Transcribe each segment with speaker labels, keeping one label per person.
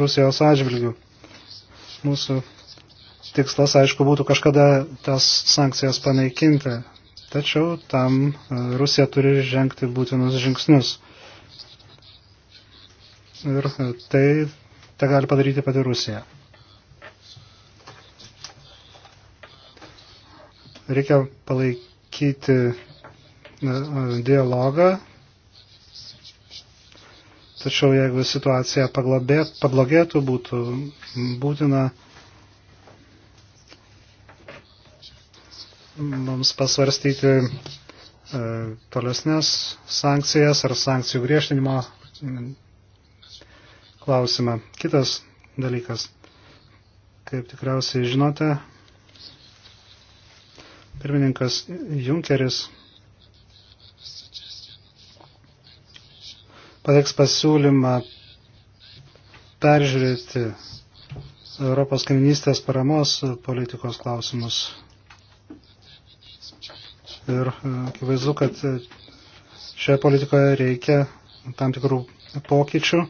Speaker 1: Rusijos atžvilgių. Mūsų tikslas, aišku, būtų kažkada tas sankcijas panaikinti, tačiau tam e, Rusija turi žengti būtinus žingsnius. Ir e, tai tą tai gali padaryti pati Rusija. Reikia palaikyti e, dialogą Tačiau jeigu situacija paglobėt, pablogėtų, būtų būtina mums pasvarstyti e, tolesnės sankcijas ar sankcijų griežtinimo klausimą. Kitas dalykas, kaip tikriausiai žinote, pirmininkas Junkeris pateiks pasiūlymą peržiūrėti Europos kaiminystės paramos politikos klausimus. Ir e, akivaizdu, kad šioje politikoje reikia tam tikrų pokyčių.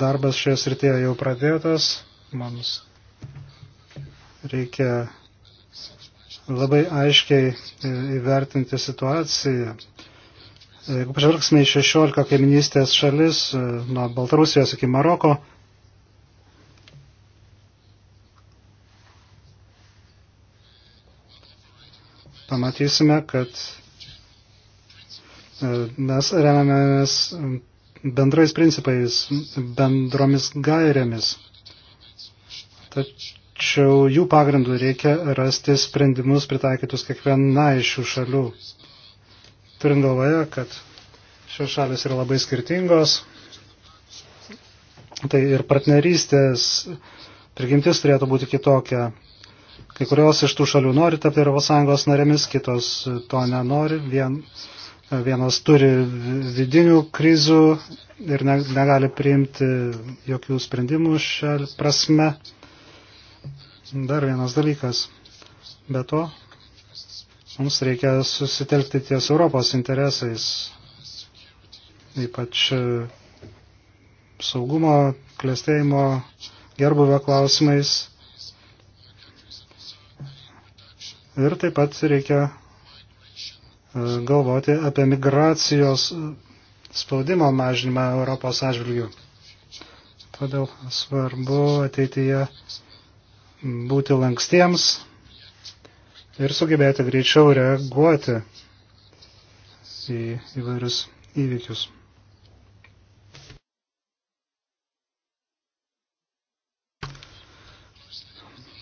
Speaker 1: Darbas šioje srityje jau pradėtas. Mums reikia labai aiškiai e, įvertinti situaciją Jeigu pažvelgsime į 16 kaiminystės šalis, e, nuo Baltarusijos iki Maroko, pamatysime, kad e, mes remiamės bendrais principais, bendromis gairėmis. Tačiau jų pagrindų reikia rasti sprendimus pritaikytus kiekvienai iš šių šalių. Turint galvoje, kad šios šalis yra labai skirtingos, tai ir partnerystės prigimtis turėtų būti kitokia. Kai kurios iš tų šalių nori tapti Europos Sąjungos narėmis, kitos to nenori. Vien, vienos turi vidinių krizių ir ne, negali priimti jokių sprendimų šią prasme. Dar vienas dalykas. Be to, Mums reikia susitelkti ties Europos interesais, ypač e, saugumo, klėstėjimo, gerbuvio klausimais. Ir taip pat reikia e, galvoti apie migracijos spaudimo mažinimą Europos atžvilgių. Todėl svarbu ateityje būti lankstiems ir sugebėti greičiau reaguoti į įvairius įvykius.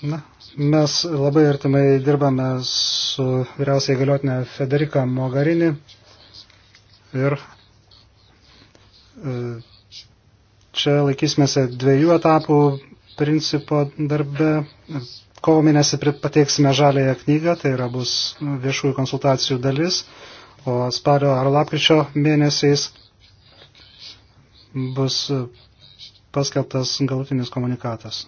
Speaker 1: Na, mes labai artimai dirbame su vyriausiai galiotinė Federika Mogarini ir e, čia laikysimės dviejų etapų principo darbe. Kovo mėnesį pateiksime žalėją knygą, tai yra bus viešųjų konsultacijų dalis, o spario ar lapkričio mėnesiais bus paskelbtas galutinis komunikatas.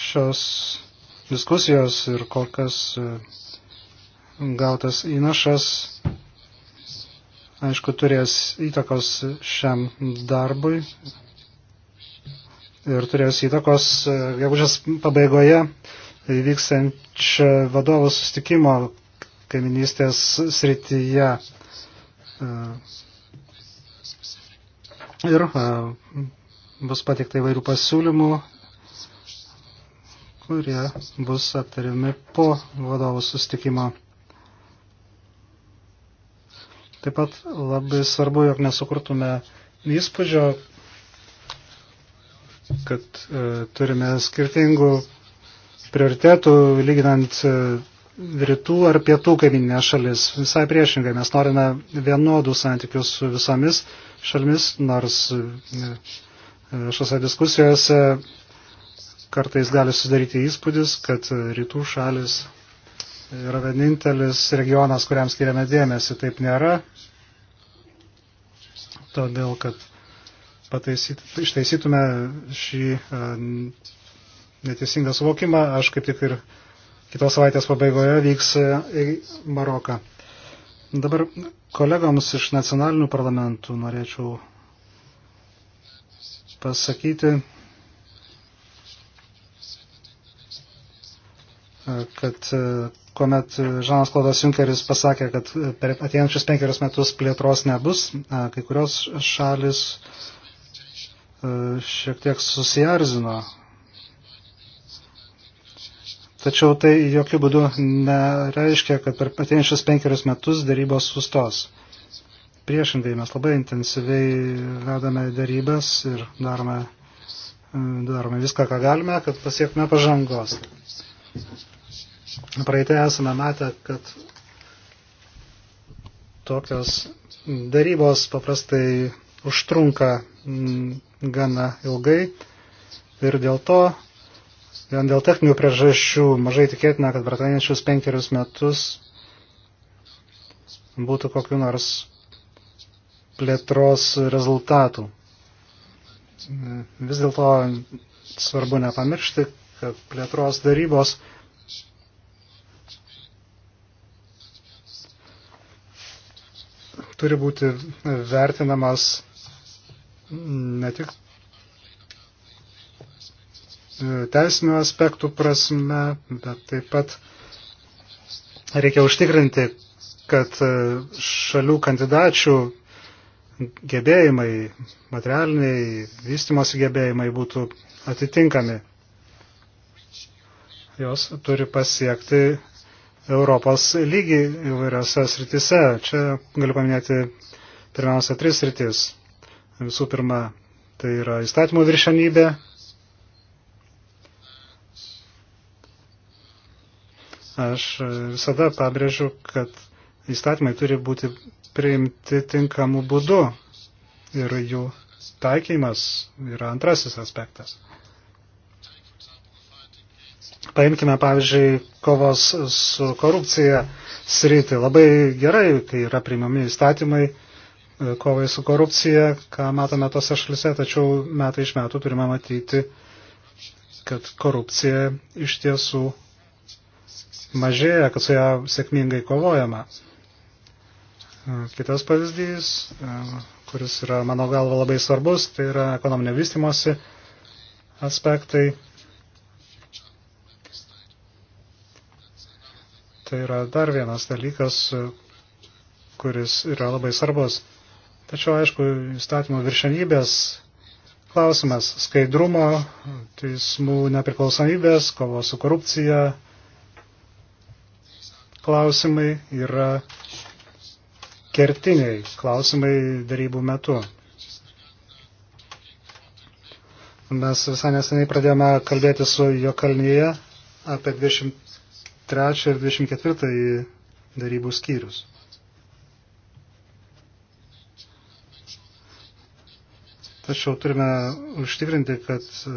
Speaker 1: Šios diskusijos ir kokias gautas įnašas aišku, turės įtakos šiam darbui ir turės įtakos e, gegužės pabaigoje įvyksiančio vadovų sustikimo kaiminystės srityje. E, ir e, bus patikta įvairių pasiūlymų, kurie bus aptariami po vadovų sustikimo. Taip pat labai svarbu, jog nesukurtume įspūdžio, kad e, turime skirtingų prioritėtų lyginant e, rytų ar pietų kaiminės šalis. Visai priešingai, mes norime vienodų santykių su visomis šalimis, nors e, e šiose diskusijose kartais gali sudaryti įspūdis, kad e, rytų šalis yra vienintelis regionas, kuriam skiriame dėmesį. Taip nėra, todėl kad pataisyt, ištaisytume šį e, neteisingą suvokimą, aš kaip tik ir kitos savaitės pabaigoje vyks e, į Maroką. Dabar kolegoms iš nacionalinių parlamentų norėčiau pasakyti, e, kad kuomet Žanas Klodas Junkeris pasakė, kad per ateinančius penkerius metus plėtros nebus, kai kurios šalis šiek tiek susijarzino. Tačiau tai jokių būdų nereiškia, kad per ateinančius penkerius metus darybos sustos. Priešingai mes labai intensyviai vedame darybas ir darome, darome viską, ką galime, kad pasiektume pažangos. Praeitai esame matę, kad tokios darybos paprastai užtrunka mm, gana ilgai ir dėl to, vien dėl techninių priežasčių, mažai tikėtina, kad brataniečius penkerius metus būtų kokiu nors plėtros rezultatų. Vis dėlto svarbu nepamiršti, kad plėtros darybos turi būti vertinamas ne tik teisinių aspektų prasme, bet taip pat reikia užtikrinti, kad šalių kandidačių gebėjimai, materialiniai vystimosi gebėjimai būtų atitinkami. Jos turi pasiekti Europos lygį įvairiose sritise. Čia galiu paminėti pirmiausia tris sritis. Visų pirma, tai yra įstatymų viršenybė. Aš visada pabrėžiu, kad įstatymai turi būti priimti tinkamu būdu ir jų taikymas yra antrasis aspektas. Paimkime, pavyzdžiui, kovos su korupcija sritį. Labai gerai, kai yra priimami įstatymai e, kovai su korupcija, ką matome tose šalise, tačiau metai iš metų turime matyti, kad korupcija iš tiesų mažėja, kad su ją sėkmingai kovojama. E, kitas pavyzdys, e, kuris yra mano galva labai svarbus, tai yra ekonominio vystimosi aspektai. Tai yra dar vienas dalykas, kuris yra labai svarbus. Tačiau, aišku, įstatymo viršenybės klausimas skaidrumo, teismų nepriklausomybės, kovo su korupcija klausimai yra kertiniai klausimai darybų metu. Mes visai neseniai pradėjome kalbėti su jo kalnyje apie 20 3 ir 24 darybų skyrius. Tačiau turime užtikrinti, kad e,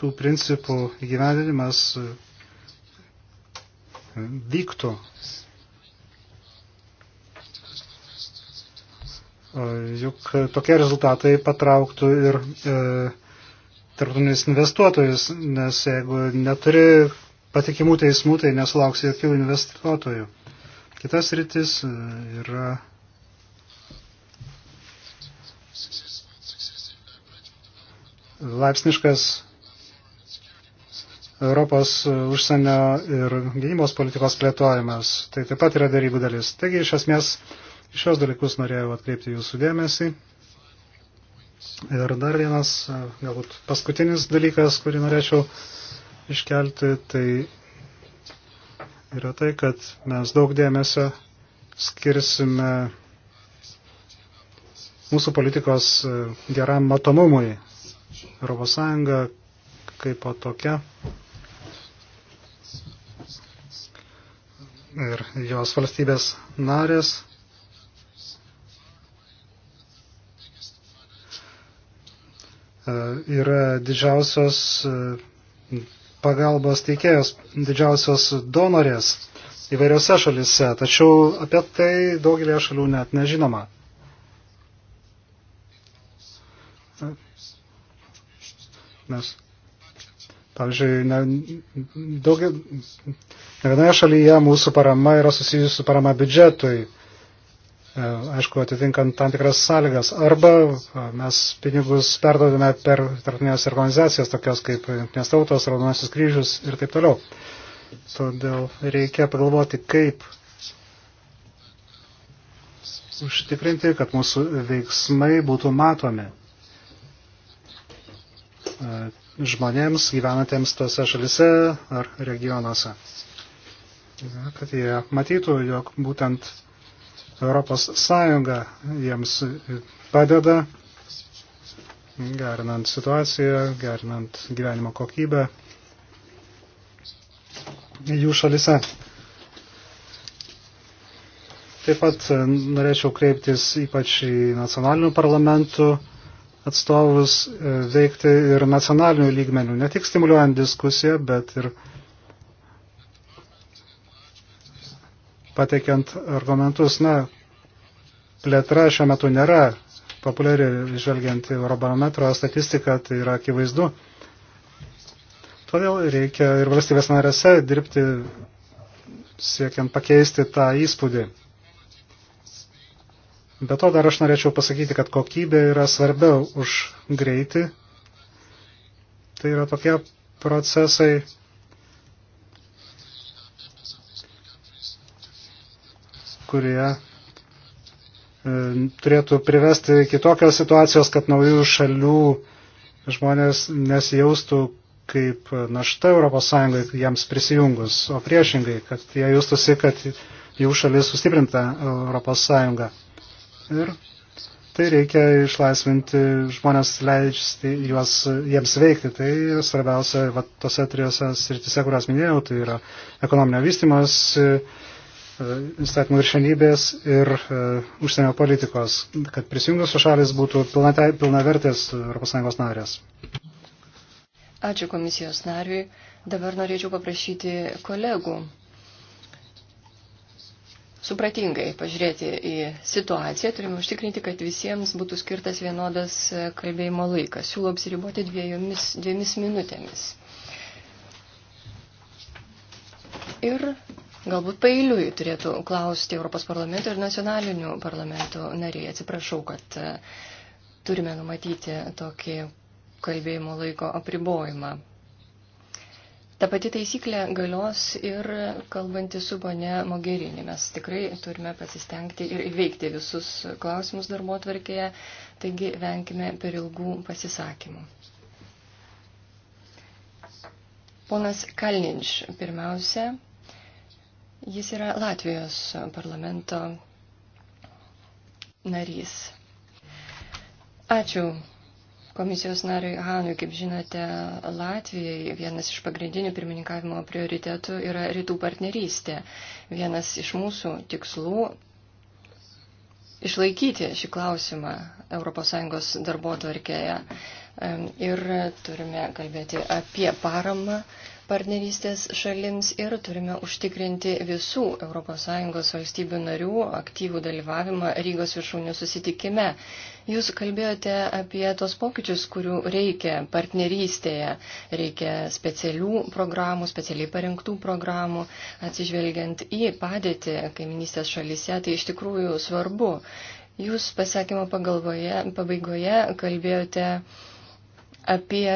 Speaker 1: tų principų įgyvendinimas e, vyktų. E, juk tokie rezultatai patrauktų ir e, tarptautinius investuotojus, nes jeigu neturi patikimų teismų, tai nesulauks jokių investuotojų. Kitas rytis e, yra laipsniškas Europos užsienio ir gynybos politikos plėtojimas. Tai taip pat yra darybų dalis. Taigi, iš esmės, šios dalykus norėjau atkreipti jūsų dėmesį. Ir dar vienas, e, galbūt paskutinis dalykas, kurį norėčiau iškelti, tai yra tai, kad mes daug dėmesio skirsime mūsų politikos e, geram matomumui. Europos Sąjunga kaip o tokia ir jos valstybės narės e, yra didžiausios e, pagalbos teikėjos didžiausios donorės įvairiose šalise, tačiau apie tai daugelėje šalių net nežinoma. Nes, pavyzdžiui, ne, daugia, ne vienoje šalyje mūsų parama yra susijusi su parama biudžetui E, aišku, atitinkant tam tikras sąlygas. Arba e, mes pinigus perdodame per tarptautinės organizacijas, tokias kaip Junktinės tautos, Raudonasis kryžius ir taip toliau. Todėl reikia pagalvoti, kaip užtikrinti, kad mūsų veiksmai būtų matomi e, žmonėms gyvenantiems tose šalise ar regionuose. Kad jie matytų, jog būtent Europos Sąjunga jiems padeda, gerinant situaciją, gerinant gyvenimo kokybę jų šalise. Taip pat norėčiau kreiptis ypač į nacionalinių parlamentų atstovus e, veikti ir nacionalinių lygmenių, ne tik stimuliuojant diskusiją, bet ir uh, pateikiant argumentus, na, plėtra šiuo metu nėra populiari, žvelgiant į Eurobarometro statistiką, tai yra akivaizdu. Todėl reikia ir valstybės narėse dirbti siekiant pakeisti tą įspūdį. Be to dar aš norėčiau pasakyti, kad kokybė yra svarbiau už greitį. Tai yra tokie procesai, kurie e, turėtų privesti iki tokios situacijos, kad naujų šalių žmonės nesijaustų kaip našta ES jiems prisijungus, o priešingai, kad jie jaustusi, kad jų šalis sustiprinta ES. Ir tai reikia išlaisvinti žmonės, leisti juos, jiems veikti. Tai svarbiausia, va, tose trijose sritise, kurias minėjau, tai yra ekonominio vystimas, E, įstatymų viršenybės ir e, užsienio politikos, kad prisijungusios šalis būtų pilna, pilna vertės ES narės.
Speaker 2: Ačiū komisijos nariui. Dabar norėčiau paprašyti kolegų supratingai pažiūrėti į situaciją. Turime užtikrinti, kad visiems būtų skirtas vienodas kalbėjimo laikas. Siūlau apsiriboti dviejomis, dviemis minutėmis. Ir Galbūt pailiui turėtų klausti Europos parlamento ir nacionalinių parlamentų nariai. Atsiprašau, kad e, turime numatyti tokį kalbėjimo laiko apribojimą. Ta pati taisyklė galios ir kalbantį su ponė Mogerinė. Mes tikrai turime pasistengti ir įveikti visus klausimus darbo tvarkėje, taigi venkime per ilgų pasisakymų. Ponas Kalninš pirmiausia Jis yra Latvijos parlamento narys. Ačiū komisijos nariui Hanui. Kaip žinote, Latvijai vienas iš pagrindinių pirmininkavimo prioritetų yra rytų partnerystė. Vienas iš mūsų tikslų išlaikyti šį klausimą ES darbo tvarkėje. Ir turime kalbėti apie paramą partnerystės šalims ir turime užtikrinti visų ES valstybių narių aktyvų dalyvavimą Rygos viršūnių susitikime. Jūs kalbėjote apie tos pokyčius, kurių reikia partnerystėje. Reikia specialių programų, specialiai parinktų programų, atsižvelgiant į padėtį kaiminystės šalyse. Tai iš tikrųjų svarbu. Jūs pasakymo pagalboje, pabaigoje kalbėjote apie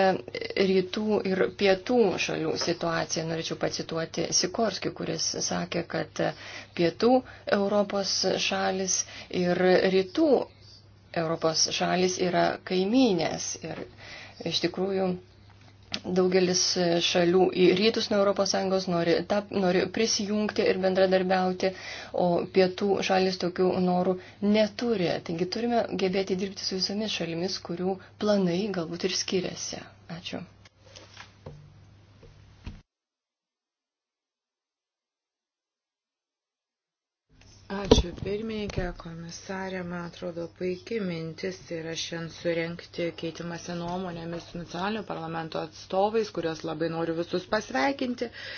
Speaker 2: rytų ir pietų šalių situaciją. Norėčiau pacituoti Sikorskį, kuris sakė, kad pietų Europos šalis ir rytų Europos šalis yra kaimynės. Ir iš tikrųjų Daugelis šalių į rytus nuo ES nori, tap, nori prisijungti ir bendradarbiauti, o pietų šalis tokių norų neturi. Taigi turime gebėti dirbti su visomis šalimis, kurių planai galbūt ir skiriasi. Ačiū.
Speaker 3: Ačiū pirmininkė, komisarė, man atrodo, puikiai mintis yra šiandien surenkti keitimąsi nuomonėmis su nacionalinio parlamento atstovais, kurios labai noriu visus pasveikinti. Uh,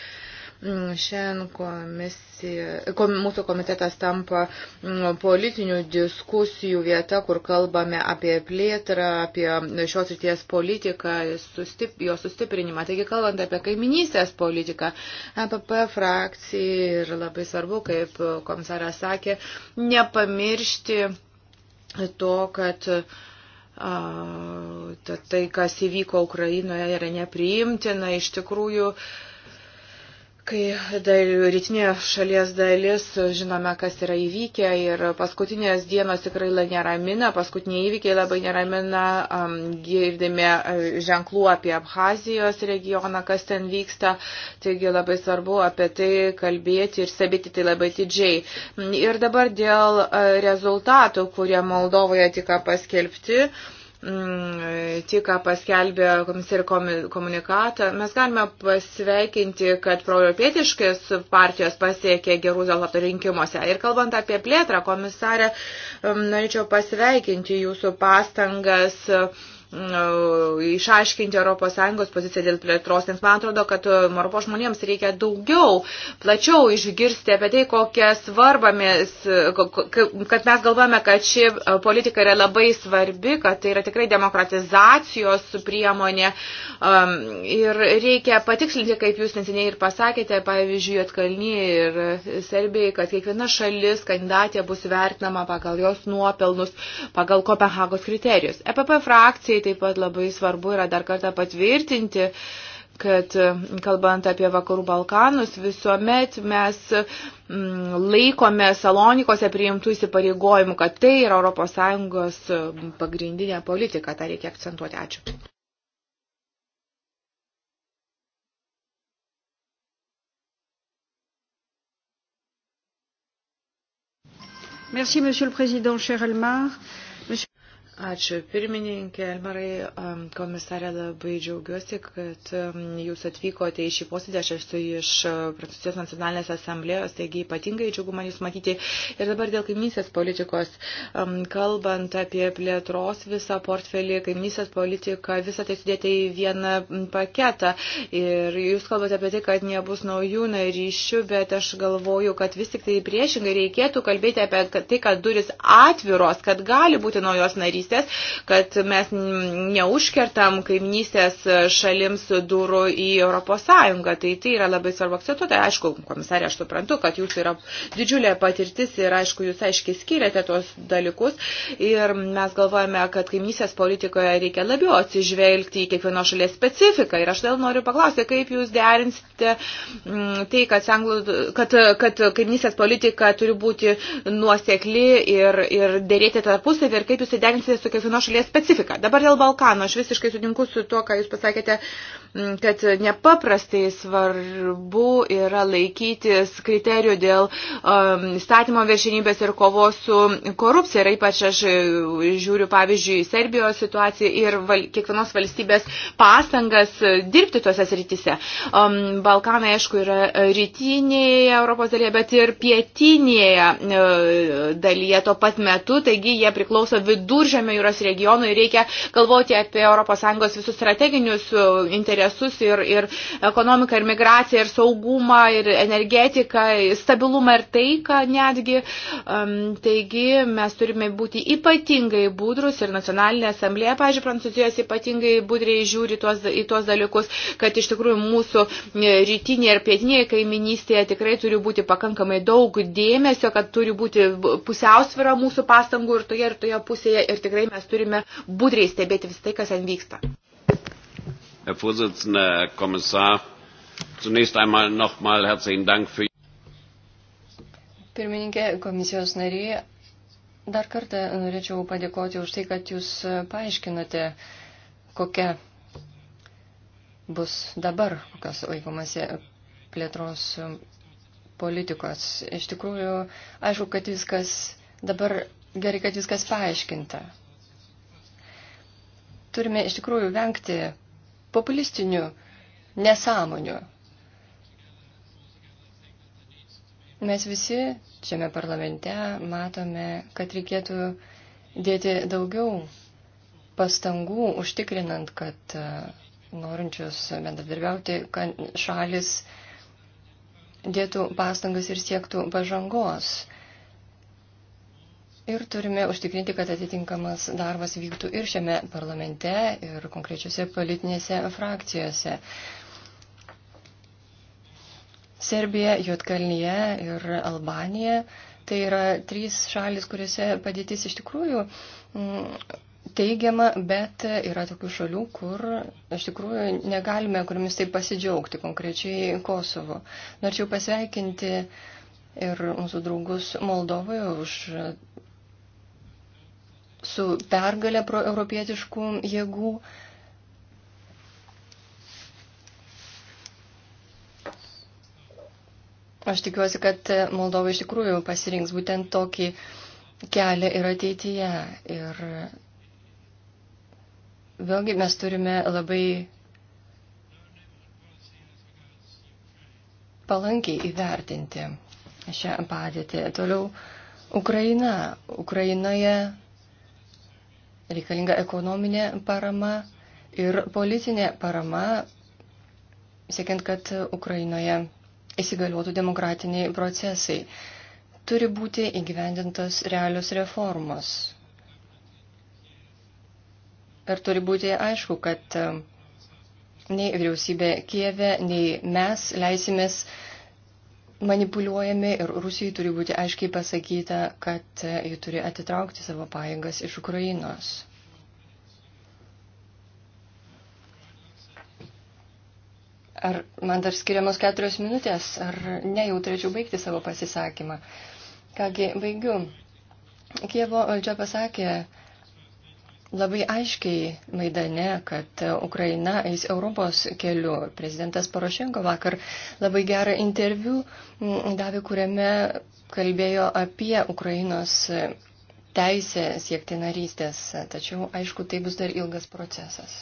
Speaker 3: Šiandien komisija, kom, mūsų komitetas tampa mm, politinių diskusijų vieta, kur kalbame apie plėtrą, apie šios ryties politiką, sustip, jo sustiprinimą. Taigi, kalbant apie kaiminystės politiką, EPP frakcijai ir labai svarbu, kaip komisaras sakė, nepamiršti to, kad a, tai, kas įvyko Ukrainoje, yra nepriimtina. Iš tikrųjų, a, Kai dal, rytinė šalies dalis, žinome, kas yra įvykę ir paskutinės dienos tikrai neramina, paskutiniai įvykiai labai neramina, um, girdime e, ženklų apie Abhazijos regioną, kas ten vyksta, taigi labai svarbu apie tai kalbėti ir stebėti tai labai didžiai. Ir dabar dėl e, rezultatų, kurie Moldovoje tik paskelbti. Um, Mm, tik paskelbė komisarį komunikatą. Mes galime pasveikinti, kad proeuropietiškis partijos pasiekė gerų rezultatų rinkimuose. Ir kalbant apie plėtrą, komisarė, mm, norėčiau pasveikinti jūsų pastangas uh, Nu, išaiškinti ES poziciją dėl plėtros, nes man atrodo, kad Europos žmonėms reikia daugiau, plačiau išgirsti apie tai, kokią svarbą mes, kad mes galvojame, kad ši e, politika yra labai svarbi, kad tai yra tikrai demokratizacijos priemonė ir reikia patikslinti, kaip jūs neseniai ir pasakėte, pavyzdžiui, Atkalnyje ir Serbijai, kad kiekviena šalis kandidatė bus vertinama pagal jos nuopelnus, pagal Kopenhagos kriterijus. EPP frakcijai taip pat labai svarbu yra dar kartą patvirtinti, kad mm, kalbant apie Vakarų Balkanus, visuomet mes mm, laikome Salonikose priimtų įsipareigojimų, kad tai yra ES mm, pagrindinė politika, tą reikia akcentuoti. Ačiū. Merci, Monsieur le Président, cher Elmar. Euh, Ačiū pirmininkė Elmarai, komisarė labai džiaugiuosi, kad jūs atvykote į šį posėdį, aš esu iš Prancūzijos nacionalinės asamblėjos, taigi ypatingai džiugu man jūs matyti. Ir dabar dėl kaimynės politikos, kalbant apie plėtros visą portfelį, kaimynės politiką, visą tai sudėti į vieną paketą. Ir jūs kalbate apie tai, kad nebus naujų naryšių, bet aš galvoju, kad vis tik tai priešingai reikėtų kalbėti apie tai, kad duris atviros, kad gali būti naujos narys kaiminystės, kad mes neužkertam kaiminystės šalims durų į Europos Sąjungą. Tai tai yra labai svarbu akcentuoti. Aišku, komisarė, aš suprantu, kad jūsų yra didžiulė patirtis ir aišku, jūs aiškiai skiriate tos dalykus ir mes galvojame, kad kaiminystės politikoje reikia labiau atsižvelgti į kiekvieno šalies specifiką. Ir aš dėl noriu paklausti, kaip jūs derinsite mm, tai, kad, sanglų, kad, kad kaiminystės politika turi būti nuosekli ir, ir dėrėti tarpusavį ir kaip jūs įderinsite tai susijusi su kiekvienos šalies specifika. Dabar dėl Balkano aš visiškai sutinku su tuo, ką jūs pasakėte, kad nepaprastai svarbu yra laikytis kriterijų dėl um, statymo viršinybės ir kovos su korupcija. Ir ypač aš e, žiūriu, pavyzdžiui, Serbijos situaciją ir val, kiekvienos valstybės pastangas e, dirbti tuose srityse. Um, Balkanai, aišku, yra rytinėje Europos dalyje, bet ir pietinėje e, dalyje tuo pat metu, taigi jie priklauso viduržėmio viduržėmio jūros regionui, reikia galvoti apie ES visus strateginius e, interesus ir, ir ekonomiką, ir migraciją, ir saugumą, ir energetiką, stabilumą ir taiką netgi. Taigi mes turime būti ypatingai budrus ir nacionalinė asamblėje, pažiūrėjau, Prancūzijos ypatingai budriai žiūri tuos, į tuos dalykus, kad iš tikrųjų mūsų e, rytinėje ir pietinėje kaiminystėje tikrai turi būti pakankamai daug dėmesio, kad turi būti pusiausvėra mūsų pastangų ir toje ir toje pusėje. Ir tikrai tikrai mes turime budriai stebėti visą tai, kas ten vyksta.
Speaker 4: Herr Vorsitzender, Herr Kommissar, zunächst einmal nochmal herzlichen Dank für.
Speaker 2: Pirmininkė, komisijos nariai, dar kartą norėčiau padėkoti už tai, kad jūs paaiškinate, kokia bus dabar, kas laikomasi plėtros politikos. Iš tikrųjų, aišku, kad viskas dabar gerai, kad viskas paaiškinta turime iš tikrųjų vengti populistinių nesąmonių. Mes visi šiame parlamente matome, kad reikėtų dėti daugiau pastangų užtikrinant, kad e, norinčius bendradarbiauti šalis dėtų pastangas ir siektų pažangos. Ir turime užtikrinti, kad atitinkamas darbas vyktų ir šiame parlamente, ir konkrečiose politinėse frakcijose. Serbija, Jotkalnyje ir Albanija tai yra trys šalis, kuriuose padėtis iš tikrųjų mm, teigiama, bet yra tokių šalių, kur iš tikrųjų negalime, kuriomis taip pasidžiaugti, konkrečiai Kosovo. Norėčiau pasveikinti ir mūsų draugus Moldovoje už su pergalė proeuropietiškų jėgų. Aš tikiuosi, kad Moldova iš tikrųjų pasirinks būtent tokį kelią ir ateityje. Ir vėlgi mes turime labai palankiai įvertinti šią padėtį. Toliau Ukraina. Ukrainoje reikalinga ekonominė parama ir politinė parama, siekiant, kad Ukrainoje įsigaliotų demokratiniai procesai. Turi būti įgyvendintos realios reformos. Ir turi būti aišku, kad e, nei vyriausybė Kieve, nei mes leisimės uh, manipuliuojami ir Rusijai turi būti aiškiai pasakyta, kad ji turi atitraukti savo pajėgas iš Ukrainos. Ar man dar skiriamos keturios minutės, ar ne jau turėčiau baigti savo pasisakymą? Kągi, baigiu. Kievo valdžia pasakė, labai aiškiai Maidane, kad Ukraina eis Europos keliu. Prezidentas Porošenko vakar labai gerą interviu davė, kuriame kalbėjo apie Ukrainos teisę siekti narystės. Tačiau, aišku, tai bus dar ilgas procesas.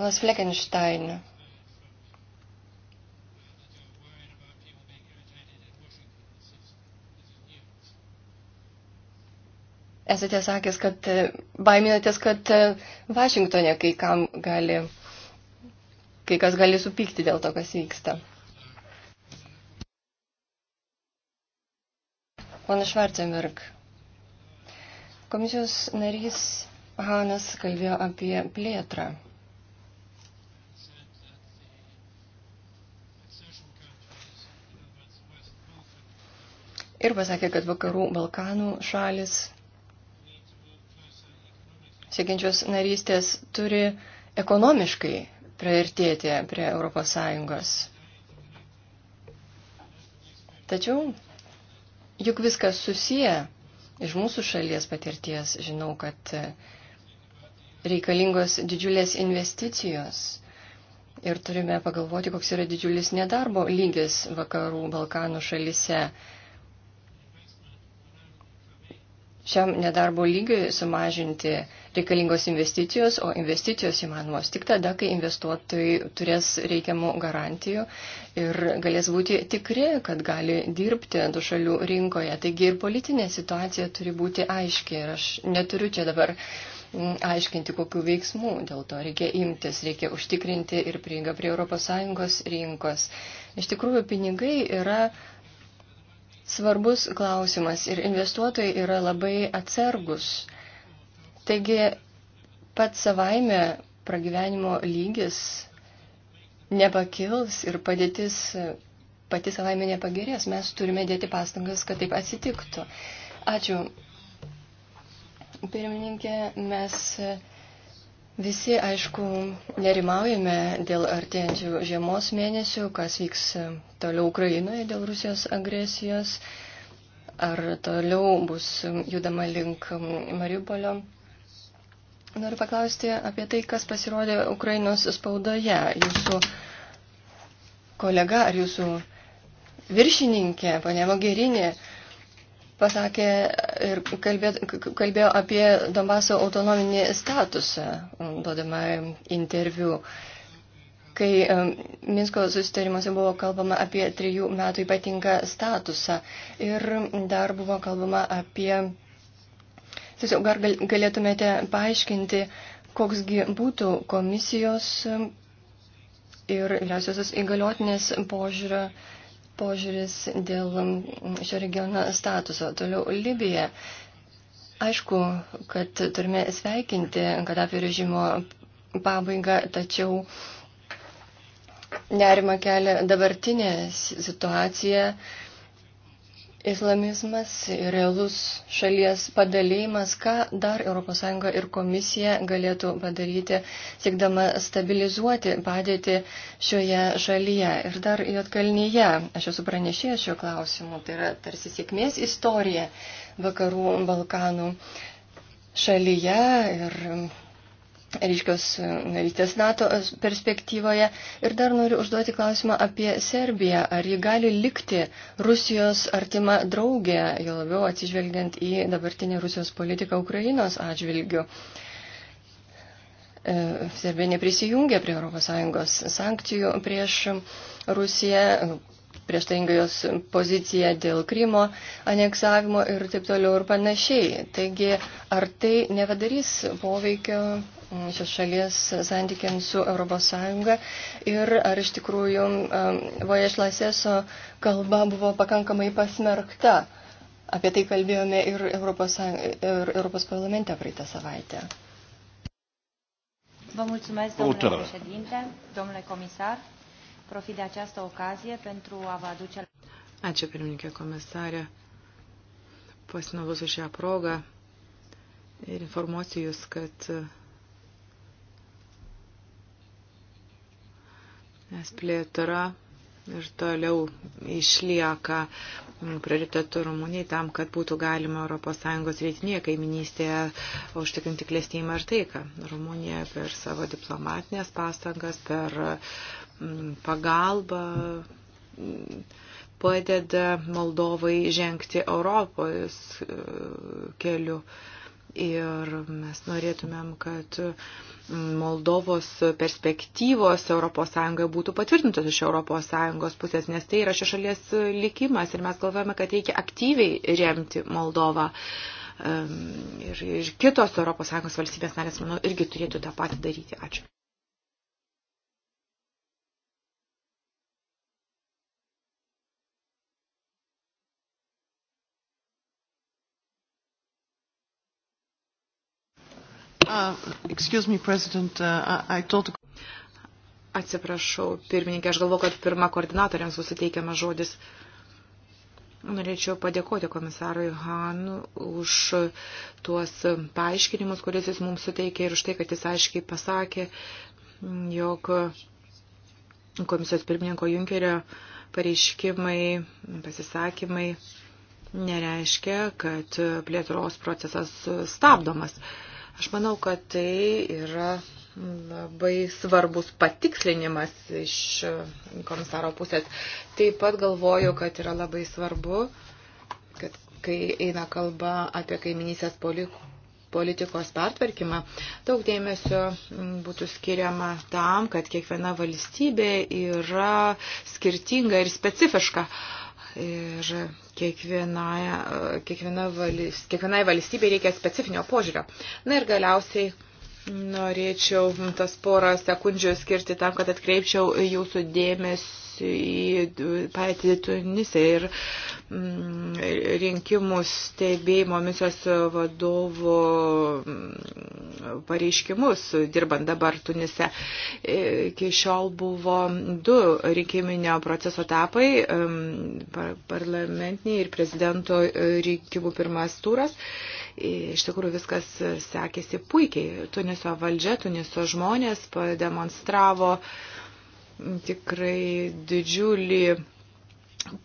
Speaker 2: Las Fleckenstein esate sakęs, kad e, baiminatės, kad e, Vašingtonė kai kam gali, kai kas gali supykti dėl to, kas vyksta. Pana Švarcemirk, komisijos narys Hanas kalbėjo apie plėtrą. Ir pasakė, kad vakarų Balkanų šalis siekiančios narystės turi ekonomiškai priartėti prie ES. Tačiau juk viskas susiję iš mūsų šalies patirties. Žinau, kad reikalingos didžiulės investicijos ir turime pagalvoti, koks yra didžiulis nedarbo lygis vakarų Balkanų šalise. Šiam nedarbo lygiui sumažinti reikalingos investicijos, o investicijos įmanomos tik tada, kai investuotojai turės reikiamų garantijų ir galės būti tikri, kad gali dirbti tų šalių rinkoje. Taigi ir politinė situacija turi būti aiški ir aš neturiu čia dabar mm, aiškinti, kokiu veiksmu dėl to reikia imtis, reikia užtikrinti ir prieigą prie ES rinkos. Iš tikrųjų, pinigai yra svarbus klausimas ir investuotojai yra labai atsargus. Taigi pats savaime pragyvenimo lygis nepakils ir padėtis pati savaime nepagerės. Mes turime dėti pastangas, kad taip atsitiktų. Ačiū. Pirmininkė, mes Visi, aišku, nerimaujame dėl artėjančių žiemos mėnesių, kas vyks e, toliau Ukrainoje dėl Rusijos agresijos, ar toliau bus e, judama link Mariupolio. Noriu paklausti apie tai, kas pasirodė Ukrainos spaudoje. Jūsų kolega ar jūsų viršininkė, ponė Mogerinė, pasakė ir kalbė, kalbėjo apie Donbaso autonominį statusą, duodama interviu. Kai Minsko susitarimuose buvo kalbama apie trijų metų ypatingą statusą ir dar buvo kalbama apie. Tiesiog gal galėtumėte paaiškinti, koksgi būtų komisijos ir vyriausiosios įgaliotinės požiūrio požiūris dėl šio regiono statuso. Toliau Libija. Aišku, kad turime sveikinti Kadafio režimo pabaigą, tačiau nerima kelia dabartinė situacija Islamizmas ir realus šalies padalėjimas, ką dar ES ir komisija galėtų padaryti, siekdama stabilizuoti padėtį šioje šalyje. Ir dar Jotkalnyje, aš esu pranešėjęs šiuo klausimu, tai yra tarsi sėkmės istorija vakarų Balkanų šalyje ir ryškios narystės NATO perspektyvoje. Ir dar noriu užduoti klausimą apie Serbiją. Ar ji gali likti Rusijos artima draugė, jau labiau atsižvelgiant į dabartinę Rusijos politiką Ukrainos atžvilgių? E, Serbija neprisijungė prie ES sankcijų prieš Rusiją, prieštaringa jos pozicija dėl Krymo aneksavimo ir taip toliau ir panašiai. Taigi, ar tai nevadarys poveikio šios šalies santykiams su ES ir ar iš tikrųjų um, Vojaž Laseso kalba buvo pakankamai pasmerkta. Apie tai kalbėjome ir Europos, ir Europos parlamente praeitą savaitę. Vă mulțumesc, domnule președinte, domnule comisar. Profit de această ocazie pentru a vă aduce...
Speaker 3: Ačiū, pirmininkė komisarė. Pasinaudosiu šią progą ir informuosiu Jūs, kad nes plėtra ir toliau išlieka prioritetų Rumunijai tam, kad būtų galima ES rytinėje kaiminystėje užtikrinti klėstėjimą ir taiką. Rumunija per savo diplomatinės pastangas, per mm, pagalbą mm, padeda Moldovai žengti Europos e, keliu. Ir mes norėtumėm, kad Moldovos perspektyvos ES būtų patvirtintos iš ES pusės, nes tai yra šešalies likimas ir mes galvojame, kad reikia aktyviai remti Moldovą. Ehm, ir, ir kitos ES valstybės narės, manau, irgi turėtų tą patį daryti. Ačiū.
Speaker 1: Uh, excuse me, President, uh, I, I thought...
Speaker 3: Atsiprašau, pirmininkė, aš galvoju, kad pirmą koordinatoriams bus suteikiamas žodis. Norėčiau padėkoti komisarui Han už tuos paaiškinimus, kuris jis mums suteikė ir už tai, kad jis aiškiai pasakė, jog komisijos pirmininko Junkerio pareiškimai, pasisakymai nereiškia, kad plėtros procesas stabdomas. Mm. Aš manau, kad tai yra labai svarbus patikslinimas iš komisaro pusės. Taip pat galvoju, kad yra labai svarbu, kad kai eina kalba apie kaiminysės politikos pertvarkymą, daug dėmesio būtų skiriama tam, kad kiekviena valstybė yra skirtinga ir specifiška. Uh, Ir kiekvienai, kiekviena valst, kiekvienai valstybei reikia specifinio požiūrio. Na ir galiausiai norėčiau tas porą sekundžių skirti tam, kad atkreipčiau jūsų dėmesį dėmesį į patį Tunisę ir mm, rinkimų stebėjimo misijos vadovo mm, pareiškimus, dirbant dabar Tunise. E, iki šiol buvo du rinkiminio proceso etapai mm, - parlamentiniai ir prezidento e, rinkimų pirmas turas. E, iš tikrųjų viskas sekėsi puikiai. Tuniso valdžia, Tuniso žmonės pademonstravo, tikrai didžiulį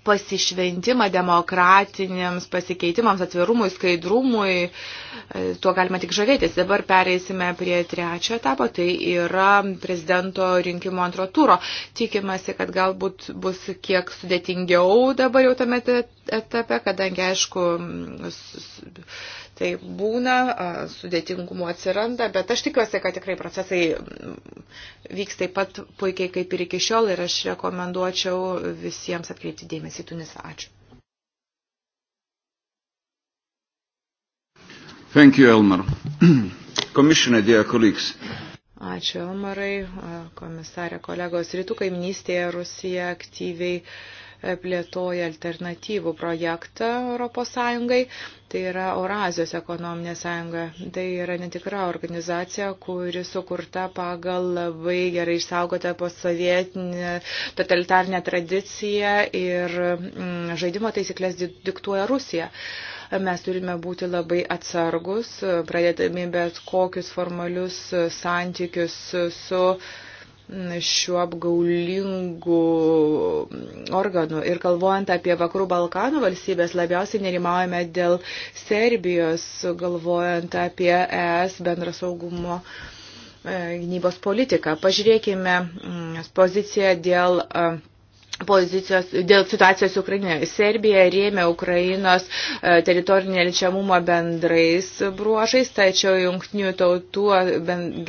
Speaker 3: pasišventimą demokratiniams pasikeitimams, atvirumui, skaidrumui, e, tuo galima tik žavėtis. Dabar pereisime prie trečio etapo, tai yra prezidento rinkimo antro turo. Tikimasi, kad galbūt bus kiek sudėtingiau dabar jau tame etape, kadangi, aišku, Tai būna, sudėtingumo atsiranda, bet aš tikiuosi, kad tikrai procesai vyks taip pat puikiai kaip ir iki šiol ir aš rekomenduočiau visiems atkreipti dėmesį į Tunisą. Ačiū.
Speaker 1: Thank you, Elmar. Commissioner, dear colleagues.
Speaker 3: Ačiū, Elmarai, komisarė kolegos. Rytų kaimynystėje Rusija aktyviai uh, plėtoja alternatyvų projektą ES, tai yra Eurazijos ekonominė sąjunga. Tai yra netikra organizacija, kuri sukurta pagal labai gerai išsaugotą posovietinę totalitarnę tradiciją ir mm, žaidimo taisyklės diktuoja Rusija mes turime būti labai atsargus, pradėdami bet kokius formalius santykius su šiuo apgaulingu organu. Ir galvojant apie Vakarų Balkanų valstybės, labiausiai nerimaujame dėl Serbijos, galvojant apie ES bendrą saugumo e, gynybos politiką. Pažiūrėkime mm, poziciją dėl. Uh, pozicijos dėl situacijos Ukrainoje. Serbija rėmė Ukrainos e, teritorinį ličiamumą bendrais bruožais, tačiau jungtinių tautų e,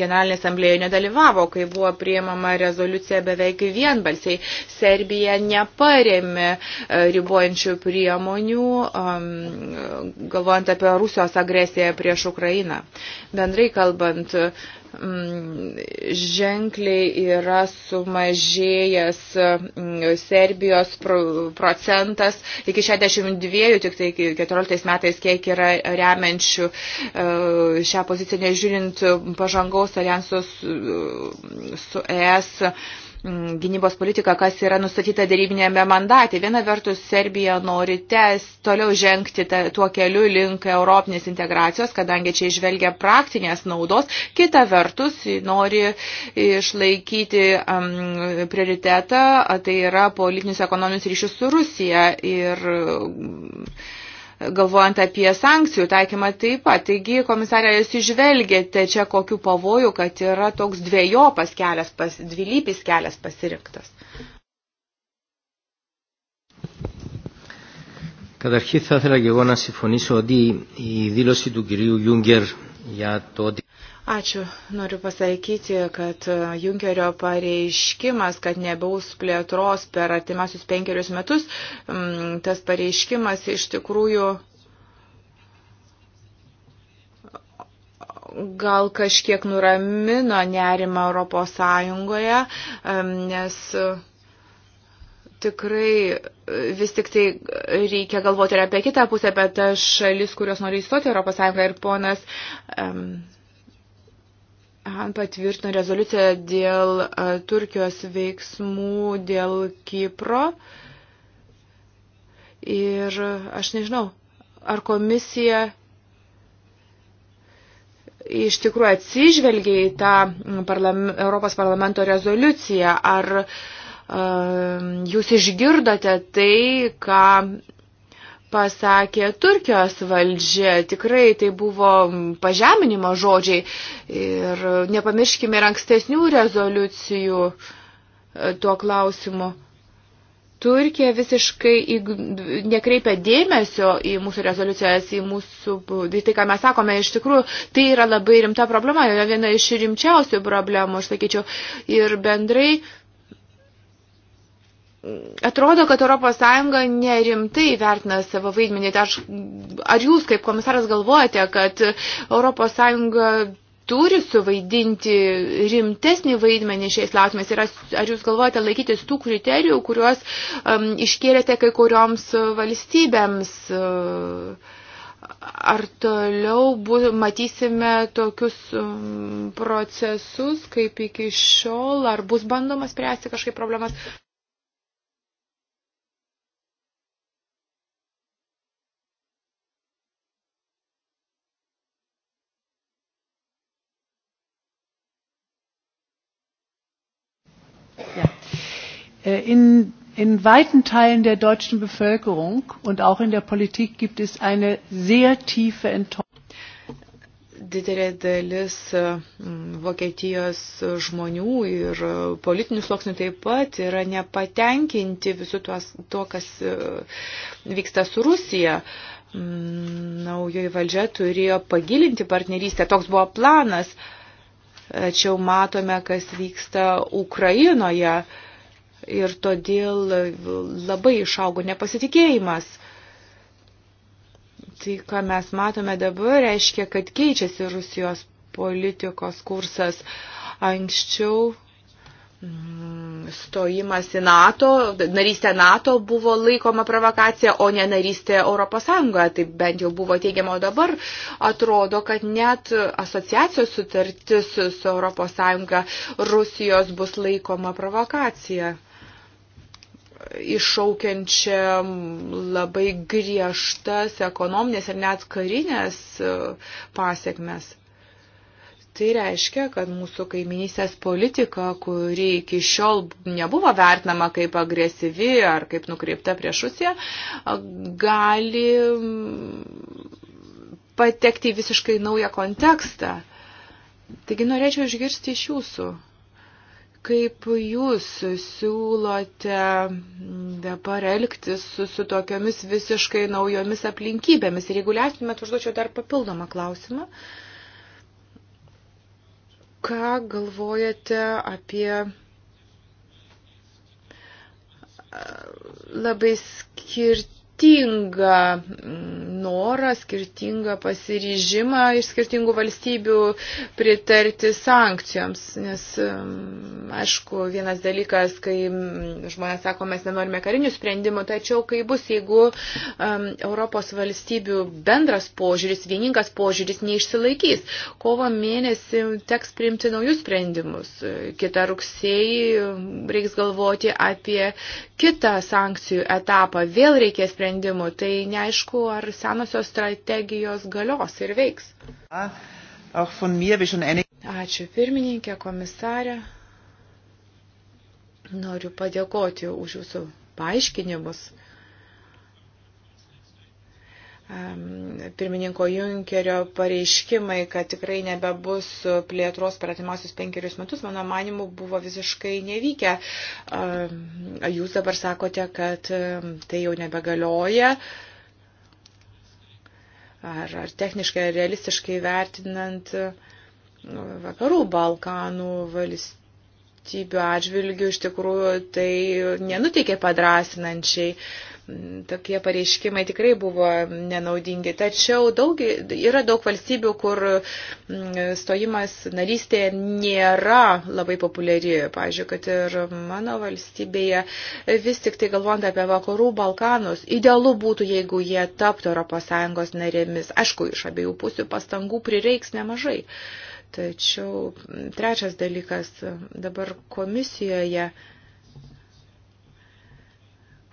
Speaker 3: generalinė asamblėje nedalyvavo, kai buvo priemama rezoliucija beveik vienbalsiai. Serbija neparėmė e, ribojančių priemonių, galvojant apie Rusijos agresiją prieš Ukrainą. Bendrai kalbant, Mm, ženkliai yra sumažėjęs mm, Serbijos procentas iki 62, tik tai 14 metais kiek yra remiančių e, šią poziciją, nežiūrint pažangaus alijansos su ES Mm, gynybos politiką, kas yra nustatyta dėrybinėme mandate. Viena vertus, Serbija nori tęs toliau žengti ta, tuo keliu link europinės integracijos, kadangi čia išvelgia praktinės naudos. Kita vertus, nori išlaikyti um, prioritetą, tai yra politinius ekonominius ryšius su Rusija. Ir, um, galvojant apie sankcijų taikymą taip pat. Taigi, komisarė, jūs išvelgėte čia kokiu pavoju, kad yra toks dviejopas kelias, pas, dvilypis kelias pasirinktas.
Speaker 4: Καταρχήν θα ήθελα και εγώ να συμφωνήσω ότι η δήλωση του κυρίου Γιούγκερ για το ότι
Speaker 3: Ačiū. Noriu pasakyti, kad e, Junkerio pareiškimas, kad nebaus plėtros per artimiausius penkerius metus, tas pareiškimas iš tikrųjų gal kažkiek nuramino nerimą Europos Sąjungoje, nes e, tikrai e, vis tik tai reikia galvoti ir apie kitą pusę, apie tas šalis, kurios nori įstoti Europos Sąjungą ir ponas. Um, patvirtino rezoliuciją dėl Turkijos veiksmų, dėl Kipro. Ir aš nežinau, ar komisija iš tikrųjų atsižvelgia į tą parlam, Europos parlamento rezoliuciją, ar uh, jūs išgirdote tai, ką pasakė Turkijos valdžia. Tikrai tai buvo pažeminimo žodžiai. Ir nepamirškime ir ankstesnių rezoliucijų e, tuo klausimu. Turkija visiškai nekreipia dėmesio į mūsų rezoliucijas, į mūsų, tai ką mes sakome, iš tikrųjų, tai yra labai rimta problema, yra viena iš rimčiausių problemų, aš sakyčiau, ir bendrai atrodo, kad ES nerimtai vertina savo vaidmenį. Tai aš, ar jūs kaip komisaras galvojate, kad ES turi suvaidinti rimtesnį vaidmenį šiais klausimais ir ar jūs galvojate laikytis tų kriterijų, kuriuos um, iškėlėte kai kurioms valstybėms? Uh, ar toliau bu, matysime tokius um, procesus kaip iki šiol, ar bus bandoma spręsti kažkaip problemas? Ja. Äh, in, in weiten Teilen der deutschen Bevölkerung und auch in der Politik gibt es eine sehr tiefe Enttäuschung. Didelė dalis äh, Vokietijos äh, žmonių ir politinių sluoksnių taip pat yra nepatenkinti visų tuos, to, kas vyksta su Rusija. Naujoji valdžia turėjo pagilinti partnerystę, toks buvo planas. Uh, Tačiau matome, kas vyksta Ukrainoje ir todėl labai išaugo nepasitikėjimas. Tai, ką mes matome dabar, reiškia, kad keičiasi Rusijos politikos kursas. Anksčiau Mm, stojimas į NATO, narystė NATO buvo laikoma provokacija, o ne narystė Europos Sąjungoje, tai bent jau buvo teigiama, o dabar atrodo, kad net asociacijos sutartis su Europos Sąjunga Rusijos bus laikoma provokacija iššaukiančia labai griežtas ekonominės ir net karinės e, pasiekmes. Tai reiškia, kad mūsų kaiminysės politika, kuri iki šiol nebuvo vertinama kaip agresyvi ar kaip nukreipta prieš Rusiją, gali mm, patekti į visiškai naują kontekstą. Taigi norėčiau išgirsti iš jūsų, kaip jūs siūlote mm, dabar elgtis su, su tokiomis visiškai naujomis aplinkybėmis. Ir jeigu leistumėt, užduočiau dar papildomą klausimą. Uh, ką galvojate apie labai skirti skirtingą mm, norą, skirtingą pasiryžimą iš skirtingų valstybių pritarti sankcijoms. Nes, mm, aišku, vienas dalykas, kai mm, žmonės sako, mes nenorime karinių sprendimų, tačiau kai bus, jeigu um, Europos valstybių bendras požiūris, vieningas požiūris neišsilaikys, kovo mėnesį teks priimti naujus sprendimus. Kita rugsėjai reiks galvoti apie kitą sankcijų etapą. Vėl reikės sprendimų sprendimų. Tai neaišku, ar senosios strategijos galios ir veiks. Ačiū pirmininkė, komisarė. Noriu padėkoti už jūsų paaiškinimus pirmininko Junkerio pareiškimai, kad tikrai nebebus plėtros per atimiausius penkerius metus, mano manimu, buvo visiškai nevykę. Jūs dabar sakote, kad tai jau nebegalioja. Ar, ar techniškai, ar realistiškai vertinant nu, vakarų Balkanų valstybės valstybių atžvilgių iš tikrųjų tai nenuteikė padrasinančiai tokie pareiškimai tikrai buvo nenaudingi. Tačiau daug, yra daug valstybių, kur mm, stojimas narystėje nėra labai populiari. Pavyzdžiui, kad ir mano valstybėje vis tik tai galvojant apie vakarų Balkanus, idealu būtų, jeigu jie taptų ES narėmis. Aišku, iš abiejų pusių pastangų prireiks nemažai. Uh, Tačiau trečias dalykas dabar komisijoje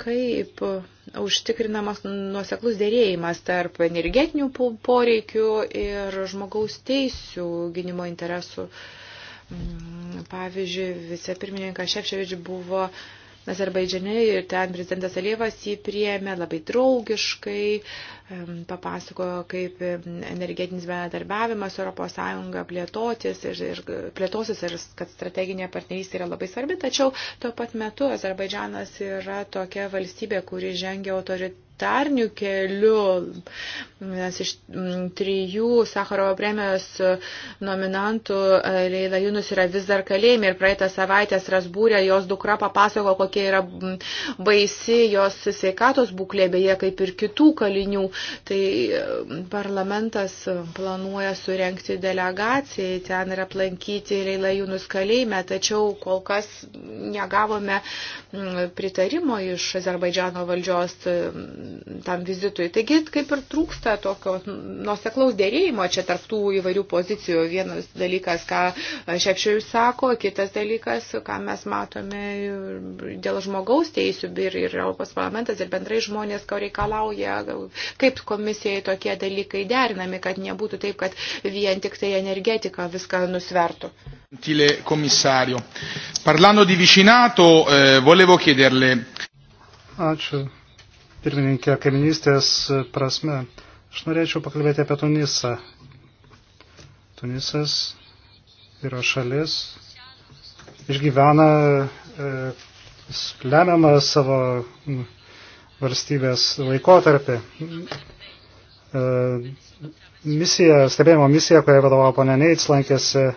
Speaker 3: kaip užtikrinamas nuoseklus dėrėjimas tarp energetinių poreikių ir žmogaus teisų gynimo interesų. Pavyzdžiui, vicepirmininkas Šepševič buvo Azerbaidžiane ir ten prezidentas Alievas jį priėmė labai draugiškai, papasakojo, kaip energetinis bendradarbiavimas Europos Sąjunga plėtotis ir, ir plėtosis ir kad strateginė partnerystė yra labai svarbi, tačiau tuo pat metu Azerbaidžanas yra tokia valstybė, kuri žengia autoritetą humanitarniu keliu. Vienas iš trijų Sakarovo premijos nominantų e, Leila Junus yra vis dar kalėjime ir praeitą savaitę Strasbūrė jos dukra papasako, kokia yra baisi jos sveikatos būklė, beje, kaip ir kitų kalinių. Tai e, parlamentas planuoja surenkti delegaciją ten ir aplankyti Leilajūnus kalėjime, tačiau kol kas negavome pritarimo iš Azerbaidžiano valdžios e, tam vizitui. Taigi kaip ir trūksta tokio nuoseklaus dėrėjimo čia tarptų įvairių pozicijų. Vienas dalykas, ką Šepšiui sako, kitas dalykas, ką mes matome dėl žmogaus teisų ir, ir Europos parlamentas ir bendrai žmonės, ko reikalauja, kaip komisijai tokie dalykai derinami, kad nebūtų taip, kad vien tik tai energetika viską nusvertų.
Speaker 1: Gentile komisario, parlando di vicinato, eh, volevo chiederle. Ačiū, pirmininkė, kaiminystės prasme. Aš norėčiau pakalbėti apie Tunisą. Tunisas yra šalis, išgyvena e, lemiamą savo. E, valstybės laikotarpį. E, misija, stebėjimo misija, kurioje vadovavo ponė Neits, lankėsi e,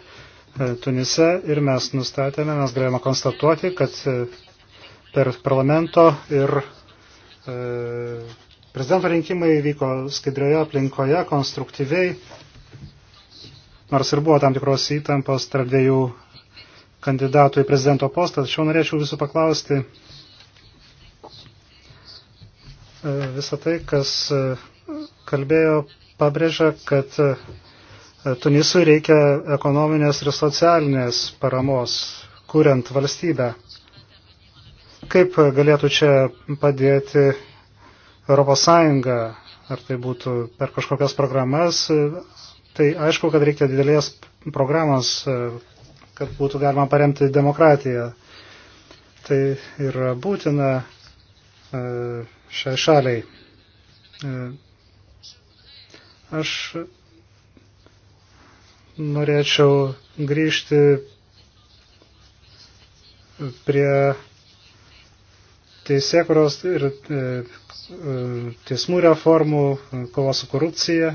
Speaker 1: Tunise ir mes nustatėme, mes galėjome konstatuoti, kad e, per parlamento ir prezidento rinkimai vyko skaidrioje aplinkoje, konstruktyviai, nors ir buvo tam tikros įtampos tarp dviejų kandidatų į prezidento postą, tačiau norėčiau visų paklausti, E, Visą tai, kas e, kalbėjo, pabrėžia, kad e, Tunisui reikia ekonominės ir socialinės paramos, kuriant valstybę. Kaip galėtų čia padėti Europos Sąjunga, ar tai būtų per kažkokias programas, tai aišku, kad reikia didelės programos, kad būtų galima paremti demokratiją. Tai yra būtina šiai šaliai. E, aš norėčiau grįžti prie teisėkuros ir e, e, teismų reformų, kovos su korupcija.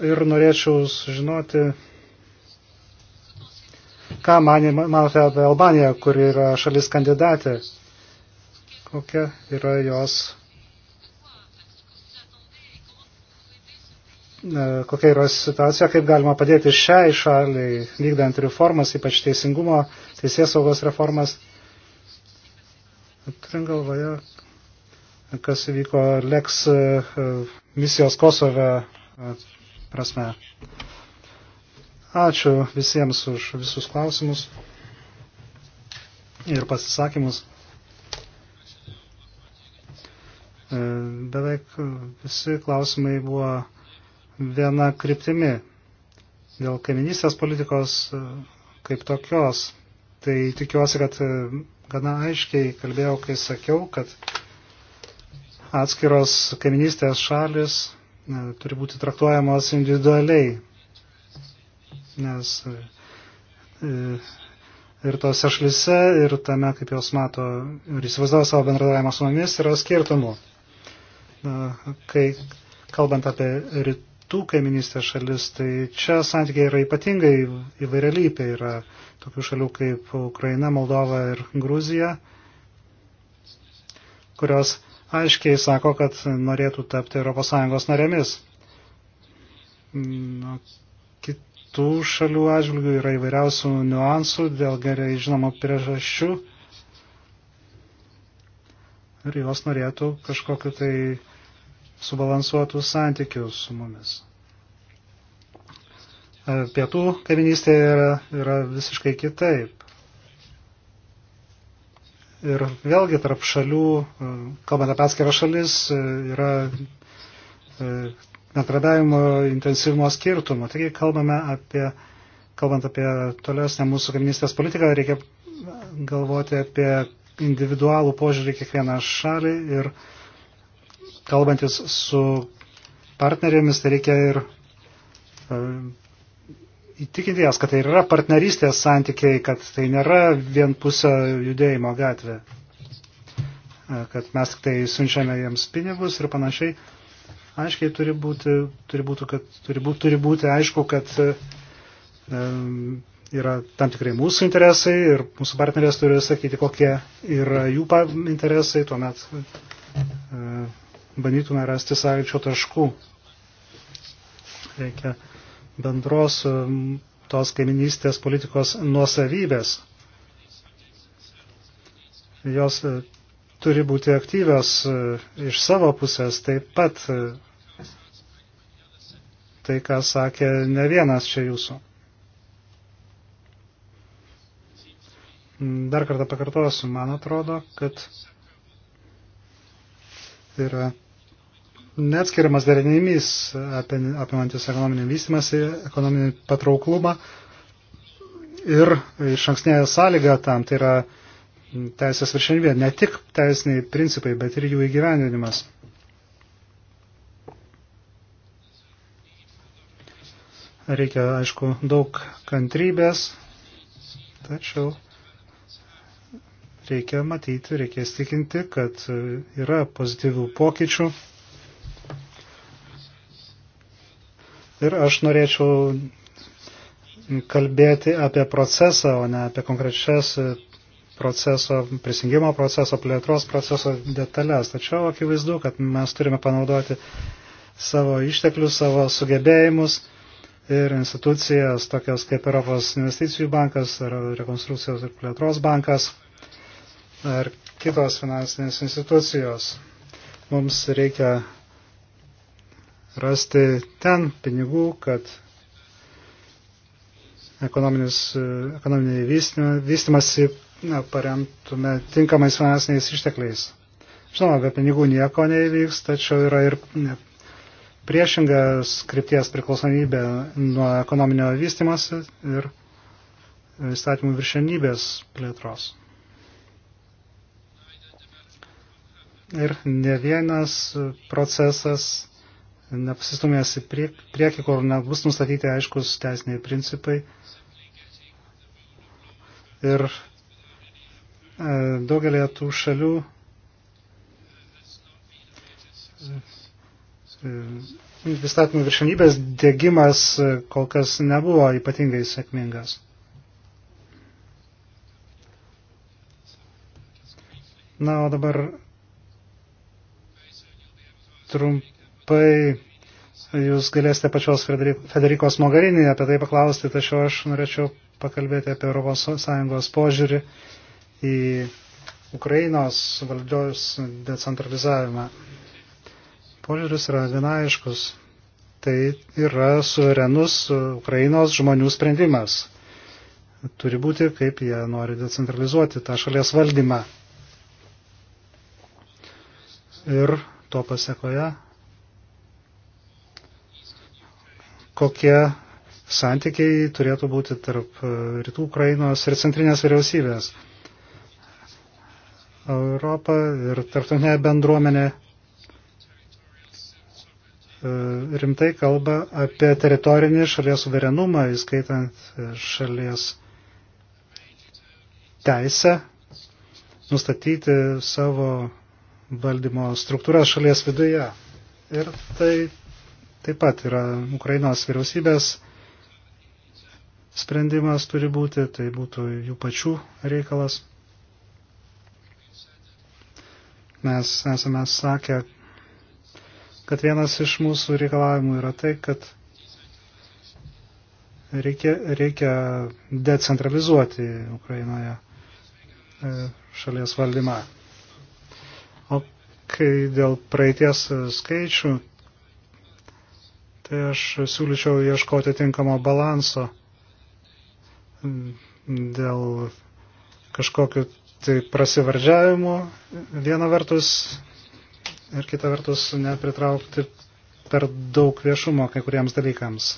Speaker 1: Ir norėčiau sužinoti, Ką manote apie Albaniją, kuri yra šalis kandidatė? Kokia yra jos e, kokia yra situacija, kaip galima padėti šiai šaliai, vykdant reformas, ypač teisingumo, teisės saugos reformas. Turim galvoje, kas įvyko Lex e, misijos Kosove e, prasme. Ačiū visiems už visus klausimus ir pasisakymus. E, beveik visi klausimai buvo viena kryptimi dėl kaiminystės politikos e, kaip tokios. Tai tikiuosi, kad e, gana aiškiai kalbėjau, kai sakiau, kad atskiros kaiminystės šalis turi būti traktuojamos individualiai nes e, ir tose šalise, ir tame, kaip jos mato ir įsivaizduoja savo bendradavimą su mumis, yra skirtumų. Kai kalbant apie rytų kaiminystės šalis, tai čia santykiai yra ypatingai įvairialypė. Yra tokių šalių kaip Ukraina, Moldova ir Gruzija, kurios aiškiai sako, kad norėtų tapti ES narėmis kitų šalių atžvilgių yra įvairiausių niuansų dėl gerai žinomų priežasčių. Ir jos norėtų kažkokiu tai subalansuotų santykių su mumis. E, pietų kaiminystė yra, yra visiškai kitaip. Ir vėlgi tarp šalių, e, kalbant apie atskirą šalis, e, yra bendradavimo intensyvumo skirtumų. Taigi kalbame apie, kalbant apie tolesnę mūsų kaiminystės politiką, reikia galvoti apie individualų požiūrį kiekvieną šalį ir kalbantis su partnerėmis, tai reikia ir e, įtikinti jas, kad tai yra partnerystės santykiai, kad tai nėra vienpusio judėjimo gatvė, e, kad mes tik tai siunčiame jiems pinigus ir panašiai. Aiškiai turi būti, turi būti, kad, turi būti, turi būti aišku, kad um, yra tam tikrai mūsų interesai ir mūsų partnerės turi sakyti, kokie yra jų interesai, tuomet uh, bandytume rasti sąlyčio taškų. Reikia bendros um, tos kaiminystės politikos nuosavybės. Jos turi būti aktyvios e, iš savo pusės taip pat e, tai, ką sakė ne vienas čia jūsų. Dar kartą pakartosiu, man atrodo, kad yra neatskiriamas derinimys apimantis ekonominį vystimąsi, ekonominį patrauklumą ir iš anksnėje sąlyga tam, tai yra teisės viršenybė, ne tik teisiniai principai, bet ir jų įgyvendinimas. Reikia, aišku, daug kantrybės, tačiau reikia matyti, reikia stikinti, kad yra pozityvių pokyčių. Ir aš norėčiau kalbėti apie procesą, o ne apie konkrečias proceso, prisijungimo proceso, plėtros proceso detalės. Tačiau akivaizdu, kad mes turime panaudoti savo išteklius, savo sugebėjimus ir institucijas, tokias kaip Europos investicijų bankas, ar rekonstrukcijos ir plėtros bankas, ar kitos finansinės institucijos. Mums reikia rasti ten pinigų, kad ekonominis, ekonominį vystymąsi paremtume tinkamais finansiniais ištekliais. Žinoma, be pinigų nieko neįvyks, tačiau yra ir priešingas krypties priklausomybė nuo ekonominio vystimosi ir įstatymų viršenybės plėtros. Ir ne vienas procesas nepasistumės į priekį, kur nebus nustatyti aiškus teisiniai principai. Ir E, daugelėje tų šalių e, e, įstatymų viršenybės dėgymas kol kas nebuvo ypatingai sėkmingas. Na, o dabar trumpai jūs galėsite pačios Federikos Mogarinį apie tai paklausti, tačiau aš norėčiau pakalbėti apie ES požiūrį į Ukrainos valdžios decentralizavimą. Požiūris yra vienaiškus. Tai yra suverenus Ukrainos žmonių sprendimas. Turi būti, kaip jie nori decentralizuoti tą šalies valdymą. Ir to pasiekoje, kokie santykiai turėtų būti tarp rytų Ukrainos ir centrinės vyriausybės. Europą ir tarptautinė bendruomenė e, rimtai kalba apie teritorinį šalies suverenumą, įskaitant e, šalies teisę nustatyti savo valdymo struktūras šalies viduje. Ir tai taip pat yra Ukrainos vyriausybės sprendimas turi būti, tai būtų jų pačių reikalas. Mes esame sakę, kad vienas iš mūsų reikalavimų yra tai, kad reikia, reikia decentralizuoti Ukrainoje e, šalies valdymą. O kai dėl praeities skaičių, tai aš siūlyčiau ieškoti tinkamo balanso dėl kažkokiu vengti prasivardžiavimų viena vertus ir kita vertus nepritraukti per daug viešumo kai kuriems dalykams.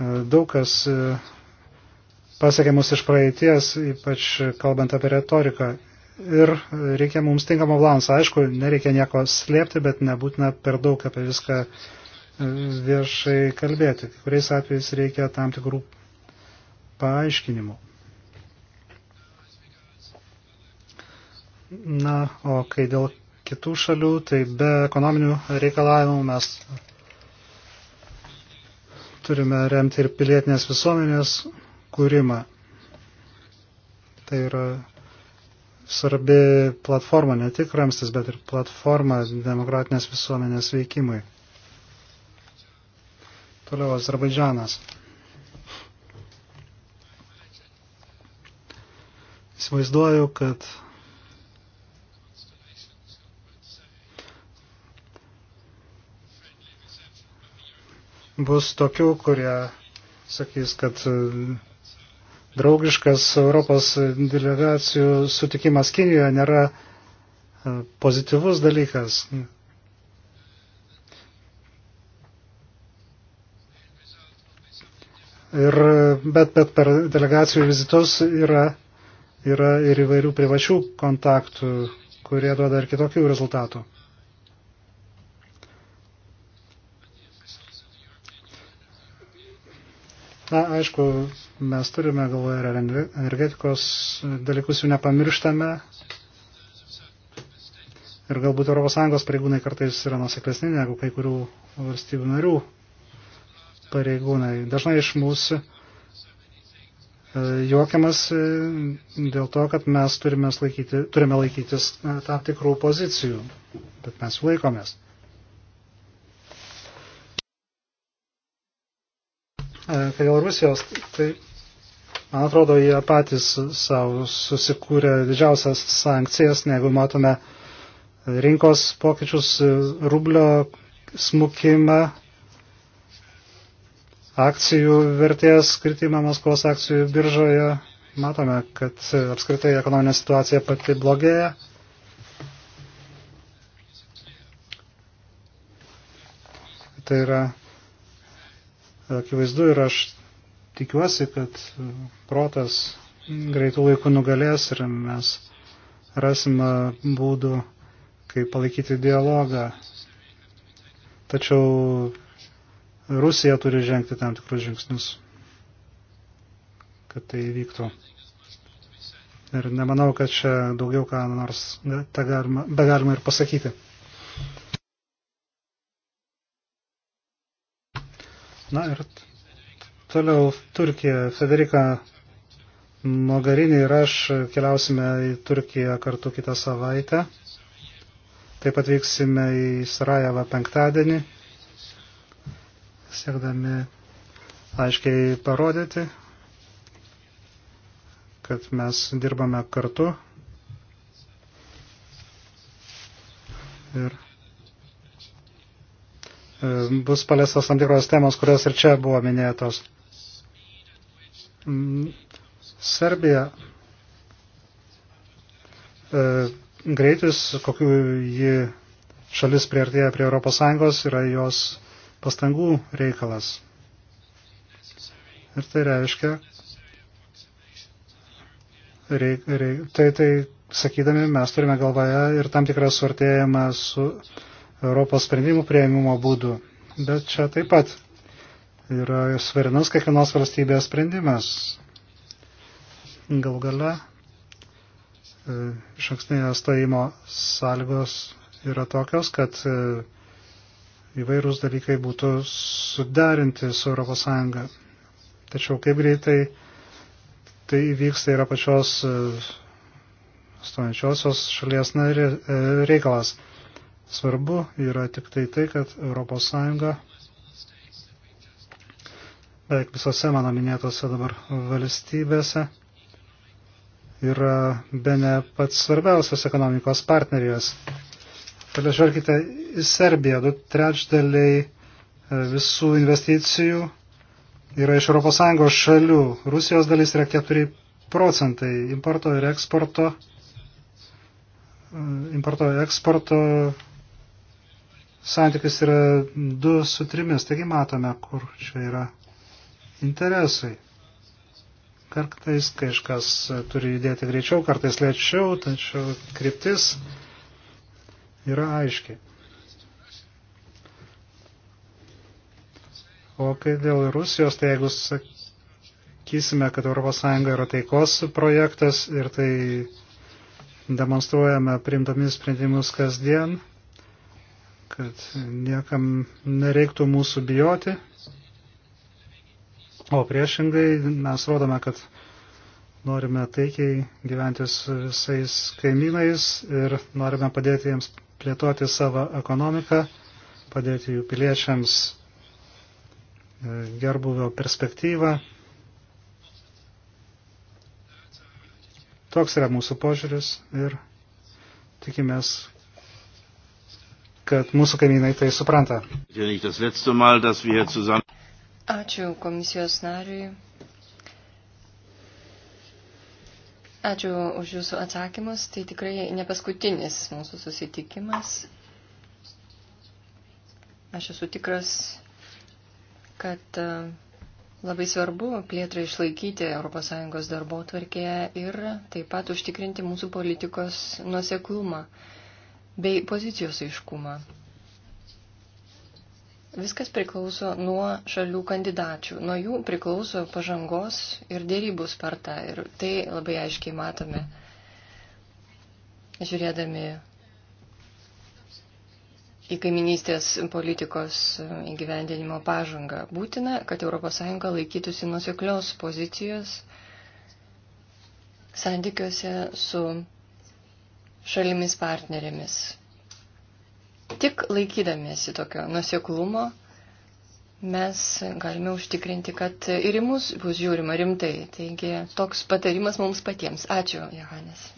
Speaker 1: Daug kas e, pasiekė mus iš praeities, ypač kalbant apie retoriką. Ir reikia mums tinkamo balanso. Aišku, nereikia nieko slėpti, bet nebūtina per daug apie viską e, viešai kalbėti. Kai kuriais atvejais reikia tam tikrų paaiškinimų. Na, o kai dėl kitų šalių, tai be ekonominių reikalavimų mes turime remti ir pilietinės visuomenės kūrimą. Tai yra svarbi platforma, ne tik ramstis, bet ir platforma demokratinės visuomenės veikimui. Toliau Azerbaidžanas. Įsivaizduoju, kad bus tokių, kurie sakys, kad draugiškas Europos delegacijų sutikimas Kinijoje nėra e, pozityvus dalykas. Ir, bet, bet per delegacijų vizitus yra yra ir įvairių privačių kontaktų, kurie duoda ir kitokių rezultatų. Na, aišku, mes turime galvoje ir energetikos dalykus jų nepamirštame. Ir galbūt ES pareigūnai kartais yra nuseklesni negu kai kurių valstybių narių pareigūnai. Dažnai iš mūsų E, juokiamas e, dėl to, kad mes turime, laikyti, turime laikytis e, tam tikrų pozicijų, bet mes jų laikomės. Kai dėl Rusijos, tai man atrodo, jie patys savo susikūrė didžiausias sankcijas, negu matome rinkos pokyčius, rublio smukimą akcijų vertės kritimą Maskvos akcijų biržoje. Matome, kad apskritai ekonominė situacija pati blogėja. Tai yra akivaizdu ir aš tikiuosi, kad protas greitų laikų nugalės ir mes rasime būdų, kaip palaikyti dialogą. Tačiau Rusija turi žengti tam tikrus žingsnius, kad tai vyktų. Ir nemanau, kad čia daugiau ką nors be galima, be galima ir pasakyti. Na ir toliau Turkija. Federika Mogarinė ir aš keliausime į Turkiją kartu kitą savaitę. Taip pat vyksime į Sarajevą penktadienį siekdami aiškiai parodyti, kad mes dirbame kartu ir e, bus paliestas tam tikros temos, kurios ir čia buvo minėtos. Mm, Serbija e, greitis, kokiu ji šalis priartėja prie Europos Sąjungos, yra jos pastangų reikalas. Ir tai reiškia, reik, reik, tai, tai sakydami mes turime galvoje ir tam tikrą suartėjimą su Europos sprendimų prieimimo būdu. Bet čia taip pat yra sverinus kiekvienos valstybės sprendimas. Gal gale e, iš ankstinio stojimo sąlygos yra tokios, kad e, įvairūs dalykai būtų suderinti su ES. Tačiau kaip greitai tai įvyksta yra pačios e, stojančiosios šalies nari, e, reikalas. Svarbu yra tik tai tai, kad ES beveik visose mano minėtose dabar valstybėse yra be ne pats svarbiausias ekonomikos partnerijas. Pažvelkite į Serbiją. Du trečdaliai e, visų investicijų yra iš ES šalių. Rusijos dalis yra 4 procentai importo ir eksporto. E, importo ir eksporto santykis yra 2 su 3. Taigi matome, kur čia yra interesai. Kartais kažkas turi judėti greičiau, kartais lėčiau, tačiau kryptis yra aiški. O kai dėl Rusijos, tai jeigu sakysime, kad ES yra taikos projektas ir tai demonstruojame priimdami sprendimus kasdien, kad niekam nereiktų mūsų bijoti, o priešingai mes rodome, kad norime taikiai gyventi su visais kaimynais ir norime padėti jiems plėtoti savo ekonomiką, padėti jų piliečiams e, gerbuvio perspektyvą. Toks yra mūsų požiūris ir tikimės, kad mūsų kaimynai tai supranta.
Speaker 2: Ačiū komisijos nariui. Ačiū už Jūsų atsakymus. Tai tikrai ne paskutinis mūsų susitikimas. Aš esu tikras, kad e, labai svarbu plėtrą išlaikyti ES darbo tvarkėje ir taip pat užtikrinti mūsų politikos nuoseklumą bei pozicijos aiškumą. Viskas priklauso nuo šalių kandidačių, nuo jų priklauso pažangos ir dėrybų sparta. Ir tai labai aiškiai matome, žiūrėdami į kaiminystės politikos įgyvendinimo pažangą. Būtina, kad ES laikytųsi nusiklios pozicijos santykiuose su šalimis partnerėmis. Tik laikydamiesi tokio nuseklumo mes galime užtikrinti, kad ir į mus bus žiūrima rimtai. Taigi toks patarimas mums patiems. Ačiū, Johannes.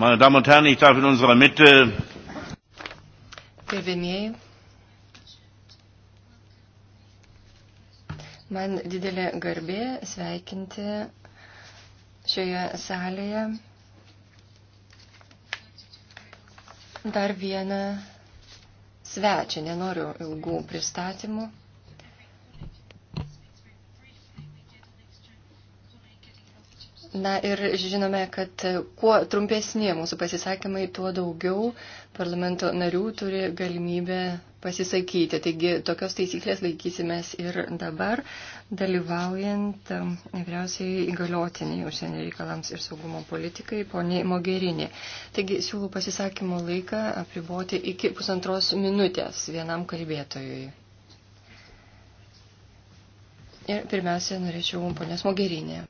Speaker 4: Meine Damen und Herren, ich darf in unserer Mitte.
Speaker 2: Gerbiamieji, man didelė garbė sveikinti šioje salėje dar vieną svečią. Nenoriu ilgų pristatymų. Na ir žinome, kad kuo trumpesnė mūsų pasisakymai, tuo daugiau parlamento narių turi galimybę pasisakyti. Taigi tokios taisyklės laikysimės ir dabar, dalyvaujant um, vyriausiai įgaliotiniai užsienio reikalams ir saugumo politikai, poniai Mogerinė. Taigi siūlau pasisakymo laiką apriboti iki pusantros minutės vienam kalbėtojui. Ir pirmiausia, norėčiau ponės Mogerinė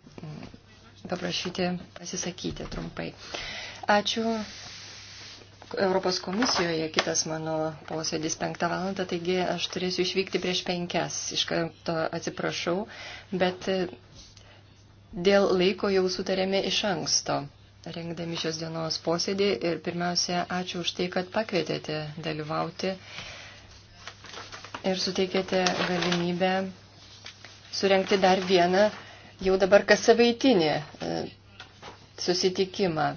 Speaker 2: paprašyti pasisakyti trumpai. Ačiū. Europos komisijoje kitas mano posėdis penktą valandą, taigi aš turėsiu išvykti prieš penkias. Iš karto atsiprašau, bet dėl laiko jau sutarėme iš anksto, rengdami šios dienos posėdį. Ir pirmiausia, ačiū už tai, kad pakvietėte dalyvauti ir suteikėte galimybę surenkti dar vieną jau dabar kas savaitinį e, susitikimą.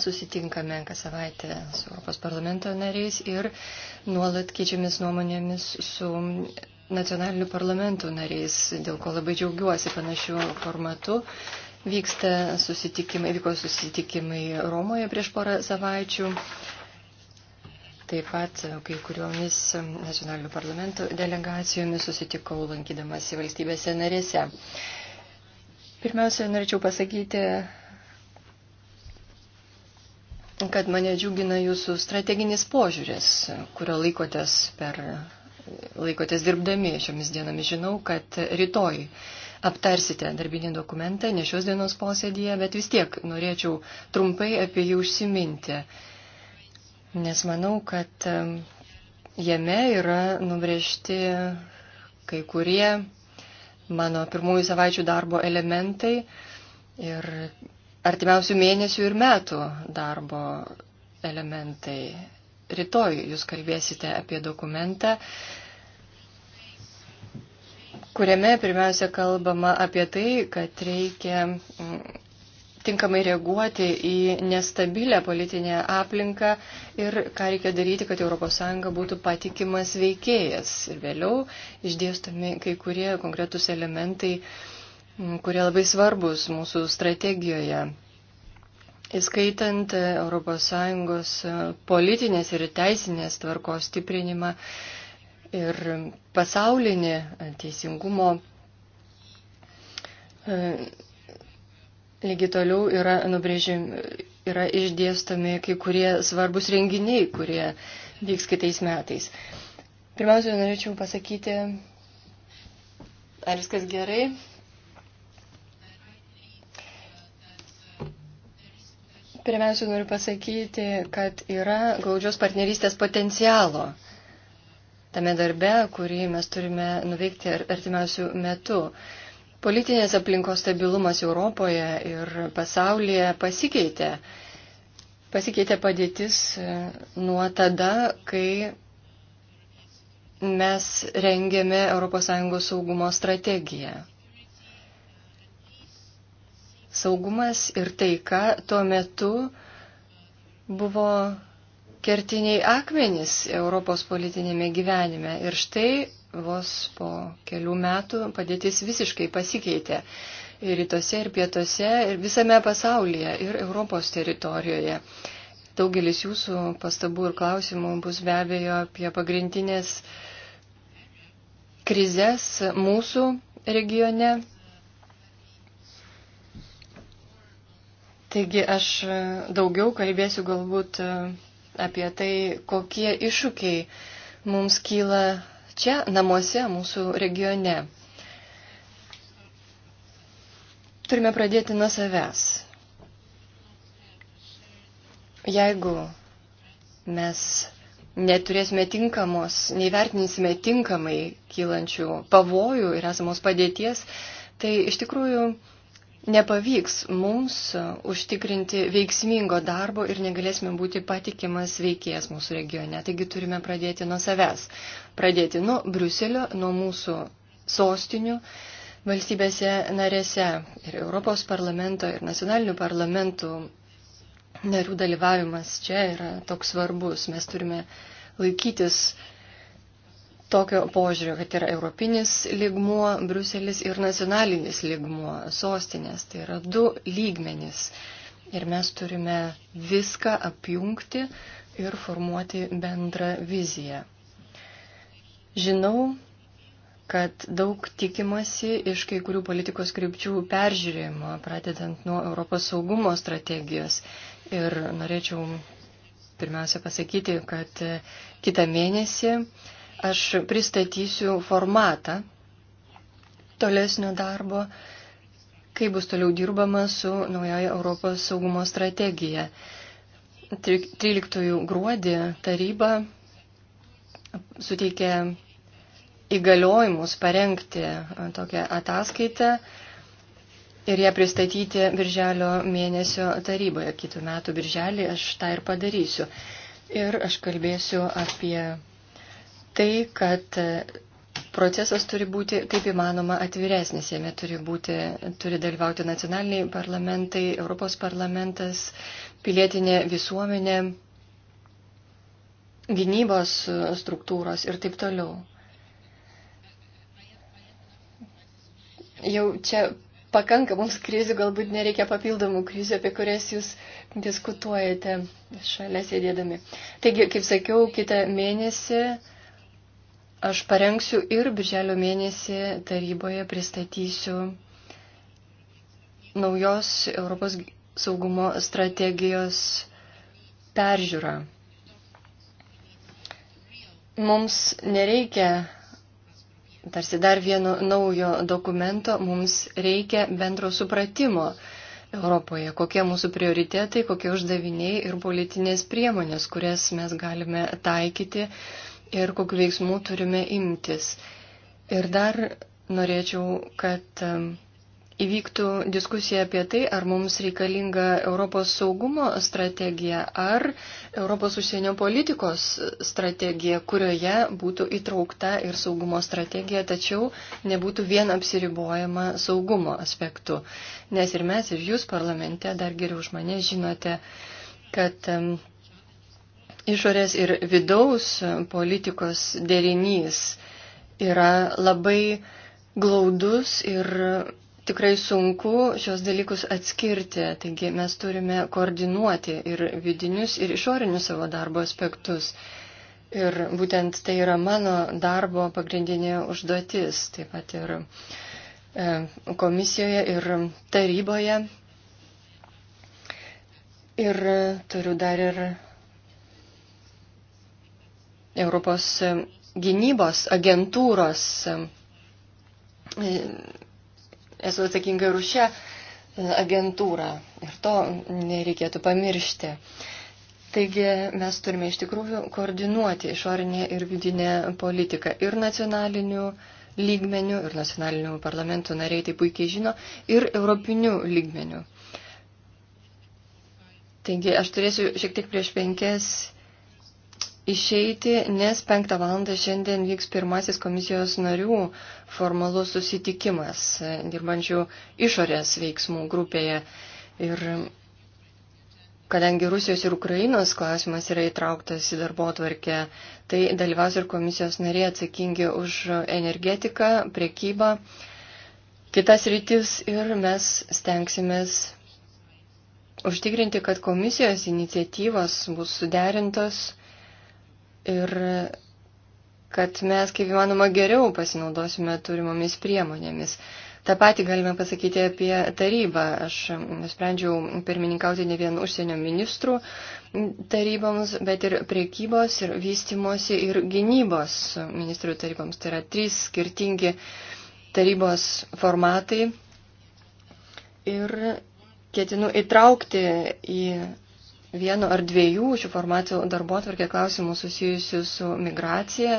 Speaker 2: Susitinkame kas savaitę su Europos parlamento nariais ir nuolat keičiamis nuomonėmis su nacionalinių parlamentų nariais, dėl ko labai džiaugiuosi panašių formatų. Vyksta susitikimai, vyko susitikimai Romoje prieš porą savaičių Taip pat e, kai kuriomis e, nacionalinių parlamentų delegacijomis susitikau lankydamasi valstybėse narėse. Pirmiausia, norėčiau pasakyti, kad mane džiugina jūsų strateginis požiūris, kurio laikotės per laikotės dirbdami šiomis dienomis. Žinau, kad rytoj aptarsite darbinį dokumentą, ne šios dienos posėdėje, bet vis tiek norėčiau trumpai apie jį užsiminti nes manau, kad jame yra nubrėžti kai kurie mano pirmųjų savaičių darbo elementai ir artimiausių mėnesių ir metų darbo elementai. Rytoj jūs kalbėsite apie dokumentą, kuriame pirmiausia kalbama apie tai, kad reikia tinkamai reaguoti į nestabilę politinę aplinką ir ką reikia daryti, kad ES būtų patikimas veikėjas. Ir vėliau išdėstami kai kurie konkretus elementai, kurie labai svarbus mūsų strategijoje įskaitant ES e, politinės ir teisinės tvarkos stiprinimą ir pasaulinį e, teisingumo e, Lygi toliau yra, nubrėžim, yra išdėstomi kai kurie svarbus renginiai, kurie vyks kitais metais. Pirmiausia, norėčiau pasakyti, ar viskas gerai. Pirmiausia, noriu pasakyti, kad yra glaudžios partnerystės potencialo tame darbe, kurį mes turime nuveikti artimiausių metų. Politinės aplinkos stabilumas Europoje ir pasaulyje pasikeitė. Pasikeitė padėtis e, nuo tada, kai mes rengėme ES saugumo strategiją. Saugumas ir taika tuo metu buvo kertiniai akmenys Europos politinėme gyvenime. Ir štai vos po kelių metų padėtis visiškai pasikeitė. Ir rytuose, ir pietuose, ir visame pasaulyje, ir Europos teritorijoje. Daugelis jūsų pastabų ir klausimų bus be abejo apie pagrindinės krizės mūsų regione. Taigi aš daugiau kalbėsiu galbūt apie tai, kokie iššūkiai mums kyla čia namuose, mūsų regione. Turime pradėti nuo savęs. Jeigu mes neturėsime tinkamos, neįvertinsime tinkamai kylančių pavojų ir esamos padėties, tai iš tikrųjų nepavyks mums užtikrinti veiksmingo darbo ir negalėsime būti patikimas veikėjas mūsų regione. Taigi turime pradėti nuo savęs. Pradėti nuo Briuselio, nuo mūsų sostinių valstybėse narėse ir Europos parlamento ir nacionalinių parlamentų narių dalyvavimas čia yra toks svarbus. Mes turime laikytis tokio požiūrio, kad yra europinis ligmuo, Bruselis ir nacionalinis ligmuo, sostinės. Tai yra du lygmenys. Ir mes turime viską apjungti ir formuoti bendrą viziją. Žinau, kad daug tikimasi iš kai kurių politikos krypčių peržiūrėjimo, pradedant nuo Europos saugumo strategijos. Ir norėčiau pirmiausia pasakyti, kad kitą mėnesį Aš pristatysiu formatą tolesnio darbo, kaip bus toliau dirbama su naujoje Europos saugumo strategija. 13 gruodį taryba suteikė įgaliojimus parengti tokią ataskaitą ir ją pristatyti Birželio mėnesio taryboje. Kitų metų Birželį aš tą ir padarysiu. Ir aš kalbėsiu apie tai, kad e, procesas turi būti kaip įmanoma atviresnis, jame turi, būti, turi dalyvauti nacionaliniai parlamentai, Europos parlamentas, pilietinė visuomenė, gynybos struktūros ir taip toliau. Jau čia pakanka mums krizių, galbūt nereikia papildomų krizių, apie kurias jūs diskutuojate šalia sėdėdami. Taigi, kaip sakiau, kitą mėnesį uh, aš parengsiu ir birželio mėnesį taryboje pristatysiu naujos Europos saugumo strategijos peržiūrą. Mums nereikia tarsi dar vieno naujo dokumento, mums reikia bendro supratimo Europoje, kokie mūsų prioritetai, kokie uždaviniai ir politinės priemonės, kurias mes galime taikyti ir kokiu veiksmu turime imtis. Ir dar norėčiau, kad um, įvyktų diskusija apie tai, ar mums reikalinga Europos saugumo strategija ar Europos užsienio politikos strategija, kurioje būtų įtraukta ir saugumo strategija, tačiau nebūtų vien apsiribojama saugumo aspektu. Nes ir mes, ir jūs parlamente dar geriau už mane žinote, kad um, išorės ir vidaus politikos derinys yra labai glaudus ir tikrai sunku šios dalykus atskirti. Taigi mes turime koordinuoti ir vidinius, ir išorinius savo darbo aspektus. Ir būtent tai yra mano darbo pagrindinė užduotis, taip pat ir e, komisijoje, ir taryboje. Ir turiu dar ir Europos e, gynybos agentūros. E, e, esu atsakinga ir už šią agentūrą ir to nereikėtų pamiršti. Taigi mes turime iš tikrųjų koordinuoti išorinę ir vidinę politiką ir nacionalinių lygmenių, ir nacionalinių parlamentų nariai tai puikiai žino, ir europinių lygmenių. Taigi aš turėsiu šiek tiek prieš penkias išeiti, nes 5 val. šiandien vyks pirmasis komisijos narių formalus susitikimas dirbančių išorės veiksmų grupėje. Ir kadangi Rusijos ir Ukrainos klausimas yra įtrauktas į darbo tvarkę, tai dalyvaus ir komisijos nariai atsakingi už energetiką, priekybą, kitas rytis ir mes stengsimės užtikrinti, kad komisijos iniciatyvos bus suderintos ir kad mes kaip įmanoma geriau pasinaudosime turimomis priemonėmis. Ta pati galime pasakyti apie tarybą. Aš nusprendžiau pirmininkauti ne vien užsienio ministrų taryboms, bet ir priekybos ir vystimosi ir gynybos ministrų taryboms. Tai yra trys skirtingi tarybos formatai. Ir ketinu įtraukti į vieno ar dviejų šių formacijų darbo atvarkė klausimų susijusių su migracija.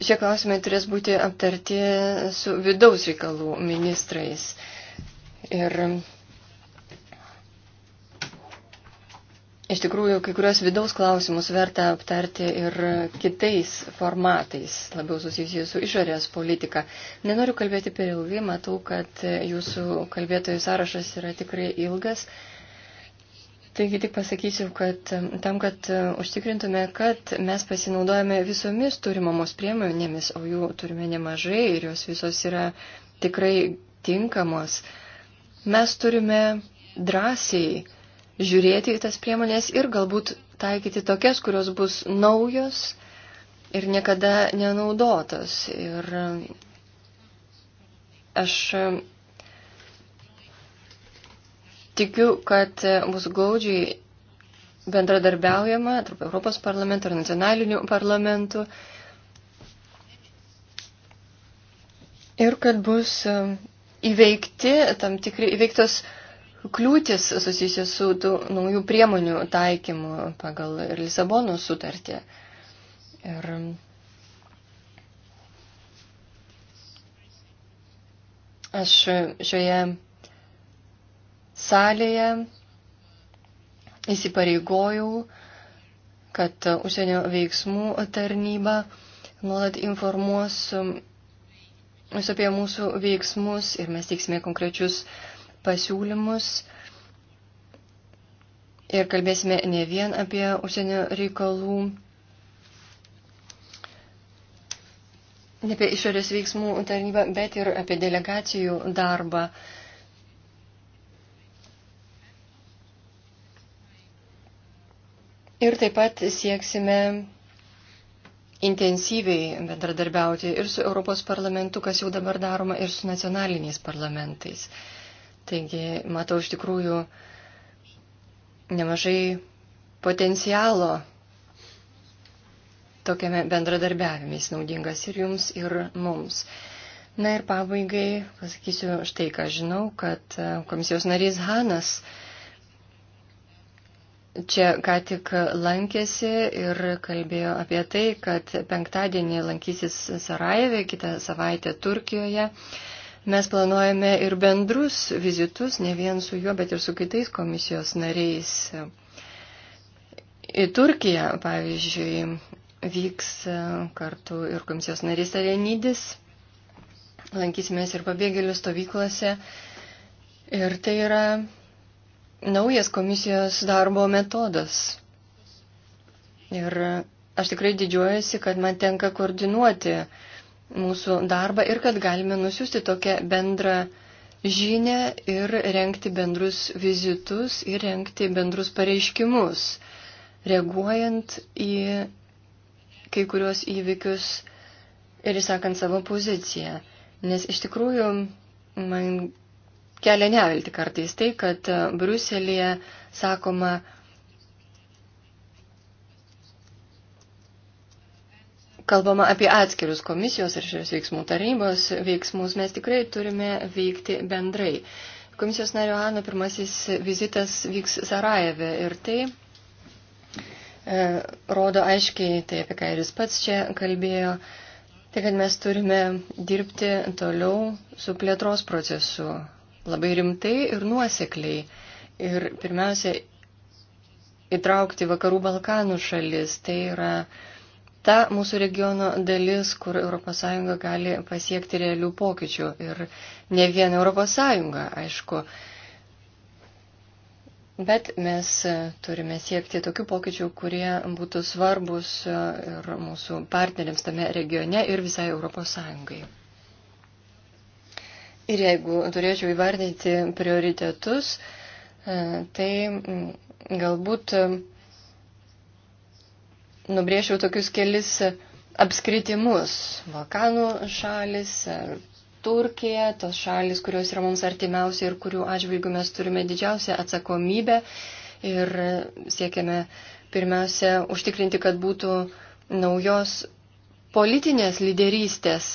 Speaker 2: Šie klausimai turės būti aptarti su vidaus reikalų ministrais. Ir iš tikrųjų, kai kurios vidaus klausimus verta aptarti ir kitais formatais, labiau susijusiais su išorės politika. Nenoriu kalbėti per ilgai, matau, kad jūsų kalbėtojų sąrašas yra tikrai ilgas. Uh, Taigi tik pasakysiu, kad tam, kad e, užtikrintume, kad mes pasinaudojame visomis turimamos priemonėmis, o jų turime nemažai ir jos visos yra tikrai tinkamos, mes turime drąsiai žiūrėti į tas priemonės ir galbūt taikyti tokias, kurios bus naujos ir niekada nenaudotos. Ir aš Tikiu, kad e, bus glaudžiai bendradarbiaujama tarp Europos parlamento ir nacionalinių parlamentų ir kad bus e, įveikti tam tikri įveiktos kliūtis susijusios su tų naujų priemonių taikymu pagal ir Lisabono sutartį. Ir aš šioje salėje įsipareigojau, kad užsienio veiksmų tarnyba nuolat informuos mus apie mūsų veiksmus ir mes teiksime konkrečius pasiūlymus. Ir kalbėsime ne vien apie užsienio reikalų ne apie išorės veiksmų tarnybą, bet ir apie delegacijų darbą. Ir taip pat sieksime intensyviai bendradarbiauti ir su Europos parlamentu, kas jau dabar daroma, ir su nacionaliniais parlamentais. Taigi, matau iš tikrųjų nemažai potencialo tokiame bendradarbiavime, jis naudingas ir jums, ir mums. Na ir pabaigai pasakysiu štai, ką žinau, kad e, komisijos narys Hanas čia ką tik lankėsi ir kalbėjo apie tai, kad penktadienį lankysis Sarajeve, kitą savaitę Turkijoje. Mes planuojame ir bendrus vizitus, ne vien su juo, bet ir su kitais komisijos nariais. Į Turkiją, pavyzdžiui, vyks kartu ir komisijos narys Alenydis. Lankysimės ir pabėgėlių stovyklose. Ir tai yra naujas komisijos darbo metodas. Ir aš tikrai didžiuojasi, kad man tenka koordinuoti mūsų darbą ir kad galime nusiųsti tokią bendrą žinę ir renkti bendrus vizitus ir renkti bendrus pareiškimus, reaguojant į kai kuriuos įvykius ir įsakant savo poziciją. Nes iš tikrųjų man kelia nevilti kartais tai, kad e, Bruselėje sakoma, kalbama apie atskirus komisijos ir šios veiksmų tarnybos veiksmus, mes tikrai turime veikti bendrai. Komisijos nario Ano pirmasis vizitas vyks Sarajeve ir tai e, rodo aiškiai, tai apie ką ir jis pats čia kalbėjo, tai kad mes turime dirbti toliau su plėtros procesu labai rimtai ir nuosekliai. Ir pirmiausia, įtraukti vakarų Balkanų šalis. Tai yra ta mūsų regiono dalis, kur ES gali pasiekti realių pokyčių. Ir ne vien ES, aišku. Bet mes turime siekti tokių pokyčių, kurie būtų svarbus ir mūsų partneriams tame regione ir visai ES. Ir jeigu turėčiau įvardinti prioritetus, e, tai mm, galbūt e, nubrėžiau tokius kelis apskritimus. Balkanų šalis, e, Turkija, tos šalis, kurios yra mums artimiausia ir kurių atžvilgių mes turime didžiausią atsakomybę ir siekiame pirmiausia užtikrinti, kad būtų naujos politinės lyderystės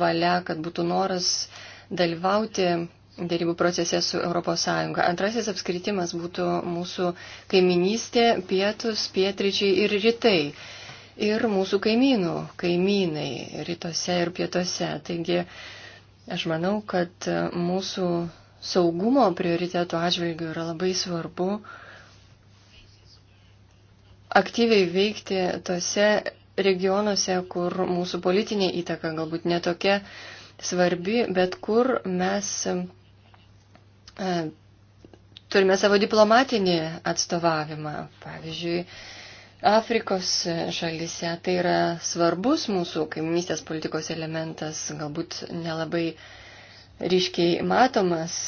Speaker 2: valia, kad būtų noras uh, dalyvauti dėrybų procese su ES. Antrasis apskritimas būtų mūsų kaiminystė, pietus, pietryčiai ir rytai. Ir mūsų kaimynų, kaimynai rytuose ir pietuose. Taigi aš manau, kad mūsų saugumo prioritetų atžvilgių yra labai svarbu aktyviai veikti tose regionuose, kur mūsų politinė įtaka galbūt netokia svarbi, bet kur mes e, turime savo diplomatinį atstovavimą. Pavyzdžiui, Afrikos šalise tai yra svarbus mūsų kaiminystės politikos elementas, galbūt nelabai ryškiai matomas,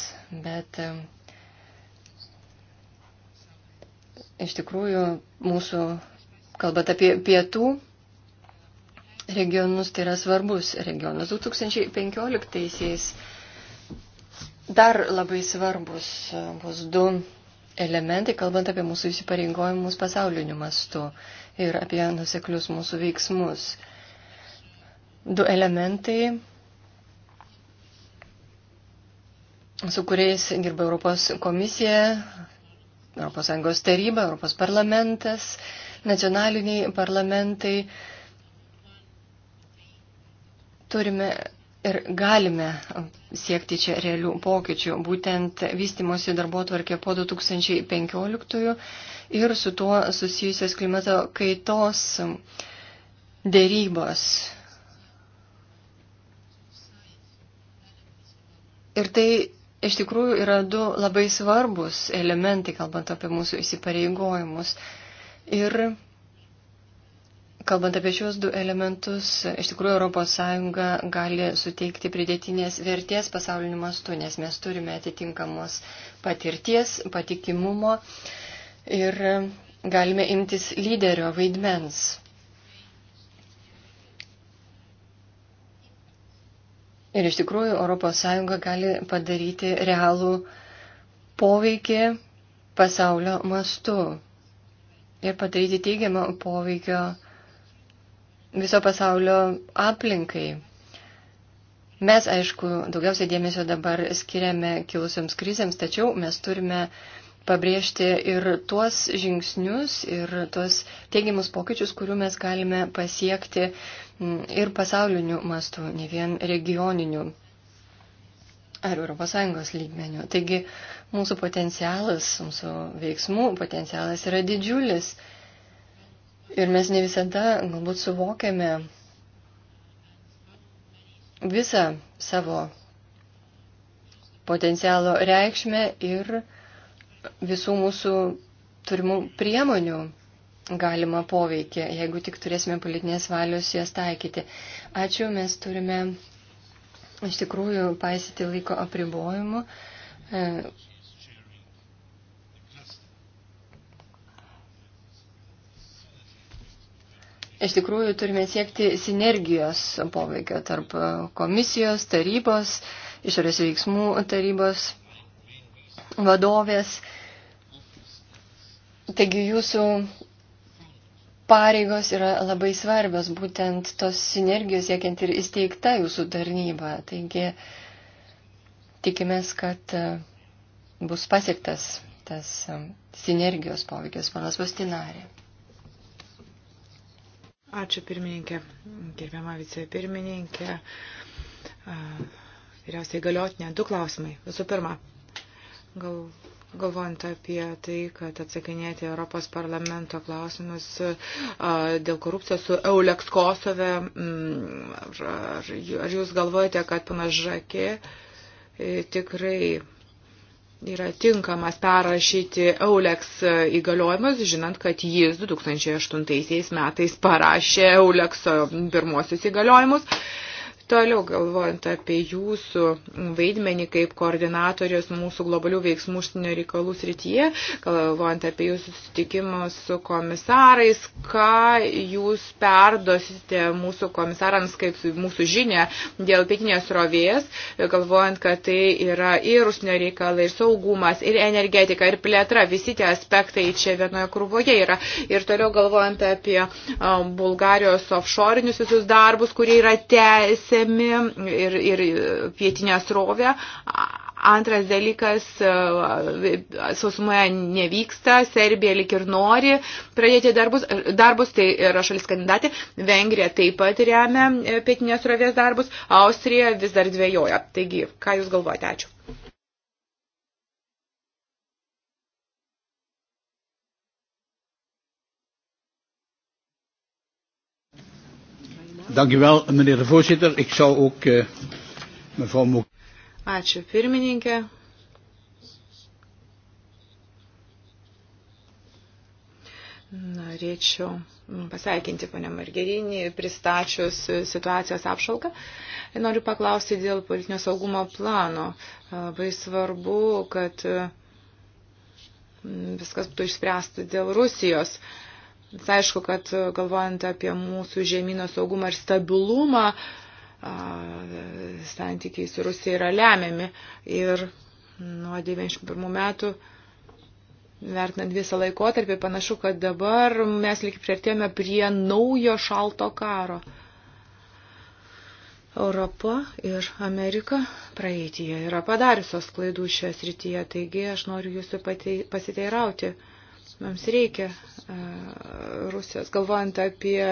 Speaker 2: bet e, iš tikrųjų mūsų, kalbant apie pietų regionus, tai yra svarbus regionas. 2015-aisiais dar labai svarbus bus du elementai, kalbant apie mūsų įsipareigojimus pasauliniu mastu ir apie nuseklius mūsų veiksmus. Du elementai, su kuriais dirba Europos komisija, Europos Sąjungos taryba, Europos parlamentas, nacionaliniai parlamentai turime ir galime siekti čia realių pokyčių, būtent vystimosi darbo tvarkė po 2015 ir su tuo susijusios klimato kaitos dėrybos. Ir tai iš tikrųjų yra du labai svarbus elementai, kalbant apie mūsų įsipareigojimus. Ir Kalbant apie šios du elementus, iš tikrųjų ES gali suteikti pridėtinės vertės pasauliniu mastu, nes mes turime atitinkamos patirties, patikimumo ir galime imtis lyderio vaidmens. Ir iš tikrųjų ES gali padaryti realų poveikį pasaulio mastu ir padaryti teigiamą poveikio viso pasaulio aplinkai. Mes, aišku, daugiausiai dėmesio dabar skiriame kilusiams krizėms, tačiau mes turime pabrėžti ir tuos žingsnius, ir tuos teigiamus pokyčius, kurių mes galime pasiekti mm, ir pasauliniu mastu, ne vien regioniniu ar ES lygmeniu. Taigi mūsų potencialas, mūsų veiksmų potencialas yra didžiulis. Ir mes ne visada galbūt suvokiame visą savo potencialo reikšmę ir visų mūsų turimų priemonių galima poveikį, jeigu tik turėsime politinės valios jas taikyti. Ačiū, mes turime iš tikrųjų paisyti laiko apribojimų. Iš tikrųjų turime siekti sinergijos poveikio tarp komisijos, tarybos, išorės veiksmų tarybos vadovės. Taigi jūsų pareigos yra labai svarbios, būtent tos sinergijos siekiant ir įsteigta jūsų tarnyba. Taigi tikimės, kad e, bus pasiektas tas e, sinergijos poveikis, panas Bastinarė.
Speaker 3: Ačiū pirmininkė, gerbiama vicepirmininkė, vyriausiai galiotinė. Du klausimai. Visų pirma, gal, galvojant apie tai, kad atsakinėti Europos parlamento klausimus dėl korupcijos su Euleks Kosove, mm, ar, ar jūs galvojate, kad panašakė e, tikrai yra tinkamas perrašyti Euleks įgaliojimus, žinant, kad jis 2008 metais parašė Eulekso pirmosius įgaliojimus. Toliau galvojant apie jūsų vaidmenį kaip koordinatorius mūsų globalių veiksmų užsienio reikalų srityje, galvojant apie jūsų susitikimus su komisarais, ką jūs perdosite mūsų komisarams kaip mūsų žinia dėl pietinės rovės, galvojant, kad tai yra ir užsienio reikalai, ir saugumas, ir energetika, ir plėtra, visi tie aspektai čia vienoje krūvoje yra. Ir toliau galvojant apie Bulgarijos offshore'inius visus darbus, kurie yra tęsi tiesiami ir, ir pietinę srovę. Antras dalykas, sausumoje nevyksta, Serbija lik ir nori pradėti darbus, darbus tai yra šalis kandidatė, Vengrija taip pat remia pietinės srovės darbus, Austrija vis dar dvėjoja. Taigi, ką Jūs galvojate? Ačiū.
Speaker 1: Dank u wel, meneer de voorzitter. Ik zou ook uh, mevrouw Mok.
Speaker 3: Ačiū pirmininkė. Norėčiau pasveikinti ponę Margerinį, pristačius situacijos apšalką. Noriu paklausti dėl politinio saugumo plano. Labai svarbu, kad viskas būtų išspręsta dėl Rusijos. Uh, Aišku, kad e, galvojant apie mūsų žemynų saugumą ir stabilumą, santykiai su Rusija yra lemiami. Ir nuo 91 metų, vertinant visą laikotarpį, panašu, kad dabar mes lik priartėjome prie naujo šalto karo. Europa ir Amerika praeitie yra padariusios klaidų šioje srityje, taigi aš noriu jūsų pasiteirauti. Mums reikia e, Rusijos, galvojant apie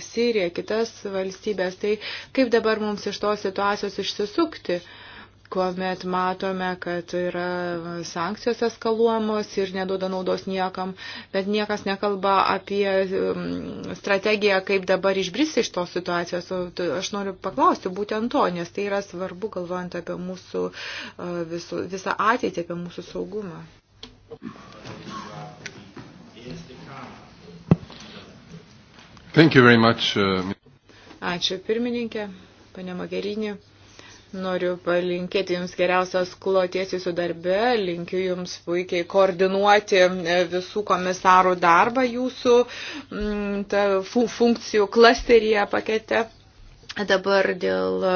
Speaker 3: Siriją, kitas valstybės, tai kaip dabar mums iš tos situacijos išsisukti, kuomet matome, kad yra sankcijos eskaluojamos ir neduoda naudos niekam, bet niekas nekalba apie strategiją, kaip dabar išbristi iš tos situacijos. Aš noriu paklausti būtent to, nes tai yra svarbu, galvojant apie mūsų e, visą ateitį, apie mūsų saugumą.
Speaker 2: Much, uh...
Speaker 3: Ačiū pirmininkė, pane Magerinė. Noriu palinkėti Jums geriausios kloties Jūsų darbe, linkiu Jums puikiai koordinuoti e, visų komisarų darbą Jūsų mm, ta, funkcijų klasteryje pakete. Dabar dėl e,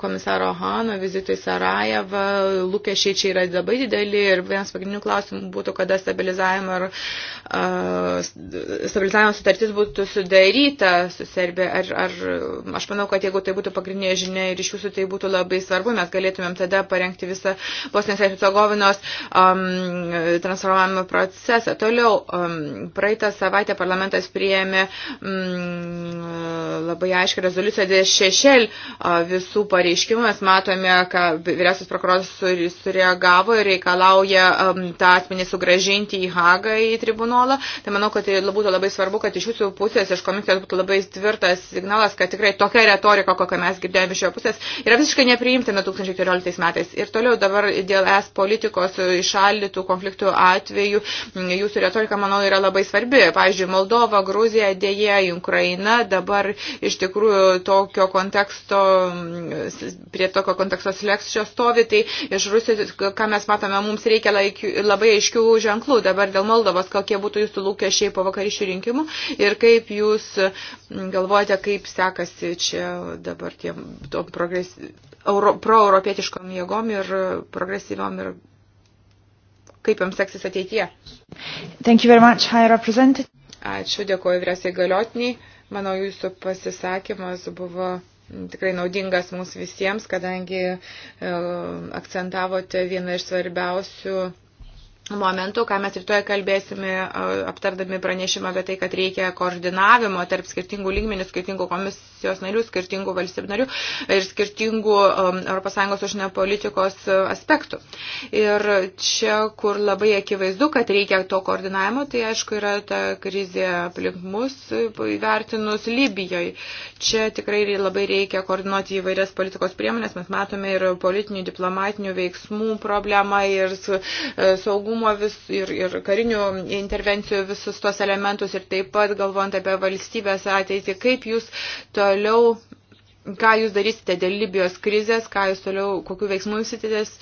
Speaker 3: komisaro Hano vizito į Sarajevą, lūkesčiai čia yra labai dideli ir vienas pagrindinių klausimų būtų, kada stabilizavimo, ar, uh, e, stabilizavimo sutartis būtų sudaryta su Serbija. Ar, ar, aš manau, kad jeigu tai būtų pagrindinė žinia ir iš jūsų tai būtų labai svarbu, mes galėtumėm tada parengti visą Bosnės ir Hercegovinos um, transformavimo procesą. Toliau, um, praeitą savaitę parlamentas priėmė um, labai aiškę rezoliuciją Andrės Šešel visų pareiškimų. Mes matome, ką vyriausias prokuroras sureagavo ir reikalauja tą asmenį sugražinti į Hagą į tribunolą. Tai manau, kad tai būtų labai svarbu, kad iš jūsų pusės, iš komisijos būtų labai tvirtas signalas, kad tikrai tokia retorika, kokią mes girdėjome iš jo pusės, yra visiškai nepriimtina 2014 metais. Ir toliau dabar dėl es politikos išalytų konfliktų atveju jūsų retorika, manau, yra labai svarbi. Pavyzdžiui, Moldova, Gruzija, dėje, Ukraina dabar iš tikrųjų to tokio konteksto, prie tokio konteksto slėksčio stovi, tai iš Rusijos, ką mes matome, mums reikia labai aiškių ženklų dabar dėl Moldovos, kokie būtų jūsų lūkesčiai po vakarišių rinkimų ir kaip jūs galvojate, kaip sekasi čia dabar tiem progres, euro, proeuropietiškom jėgom ir progresyviom ir kaip jums seksis ateityje. Thank you very much, high representative. Ačiū, dėkuoju vyriausiai galiotiniai. Manau, jūsų pasisakymas buvo tikrai naudingas mums visiems, kadangi e, akcentavote vieną iš svarbiausių momentų, ką mes rytoj kalbėsime, aptardami pranešimą apie tai, kad reikia koordinavimo tarp skirtingų lygmenių, skirtingų komisijos narių, skirtingų valstybių narių ir skirtingų um, ES užsienio politikos aspektų. Ir čia, kur labai akivaizdu, kad reikia to koordinavimo, tai aišku yra ta krizė aplink mus įvertinus Libijoje. Čia tikrai labai reikia koordinuoti įvairias politikos priemonės, mes matome ir politinių, diplomatinių veiksmų problemą ir e, saugumą saugumo vis, ir, ir karinių intervencijų visus tos elementus ir taip pat galvojant apie valstybės ateitį, kaip jūs toliau, ką jūs darysite dėl Libijos krizės, ką jūs toliau, kokiu veiksmu jūs įtidės,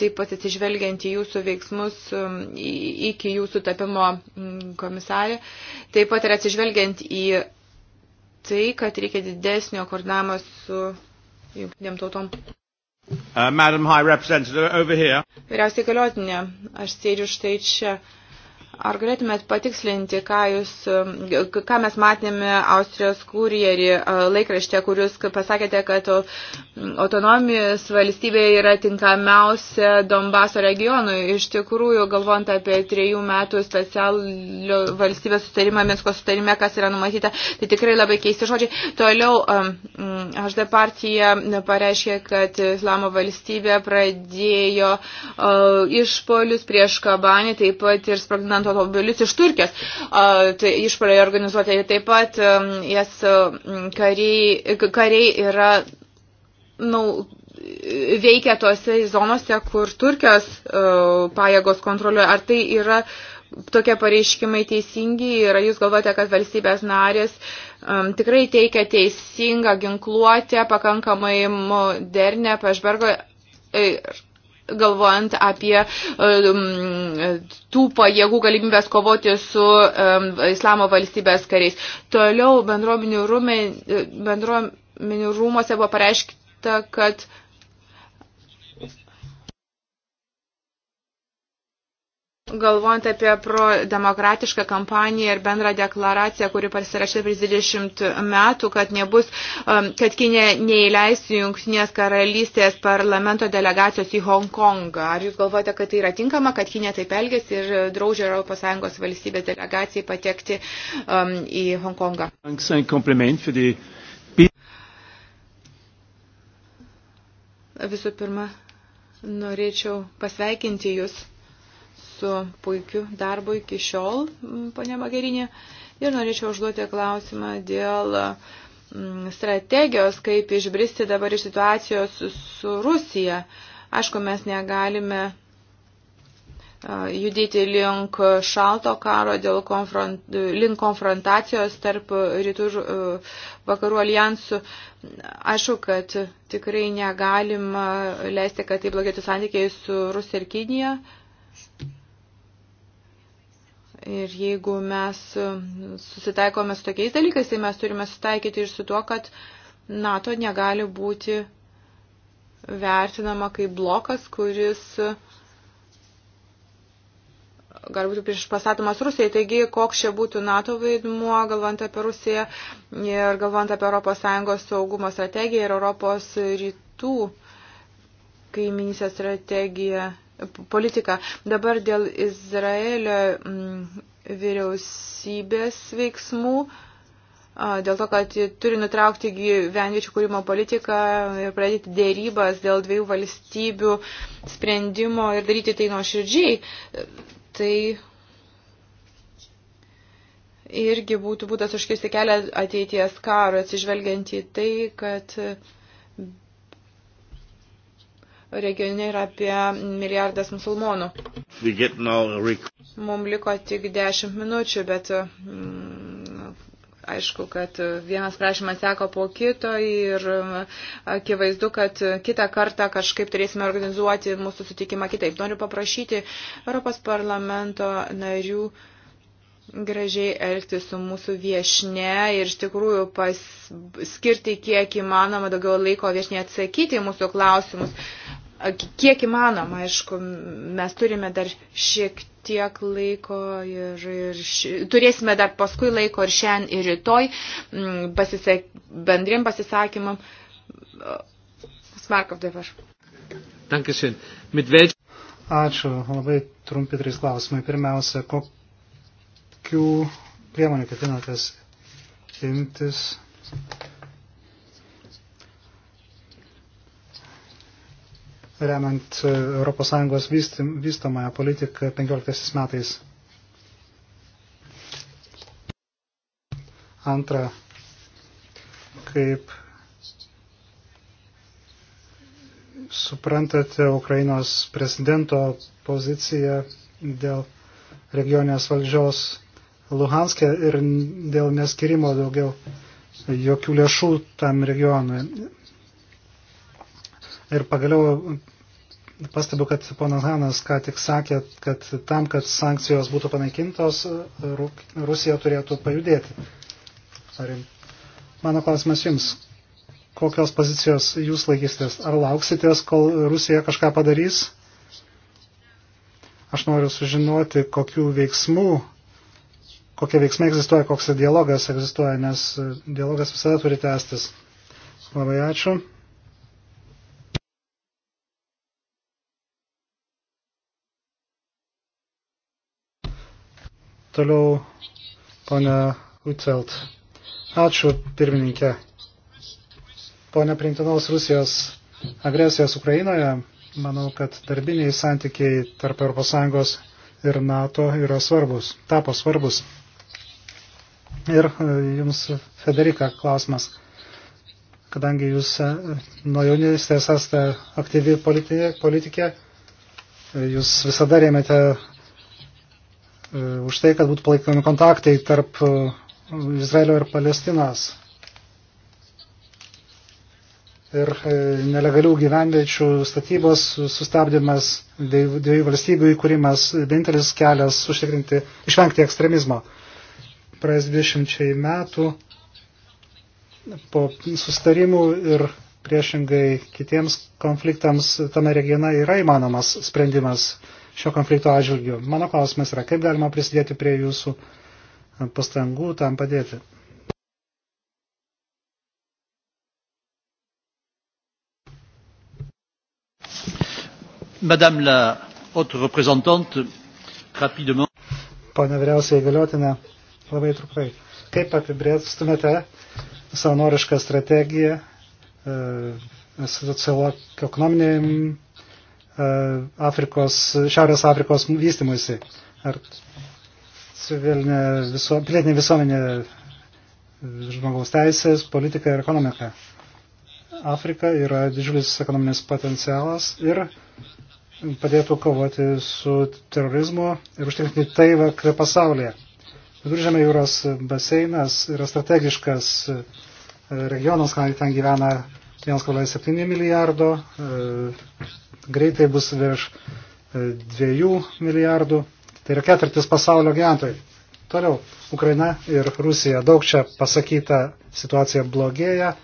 Speaker 3: taip pat atsižvelgiant į jūsų veiksmus um, iki jūsų tapimo mm, komisarė, taip pat ir atsižvelgiant į tai, kad reikia didesnio koordinavimo su jungtinėm tautom. Uh, Madam High Representative, over here. Vyriausiai galiotinė, aš sėdžiu štai čia. Uh, Ar galėtumėt patikslinti, ką, jūs, ką mes matėme Austrijos kurjerį e, laikrašte, kur jūs pasakėte, kad autonomijos valstybė yra tinkamiausia Donbaso regionui. Iš tikrųjų, galvojant apie trejų metų specialio valstybės sustarimą, Minsko sustarime, kas yra numatyta, tai tikrai labai keisti žodžiai. Toliau e, HD partija pareiškė, kad Islamo valstybė pradėjo e, išpolius prieš Kabanį, taip pat ir sprogdinant automobilius iš Turkijos. Tai išpoliai organizuoti taip pat jas kariai, kariai yra nau, veikia tose zonose, kur Turkijos e, pajėgos kontroliuoja. Ar tai yra tokie pareiškimai teisingi ir jūs galvojate, kad valstybės narės um, tikrai teikia teisingą ginkluotę, pakankamai modernę, pažbergo. Ir e, galvojant apie e, tų pajėgų galimybės kovoti su e, islamo valstybės kariais. Toliau bendruomenių, rūmai, e, bendruomenių rūmose buvo pareiškta, kad uh, Galvojant apie prodemokratišką kampaniją ir bendrą deklaraciją, kuri pasirašė prieš 20 metų, kad, nebus, um, kad Kinė neįleis Junktinės karalystės parlamento delegacijos į Hongkongą. Ar jūs galvojate, kad tai yra tinkama, kad Kinė taip elgėsi ir draužė ES valstybės delegacijai patekti um, į Hongkongą? Visų pirma, norėčiau pasveikinti jūs jūsų puikiu darbu iki šiol, ponė Magerinė. Ir norėčiau užduoti klausimą dėl strategijos, kaip išbristi dabar iš situacijos su Rusija. Aišku, mes negalime judėti link šalto karo, dėl konfront, link konfrontacijos tarp rytų ir e, vakarų alijansų. Aišku, kad tikrai negalima leisti, kad tai blogėtų santykiai su Rusija ir Kinija, Ir jeigu mes e, susitaikome su tokiais dalykais, tai mes turime sutaikyti ir su tuo, kad NATO negali būti vertinama kaip blokas, kuris e, galbūt prieš pastatomas Rusijai. Taigi, koks čia būtų NATO vaidmuo, galvant apie Rusiją ir galvant apie ES saugumo strategiją ir Europos rytų kaiminysės strategiją politiką. Dabar dėl Izraelio mm, vyriausybės veiksmų dėl to, kad turi nutraukti gyvenviečių kūrimo politiką ir pradėti dėrybas dėl dviejų valstybių sprendimo ir daryti tai nuoširdžiai, tai irgi būtų būdas užkirsti kelią ateities karo, atsižvelgiant į tai, kad regione yra apie milijardas musulmonų. Mums liko tik 10 minučių, bet
Speaker 4: mm,
Speaker 3: aišku, kad vienas prašymas seko po kito ir mm, akivaizdu, kad kitą kartą kažkaip turėsime organizuoti mūsų sutikimą kitaip. Noriu paprašyti Europos parlamento narių gražiai elgtis su mūsų viešne ir iš tikrųjų pas, skirti kiek įmanoma daugiau laiko viešne atsakyti į mūsų klausimus. Kiek įmanoma, aišku, mes turime dar šiek tiek laiko ir, ir ši, turėsime dar paskui laiko ir šiandien ir rytoj mm, pasisak, bendrim pasisakymam. Smarkov,
Speaker 1: dabar. Ačiū. Labai trumpi trys klausimai. Pirmiausia, kokia kokių priemonių ketinatės imtis? remiant ES vystamąją politiką 15 metais. Antra, kaip suprantate Ukrainos prezidento poziciją dėl regionės valdžios Luhanskė ir dėl neskirimo daugiau jokių lėšų tam regionui. Ir pagaliau pastebiu, kad ponas Hanas ką tik sakė, kad tam, kad sankcijos būtų panaikintos, Rusija turėtų pajudėti. Ar mano klausimas jums, kokios pozicijos jūs laikysitės? Ar lauksitės, kol Rusija kažką padarys? Aš noriu sužinoti, kokių veiksmų kokie veiksmai egzistuoja, koks dialogas egzistuoja, nes e, dialogas visada turi tęstis. Labai ačiū. Toliau, ponia Utelt. Ačiū, pirmininkė. Pone Prinktinos Rusijos agresijos Ukrainoje, manau, kad darbiniai santykiai tarp ES ir NATO yra svarbus, tapo svarbus. Ir e, jums, Federika, klausimas. Kadangi jūs e, nuo jaunystės esate aktyvi politikė, e, jūs visada rėmėte už tai, kad būtų palaikomi kontaktai tarp Izraelio ir Palestinos ir nelegalių gyvenviečių statybos sustabdymas, dviejų valstybių įkūrimas, vienintelis kelias užtikrinti, išvengti ekstremizmo praėjus 20 metų po sustarimų ir priešingai kitiems konfliktams tame regione yra įmanomas sprendimas šio konflikto atžvilgiu. Mano klausimas yra, kaip galima prisidėti prie jūsų pastangų tam padėti. Madame la haute représentante, rapidement. Pane vyriausiai galiotinė, labai trupai. Kaip apibrėžtumėte savanorišką strategiją e, socioekonominiai e, Afrikos, Šiaurės Afrikos vystimuisi? Ar civilinė visuo, pilietinė visuomenė, žmogaus teisės, politika ir ekonomika? Afrika yra didžiulis ekonominis potencialas ir padėtų kovoti su terorizmu ir užtikrinti taivą pasaulyje. Viduržėmė jūros baseinas yra strategiškas e, regionas, kadangi ten gyvena 1,7 milijardo, e, greitai bus virš 2 e, milijardų, tai yra ketvirtis pasaulio gyventojai. Toliau, Ukraina ir Rusija. Daug čia pasakyta situacija blogėja.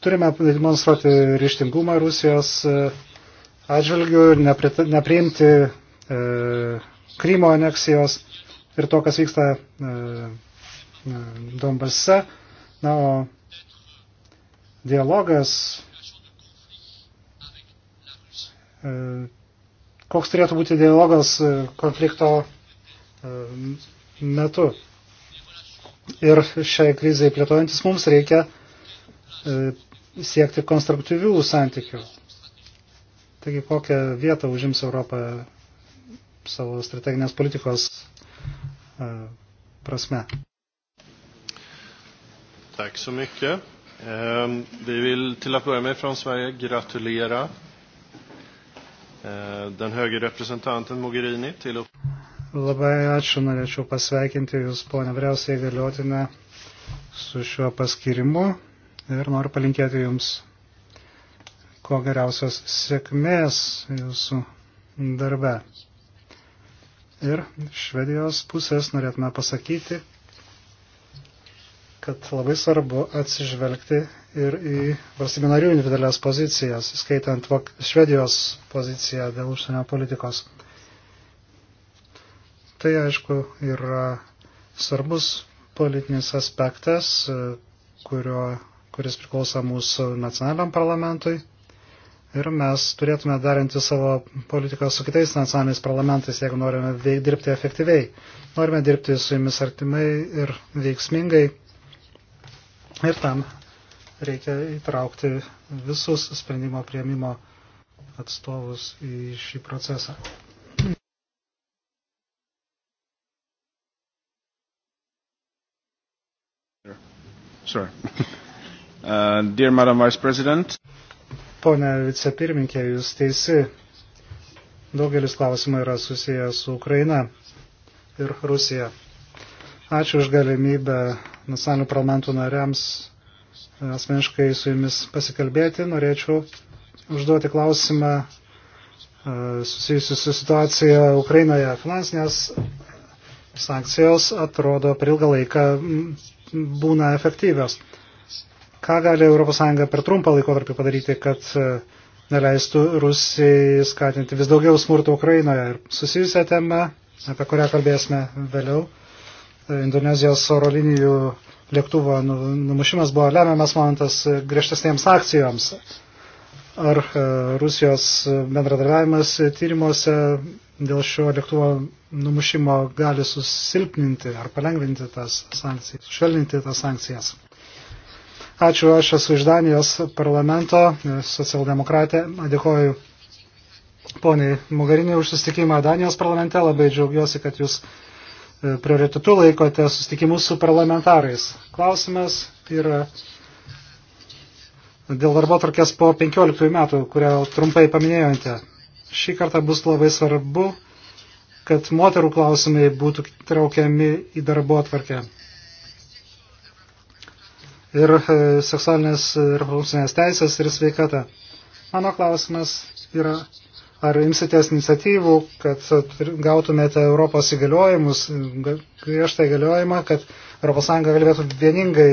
Speaker 1: Turime demonstruoti ryštingumą Rusijos atžvilgių ir nepriimti E, Krymo aneksijos ir to, kas vyksta e, e, Donbase. Na, o dialogas, koks turėtų būti dialogas konflikto metu. Ir šiai krizai plėtojantis mums reikia siekti konstruktyvių santykių. Taigi kokią vietą užims Europą savo strateginės politikos e, prasme. Tack så mycket. Ehm, vi vill till att börja med från Sverige gratulera eh, den höge representanten Mogherini till upp... Labai ačiū, norėčiau pasveikinti Jūs, ponia vyriausiai galiotinę, su šiuo paskirimu ir noriu palinkėti Jums kuo geriausios sėkmės Jūsų darbe. Ir Švedijos pusės norėtume pasakyti, kad labai svarbu atsižvelgti ir į valstybių narių individualias pozicijas, skaitant Švedijos poziciją dėl užsienio politikos. Tai aišku yra svarbus politinis aspektas, kurio, kuris priklauso mūsų nacionaliniam parlamentui Ir mes turėtume darinti savo politiką su kitais nacionaliniais parlamentais, jeigu norime dirbti efektyviai. Norime dirbti su jumis artimai ir veiksmingai. Ir tam reikia įtraukti visus sprendimo prieimimo atstovus į šį procesą.
Speaker 4: Sorry. Uh, dear Madam Vice President.
Speaker 1: Pone vicepirminkė, jūs teisi. Daugelis klausimų yra susijęs su Ukraina ir Rusija. Ačiū už galimybę nacionalinių parlamentų nariams e, asmeniškai su jumis pasikalbėti. Norėčiau užduoti klausimą e, susijusiu su situacija Ukrainoje. Finansinės sankcijos atrodo per ilgą laiką būna efektyvios. Ką gali ES per trumpą laikotarpį padaryti, kad e, neleistų Rusijai skatinti vis daugiau smurto Ukrainoje? Ir susijusią temą, apie kurią kalbėsime vėliau, e, Indonezijos oro linijų lėktuvo nu, numušimas buvo lemiamas momentas griežtesnėms akcijoms. Ar e, Rusijos bendradarbiavimas tyrimuose dėl šio lėktuvo numušimo gali susilpninti ar palengvinti tas sankcijas, švelninti tas sankcijas? Ačiū, aš esu iš Danijos parlamento, socialdemokratė. Dėkoju poniai Mugarinį už sustikimą Danijos parlamente. Labai džiaugiuosi, kad jūs e, prioritetu laikote sustikimus su parlamentarais. Klausimas yra dėl darbo tarkės po 15 metų, kurią trumpai paminėjote. Šį kartą bus labai svarbu, kad moterų klausimai būtų traukiami į darbo atvarkę ir e, seksualinės reprodukcinės teisės ir sveikata. Mano klausimas yra, ar imsitės iniciatyvų, kad gautumėte Europos įgaliojimus, griežtą įgaliojimą, kad ES galėtų vieningai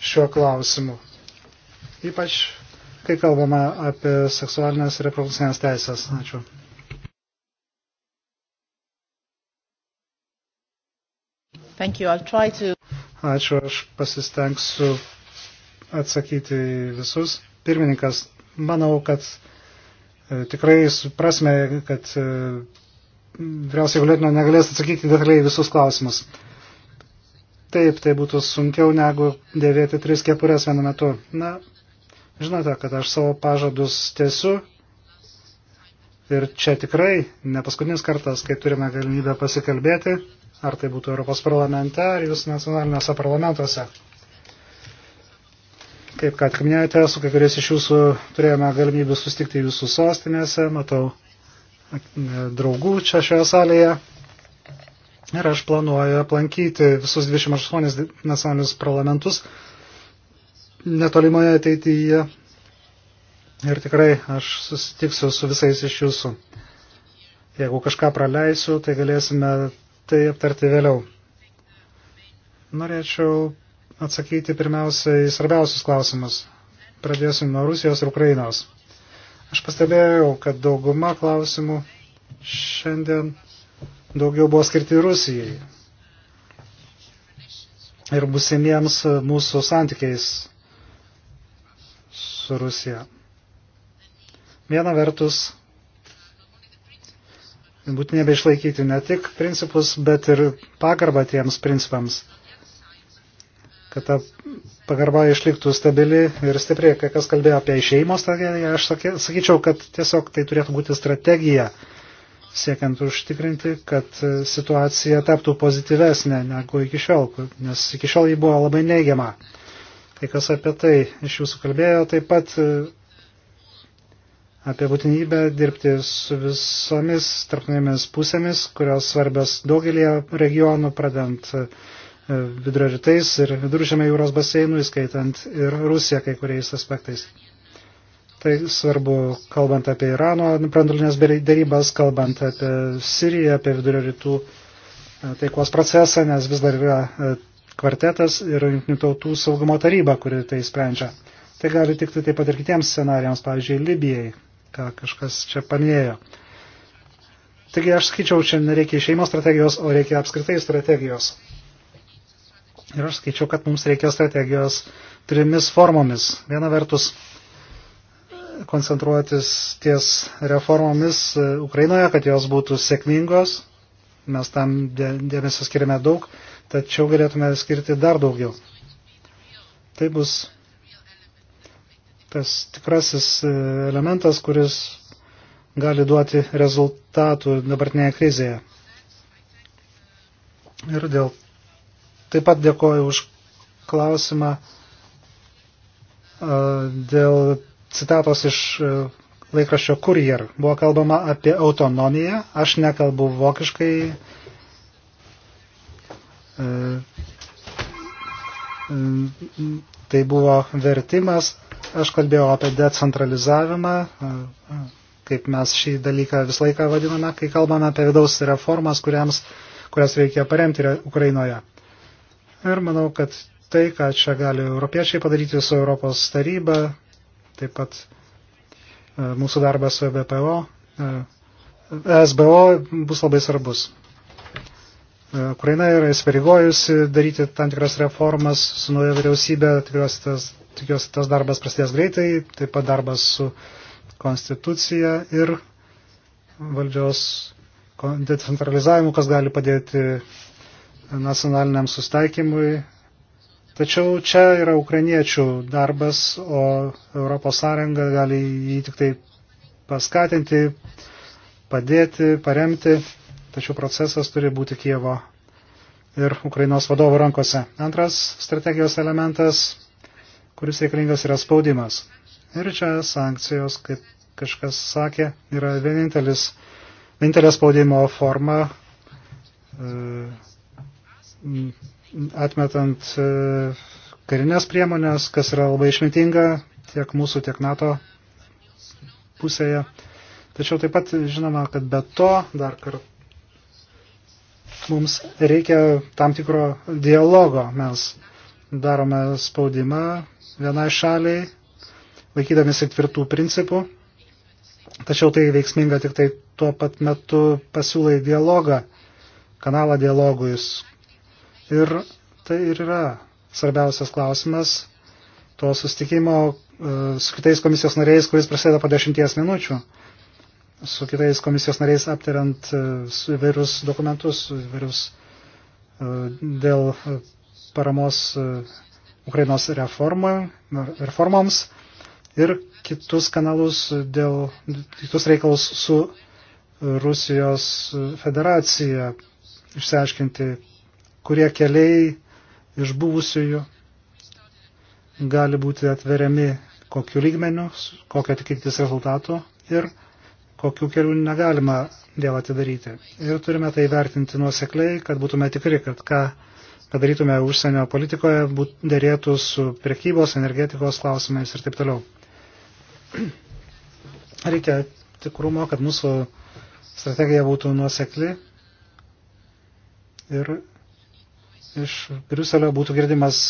Speaker 1: šiuo klausimu. Ypač, kai kalbame apie seksualinės reprodukcinės teisės. Ačiū. Thank you. I'll try to Ačiū, aš pasistengsiu atsakyti visus. Pirmininkas, manau, kad e, tikrai suprasme, kad e, vyriausiai galėtume negalės atsakyti detaliai visus klausimus. Taip, tai būtų sunkiau negu dėvėti tris kepurės vienu metu. Na, žinote, kad aš savo pažadus tiesiu ir čia tikrai ne paskutinis kartas, kai turime galimybę pasikalbėti ar tai būtų Europos parlamente, ar jūs nacionaliniuose parlamentuose. Kaip kad minėjote, su kai kuriais iš jūsų turėjome galimybę sustikti jūsų sostinėse, matau draugų čia šioje salėje. Ir aš planuoju aplankyti visus 28 nacionalinius parlamentus netolimoje ateityje. Ir tikrai aš susitiksiu su visais iš jūsų. Jeigu kažką praleisiu, tai galėsime tai aptarti vėliau. Norėčiau atsakyti pirmiausia į svarbiausius klausimus. Pradėsiu nuo Rusijos ir Ukrainos. Aš pastebėjau, kad dauguma klausimų šiandien daugiau buvo skirti Rusijai ir busimiems mūsų santykiais su Rusija. Viena vertus, būtinybė išlaikyti ne tik principus, bet ir pagarbą tiems principams, kad ta pagarba išliktų stabili ir stipri. Kai kas kalbėjo apie išeimo strategiją, aš sakyčiau, kad tiesiog tai turėtų būti strategija, siekiant užtikrinti, kad situacija taptų pozityvesnė negu iki šiol, nes iki šiol ji buvo labai neigiama. Kai kas apie tai iš jūsų kalbėjo, taip pat apie būtinybę dirbti su visomis tarpinėmis pusėmis, kurios svarbios daugelį regionų, pradant e, vidurio rytais ir viduržėme jūros baseinų, įskaitant ir Rusiją kai kuriais aspektais. Tai svarbu, kalbant apie Irano brandulinės darybas, kalbant apie Siriją, apie vidurio rytų e, taikos procesą, nes vis dar yra e, kvartetas ir jungtinių tautų saugumo taryba, kuri tai sprendžia. Tai gali tikti taip pat ir kitiems scenarijams, pavyzdžiui, Libijai ką kažkas čia paminėjo. Taigi aš skaičiau, čia nereikia šeimos strategijos, o reikia apskritai strategijos. Ir aš skaičiau, kad mums reikia strategijos trimis formomis. Viena vertus koncentruotis ties reformomis e, Ukrainoje, kad jos būtų sėkmingos. Mes tam dėmesio skiriame daug, tačiau galėtume skirti dar daugiau. Tai bus tas tikrasis e, elementas, kuris gali duoti rezultatų dabartinėje krizėje. Ir dėl taip pat dėkoju už klausimą e, dėl citatos iš e, laikraščio Kurier. Buvo kalbama apie autonomiją. Aš nekalbu vokiškai. Tai buvo vertimas Aš kalbėjau apie decentralizavimą, kaip mes šį dalyką visą laiką vadiname, kai kalbame apie vidaus reformas, kuriams, kurias reikia paremti Ukrainoje. Ir manau, kad tai, ką čia gali europiečiai padaryti su Europos taryba, taip pat mūsų darbas su EBPO, e SBO bus labai svarbus. Ukraina yra įsipareigojusi daryti tam tikras reformas su nauja vyriausybė, tikiuosi tas tikiuosi, tas darbas prasidės greitai, taip pat darbas su konstitucija ir valdžios decentralizavimu, kas gali padėti nacionaliniam sustaikymui. Tačiau čia yra ukrainiečių darbas, o ES gali jį tik tai paskatinti, padėti, paremti, tačiau procesas turi būti Kievo ir Ukrainos vadovo rankose. Antras strategijos elementas kuris reikalingas yra spaudimas. Ir čia sankcijos, kaip kažkas sakė, yra vienintelis, vienintelė spaudimo forma e, atmetant e, karinės priemonės, kas yra labai išmintinga tiek mūsų, tiek NATO pusėje. Tačiau taip pat žinoma, kad be to dar kartą mums reikia tam tikro dialogo. Mes darome spaudimą vienai šaliai, laikydamėsi tvirtų principų, tačiau tai veiksminga tik tai tuo pat metu pasiūlai dialogą, kanalą dialogujus. Ir tai ir yra svarbiausias klausimas to sustikimo e, su kitais komisijos nariais, kuris prasideda po dešimties minučių, su kitais komisijos nariais aptariant e, įvairius dokumentus, įvairius e, dėl paramos Ukrainos reforma, reformoms ir kitus kanalus dėl kitus reikalus su Rusijos federacija išsiaiškinti, kurie keliai iš buvusiųjų gali būti atveriami kokiu lygmeniu, kokio tikintis rezultatų ir kokių kelių negalima vėl atidaryti. Ir turime tai vertinti nuosekliai, kad būtume tikri, kad ką padarytume užsienio politikoje, būt, dėrėtų su prekybos, energetikos klausimais ir taip toliau. Reikia tikrumo, kad mūsų strategija būtų nuosekli ir iš Briuselio būtų girdimas,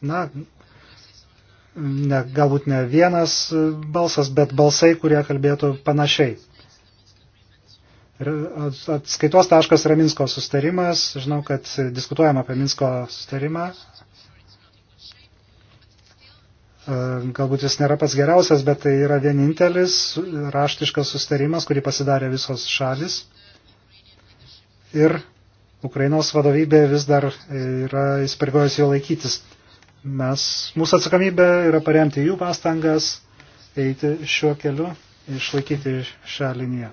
Speaker 1: na, ne, galbūt ne vienas balsas, bet balsai, kurie kalbėtų panašiai. Atskaitos taškas yra Minsko sustarimas. Žinau, kad diskutuojama apie Minsko sustarimą. E, galbūt jis nėra pats geriausias, bet tai yra vienintelis raštiškas sustarimas, kurį pasidarė visos šalis. Ir Ukrainos vadovybė vis dar yra įsipareigojusi jo laikytis. Mes, mūsų atsakomybė yra paremti jų pastangas eiti šiuo keliu, išlaikyti šią liniją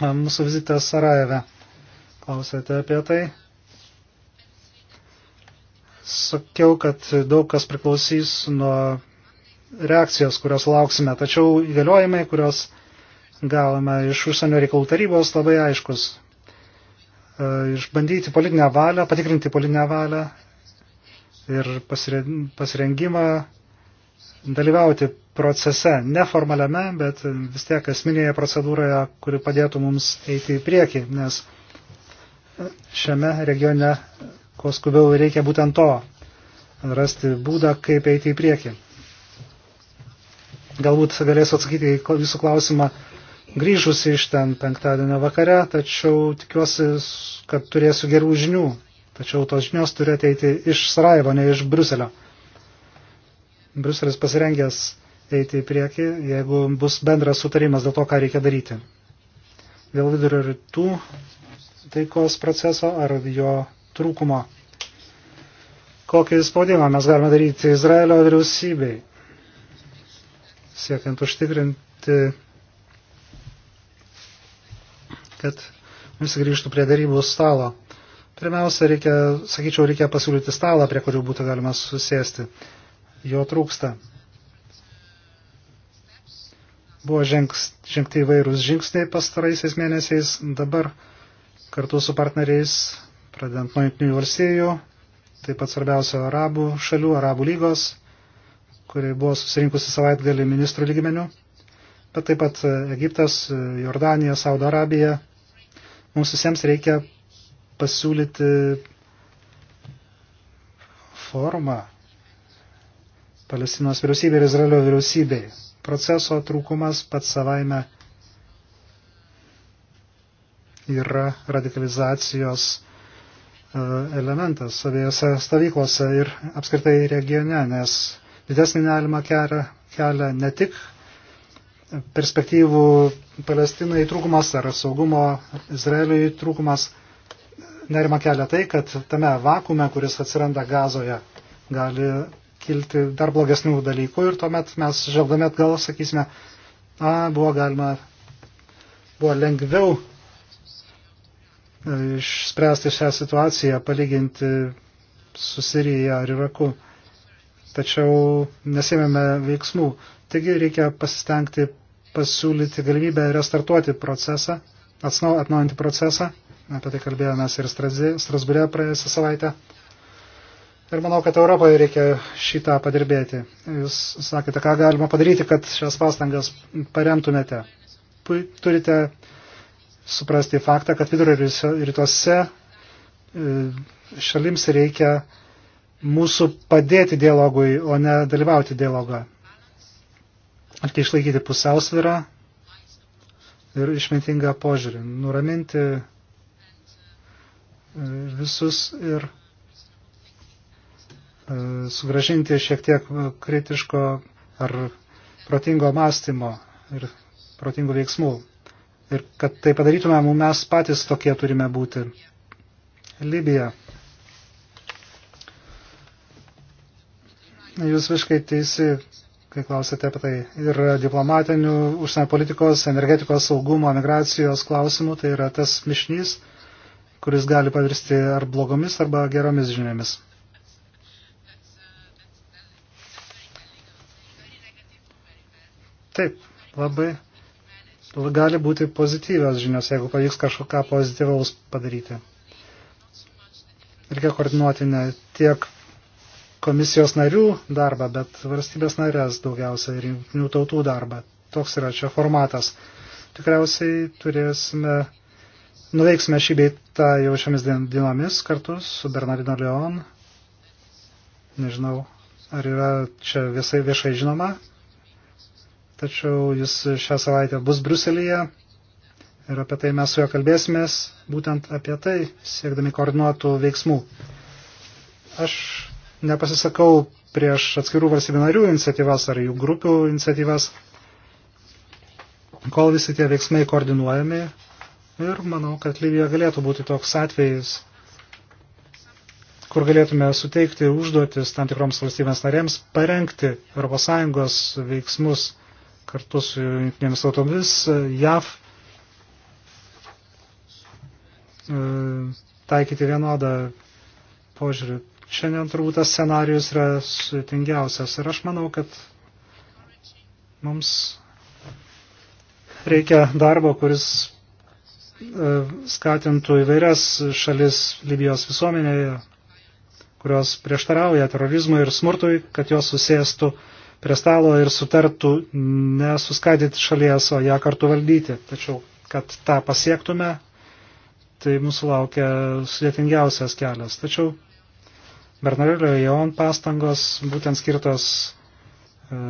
Speaker 1: mūsų vizitas Sarajeve. Klausėte apie tai? Sakiau, kad daug kas priklausys nuo reakcijos, kurios lauksime, tačiau įgaliojimai, kurios gavome iš užsienio reikalų tarybos, labai aiškus. E, išbandyti politinę valią, patikrinti politinę valią ir pasirengimą dalyvauti procese, neformaliame, bet vis tiek esminėje procedūroje, kuri padėtų mums eiti į priekį, nes šiame regione, kuo skubiau reikia būtent to, rasti būdą, kaip eiti į priekį. Galbūt galėsiu atsakyti į jūsų klausimą grįžus iš ten penktadienio vakare, tačiau tikiuosi, kad turėsiu gerų žinių. Tačiau tos žinios turi ateiti iš Sarajevo, ne iš Bruselio. Bruselis pasirengęs eiti į priekį, jeigu bus bendras sutarimas dėl to, ką reikia daryti. Dėl vidurio rytų taikos proceso ar jo trūkumo. Kokį spaudimą mes galime daryti Izraelio vyriausybei, siekiant užtikrinti, kad visi grįžtų prie darybų stalo. Pirmiausia, reikia, sakyčiau, reikia pasiūlyti stalą, prie kurių būtų galima susėsti jo trūksta. Buvo žengs, žengti įvairūs žingsniai pastaraisiais mėnesiais, dabar kartu su partneriais, pradedant nuo Junktinių valstijų, taip pat svarbiausia arabų šalių, arabų lygos, kuri buvo susirinkusi savaitgalį ministrų lygmenių, bet taip pat e, Egiptas, e, Jordanija, Saudo Arabija. Mums visiems reikia pasiūlyti formą Palestinos vyriausybė ir Izraelio vyriausybė. Proceso trūkumas pats savaime yra radikalizacijos e, elementas abiejose stovyklose ir apskritai regione, nes didesnį nerimą kelia, kelia ne tik perspektyvų Palestinai trūkumas ar saugumo Izraeliui trūkumas, nerima kelia tai, kad tame vakume, kuris atsiranda gazoje, gali kilti dar blogesnių dalykų ir tuomet mes žvelgdami atgal sakysime, a, buvo galima, buvo lengviau e, išspręsti šią situaciją, palyginti su Sirija ar Iraku. Tačiau nesėmėme veiksmų. Taigi reikia pasistengti pasiūlyti galimybę restartuoti procesą, atnaujinti procesą. Apie tai kalbėjomės ir Strasbūrė praėjusią savaitę. Ir manau, kad Europoje reikia šitą padirbėti. Jūs sakėte, ką galima padaryti, kad šias pastangas paremtumėte. Turite suprasti faktą, kad vidurio rytuose e, šalims reikia mūsų padėti dialogui, o ne dalyvauti dialogą. Reikia išlaikyti pusiausvyrą ir išmintingą požiūrį, nuraminti e, visus ir E, sugražinti šiek tiek e, kritiško ar protingo mąstymo ir protingų veiksmų. Ir kad tai padarytume, mes patys tokie turime būti. Libija. Jūs visiškai teisi, kai klausėte apie tai. Ir diplomatinių, užsienio politikos, energetikos, saugumo, migracijos klausimų, tai yra tas mišnys, kuris gali pavirsti ar blogomis, arba geromis žiniomis. Taip, labai gali būti pozityvios žinios, jeigu pavyks kažką pozityvaus padaryti. Reikia koordinuoti ne tiek komisijos narių darbą, bet valstybės narės daugiausia ir jungtinių tautų darbą. Toks yra čia formatas. Tikriausiai turėsime, nuveiksime šį beitą jau šiomis dienomis kartu su Bernardino Leon. Nežinau, ar yra čia visai viešai žinoma, tačiau jis šią savaitę bus Bruselėje ir apie tai mes su juo kalbėsimės, būtent apie tai, siekdami koordinuotų veiksmų. Aš nepasisakau prieš atskirų valstybių narių iniciatyvas ar jų grupių iniciatyvas, kol visi tie veiksmai koordinuojami ir manau, kad Libija galėtų būti toks atvejis, kur galėtume suteikti užduotis tam tikroms valstybės narėms parengti ES veiksmus kartu su jungtinėmis tautomis JAV e, taikyti vienodą požiūrį. Šiandien turbūt tas scenarius yra sudėtingiausias ir aš manau, kad mums reikia darbo, kuris e, skatintų įvairias šalis Libijos visuomenėje, kurios prieštarauja terorizmui ir smurtui, kad jos susėstų prie stalo ir sutartų nesuskaidyti šalies, o ją kartu valdyti. Tačiau, kad tą pasiektume, tai mūsų laukia sudėtingiausias kelias. Tačiau Bernarelio Jaon pastangos būtent skirtos e,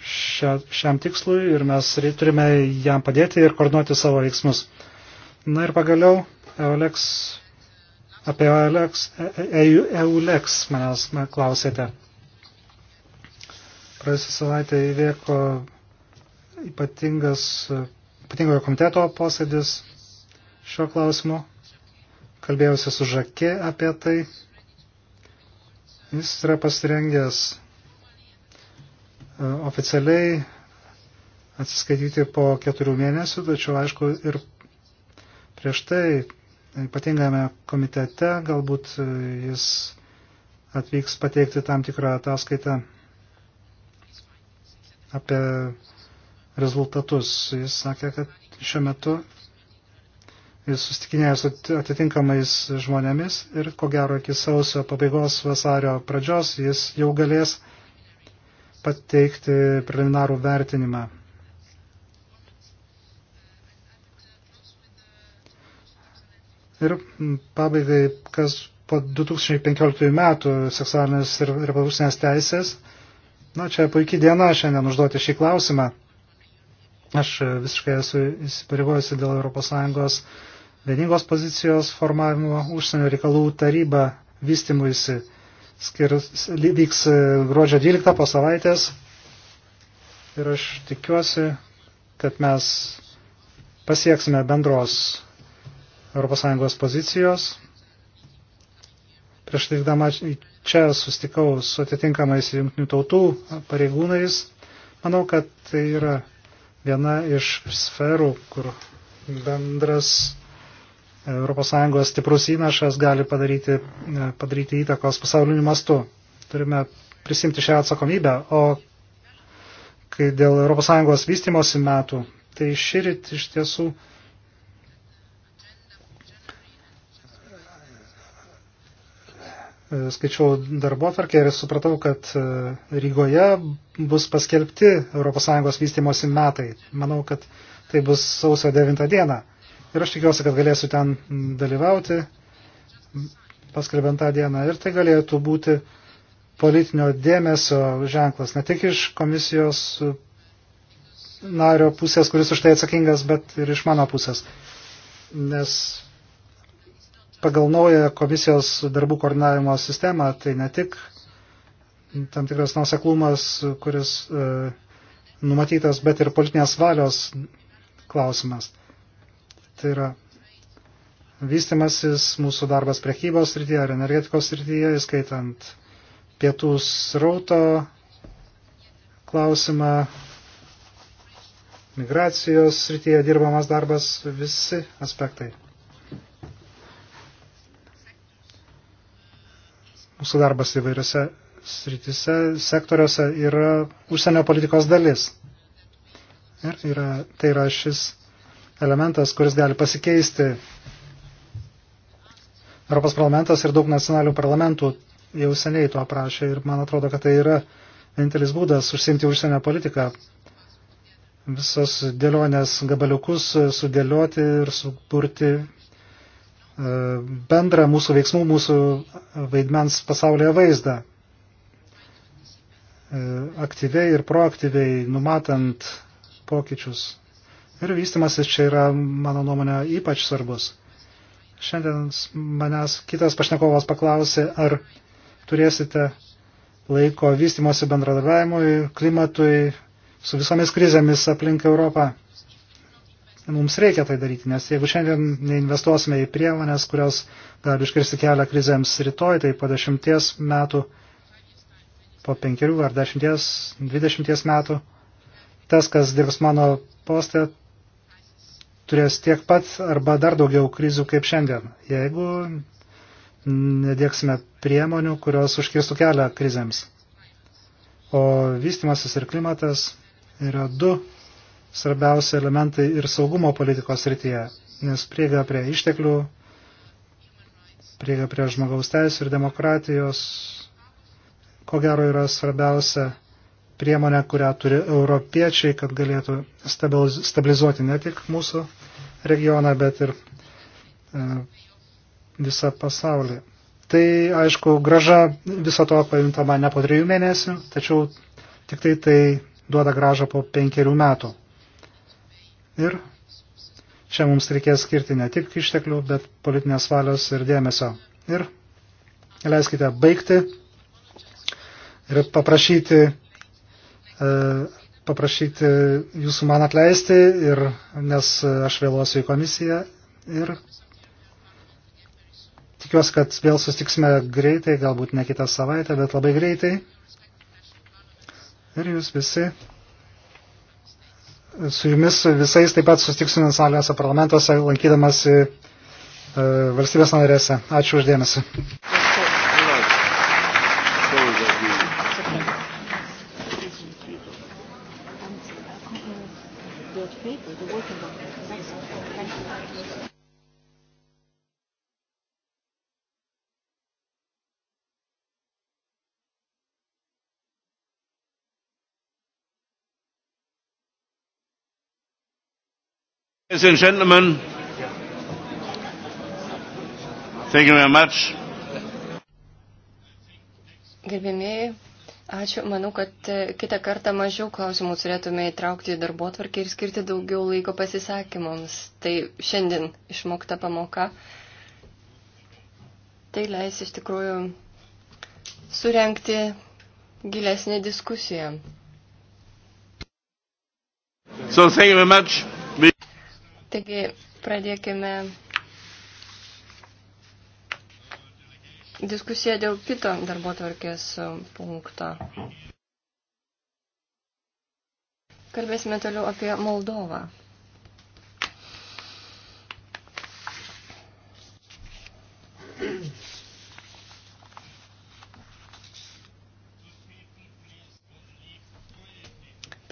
Speaker 1: šia, šiam tikslui ir mes turime jam padėti ir koordinuoti savo veiksmus. Na ir pagaliau EOLEX, apie EOLEX, e, e, EULEX manęs klausėte. Praėjusią savaitę įvyko ypatingas, ypatingojo komiteto posėdis šiuo klausimu. Kalbėjausi su Žakė apie tai. Jis yra pasirengęs e, oficialiai atsiskaityti po keturių mėnesių, tačiau aišku ir prieš tai ypatingame komitete galbūt e, jis atvyks pateikti tam tikrą ataskaitą apie rezultatus. Jis sakė, kad šiuo metu jis sustikinėja su atitinkamais žmonėmis ir ko gero iki sausio pabaigos vasario pradžios jis jau galės pateikti preliminarų vertinimą. Ir pabaigai, kas po 2015 metų seksualinės ir reprodukcinės teisės Na, čia puikia diena šiandien užduoti šį klausimą. Aš e, visiškai esu įsipareigojusi dėl ES vieningos pozicijos formavimo užsienio reikalų taryba vystimuisi skirs, vyks e, gruodžio 12 po savaitės. Ir aš tikiuosi, kad mes pasieksime bendros ES pozicijos. Prieš teikdama čia sustikau su atitinkamais jungtinių tautų pareigūnais. Manau, kad tai yra viena iš sferų, kur bendras ES stiprus įnašas gali padaryti, e, padaryti įtakos pasauliniu mastu. Turime prisimti šią atsakomybę, o kai dėl ES vystimosi metų, tai širit iš tiesų skaičiau darbo atvarkę ir supratau, kad e, Rygoje bus paskelbti ES vystimosi metai. Manau, kad tai bus sausio 9 diena. Ir aš tikiuosi, kad galėsiu ten dalyvauti paskelbiant tą dieną. Ir tai galėtų būti politinio dėmesio ženklas, ne tik iš komisijos nario pusės, kuris už tai atsakingas, bet ir iš mano pusės. Nes pagal naują komisijos darbų koordinavimo sistemą, tai ne tik tam tikras nuseklumas, kuris e, numatytas, bet ir politinės valios klausimas. Tai yra vystimasis mūsų darbas prekybos srityje ar energetikos srityje, įskaitant pietų srauto klausimą, migracijos srityje dirbamas darbas, visi aspektai. mūsų darbas įvairiose sritise, sektoriuose yra užsienio politikos dalis. Ir yra, tai yra šis elementas, kuris gali pasikeisti. Europos parlamentas ir daug nacionalių parlamentų jau seniai to aprašė ir man atrodo, kad tai yra vienintelis būdas užsimti užsienio politiką. Visos dėlionės gabaliukus sudėlioti ir suburti bendrą mūsų veiksmų, mūsų vaidmens pasaulyje vaizdą. E, aktyviai ir proaktyviai numatant pokyčius. Ir vystimasis čia yra, mano nuomonė, ypač svarbus. Šiandien manęs kitas pašnekovas paklausė, ar turėsite laiko vystimosi bendradarbiavimui, klimatui, su visomis krizėmis aplink Europą mums reikia tai daryti, nes jeigu šiandien neinvestuosime į priemonės, kurios gali iškirsti kelią krizėms rytoj, tai po dešimties metų, po penkerių ar dešimties, dvidešimties metų, tas, kas dirbs mano postę, turės tiek pat arba dar daugiau krizių kaip šiandien, jeigu nedėksime priemonių, kurios užkirstų kelią krizėms. O vystimasis ir klimatas yra du svarbiausi elementai ir saugumo politikos rytyje, nes prieiga prie išteklių, prieiga prie žmogaus teisų ir demokratijos, ko gero yra svarbiausia priemonė, kurią turi europiečiai, kad galėtų stabilizuoti ne tik mūsų regioną, bet ir e, visą pasaulį. Tai, aišku, graža viso to pajutama ne po trijų mėnesių, tačiau tik tai tai duoda gražą po penkerių metų. Ir čia mums reikės skirti ne tik išteklių, bet politinės valios ir dėmesio. Ir leiskite baigti ir paprašyti, e, paprašyti jūsų man atleisti, ir, nes aš vėluosiu į komisiją. Ir tikiuosi, kad vėl sustiksime greitai, galbūt ne kitą savaitę, bet labai greitai. Ir jūs visi su jumis visais taip pat sustiksime salėse parlamentuose, lankydamasi e, valstybės narėse. Ačiū uždėmesi.
Speaker 4: Ladies and gentlemen, thank you very much.
Speaker 2: Gerbėmėjai, ačiū. Manau, kad e, kitą kartą mažiau klausimų turėtume įtraukti į darbo tvarkį ir skirti daugiau laiko pasisakymams. Tai šiandien išmokta pamoka. Tai leis iš tikrųjų surenkti gilesnį diskusiją.
Speaker 4: So thank you very much.
Speaker 2: Taigi pradėkime diskusiją dėl kito darbo tvarkės punkto. Kalbėsime toliau apie Moldovą.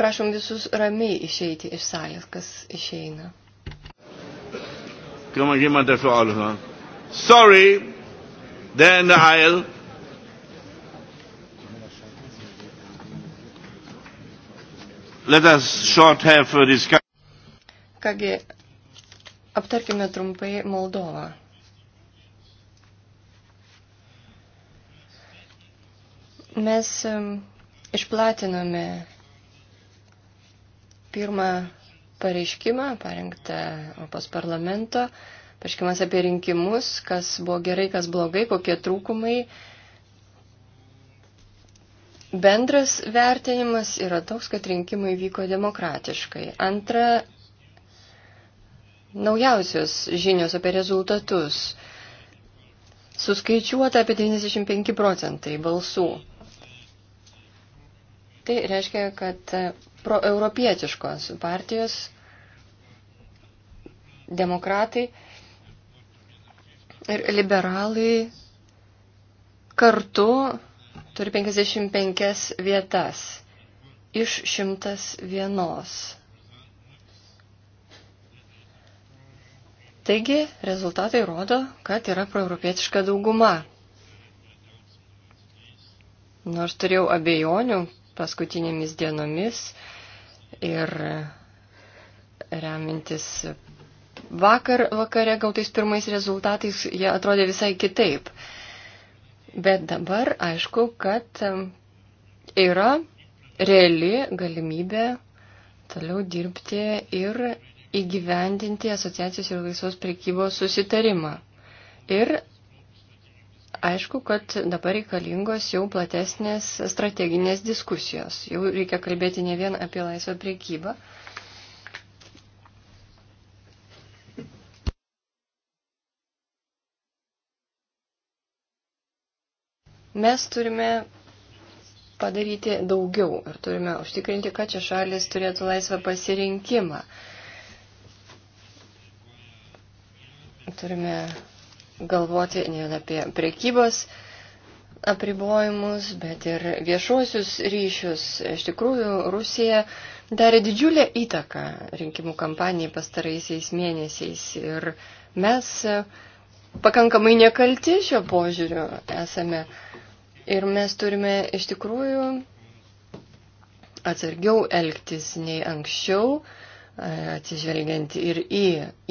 Speaker 2: Prašom visus ramiai išeiti iš salės, kas išeina.
Speaker 4: Kan man jemand dafür anhören? Sorry, there in the aisle. Let us short have a discussion.
Speaker 2: Kągi, aptarkime trumpai Moldovą. Mes išplatinome pirmą pareiškimą, parengtą Europos parlamento, pareiškimas apie rinkimus, kas buvo gerai, kas blogai, kokie trūkumai. Bendras vertinimas yra toks, kad rinkimai vyko demokratiškai. Antra, naujausios žinios apie rezultatus. Suskaičiuota apie 95 procentai balsų. Tai reiškia, kad e, proeuropietiškos partijos demokratai ir liberalai kartu turi 55 vietas iš 101. Taigi rezultatai rodo, kad yra proeuropietiška dauguma. Nors turėjau abejonių, paskutinėmis dienomis ir remintis vakar vakare gautais pirmais rezultatais, jie atrodė visai kitaip. Bet dabar aišku, kad yra reali galimybė toliau dirbti ir įgyvendinti asociacijos ir laisvos prekybos susitarimą. Ir Aišku, kad dabar reikalingos jau platesnės strateginės diskusijos. Jau reikia kalbėti ne vien apie laisvą priekybą. Mes turime padaryti daugiau ir turime užtikrinti, kad čia šalis turėtų laisvą pasirinkimą. Turime galvoti ne vien apie priekybos apribojimus, bet ir viešuosius ryšius. Iš tikrųjų, Rusija darė didžiulę įtaką rinkimų kampanijai pastaraisiais mėnesiais ir mes pakankamai nekalti šio požiūriu esame. Ir mes turime iš tikrųjų atsargiau elgtis nei anksčiau, atsižvelgiant ir į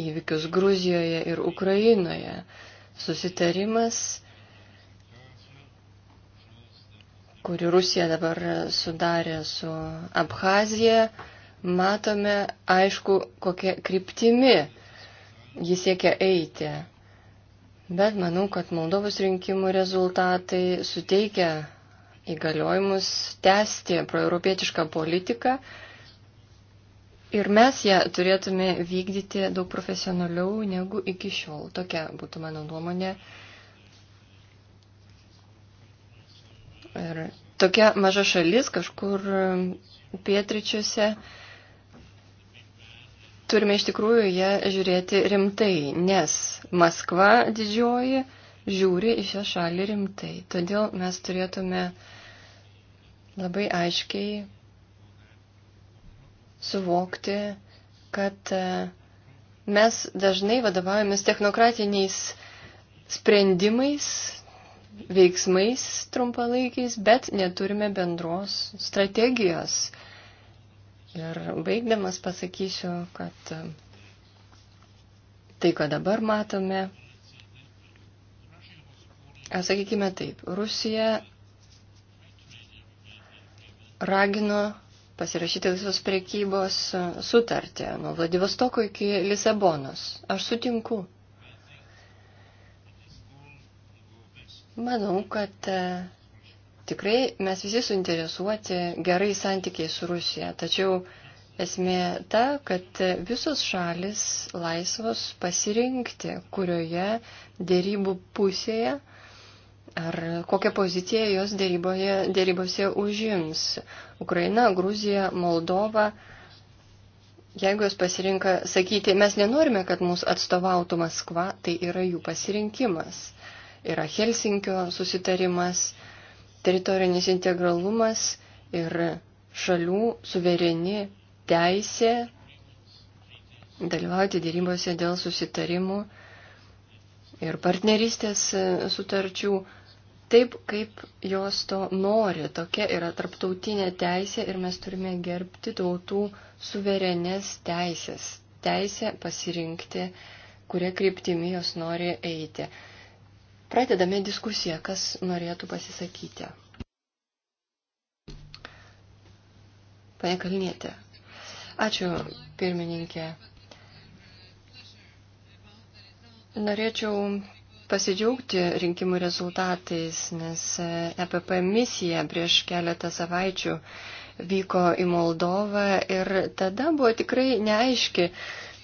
Speaker 2: įvykius Gruzijoje ir Ukrainoje susitarimas, kurį Rusija dabar sudarė su Abhazija, matome aišku, kokia kryptimi jis siekia eiti. Bet manau, kad Moldovos rinkimų rezultatai suteikia įgaliojimus tęsti proeuropietišką politiką Ir mes ją turėtume vykdyti daug profesionaliau negu iki šiol. Tokia būtų mano nuomonė. Ir tokia maža šalis kažkur pietričiuose. Turime iš tikrųjų ją žiūrėti rimtai, nes Maskva didžioji žiūri į šią šalį rimtai. Todėl mes turėtume labai aiškiai suvokti, kad e, mes dažnai vadovaujamės technokratiniais sprendimais, veiksmais trumpalaikiais, bet neturime bendros strategijos. Ir baigdamas pasakysiu, kad e, tai, ką dabar matome, sakykime taip, Rusija ragino pasirašyti visos prekybos sutartį nuo Vladivostoko iki Lisabonos. Aš sutinku. Manau, kad e, tikrai mes visi suinteresuoti gerai santykiai su Rusija, tačiau esmė ta, kad visos šalis laisvos pasirinkti, kurioje dėrybų pusėje ar kokią poziciją jos dėryboje, dėrybose užims. Ukraina, Gruzija, Moldova. Jeigu jos pasirinka sakyti, mes nenorime, kad mūsų atstovautų Maskva, tai yra jų pasirinkimas. Yra Helsinkio susitarimas, teritorinis integralumas ir šalių suvereni teisė dalyvauti dėrybose dėl susitarimų ir partnerystės sutarčių taip, kaip jos to nori. Tokia yra tarptautinė teisė ir mes turime gerbti tautų suverenės teisės. Teisė pasirinkti, kurie kryptimi jos nori eiti. Pradedame diskusiją, kas norėtų pasisakyti. Pane Kalnietė. Ačiū, pirmininkė. Norėčiau pasidžiaugti rinkimų rezultatais, nes EPP e misija prieš keletą savaičių vyko į Moldovą ir tada buvo tikrai neaiški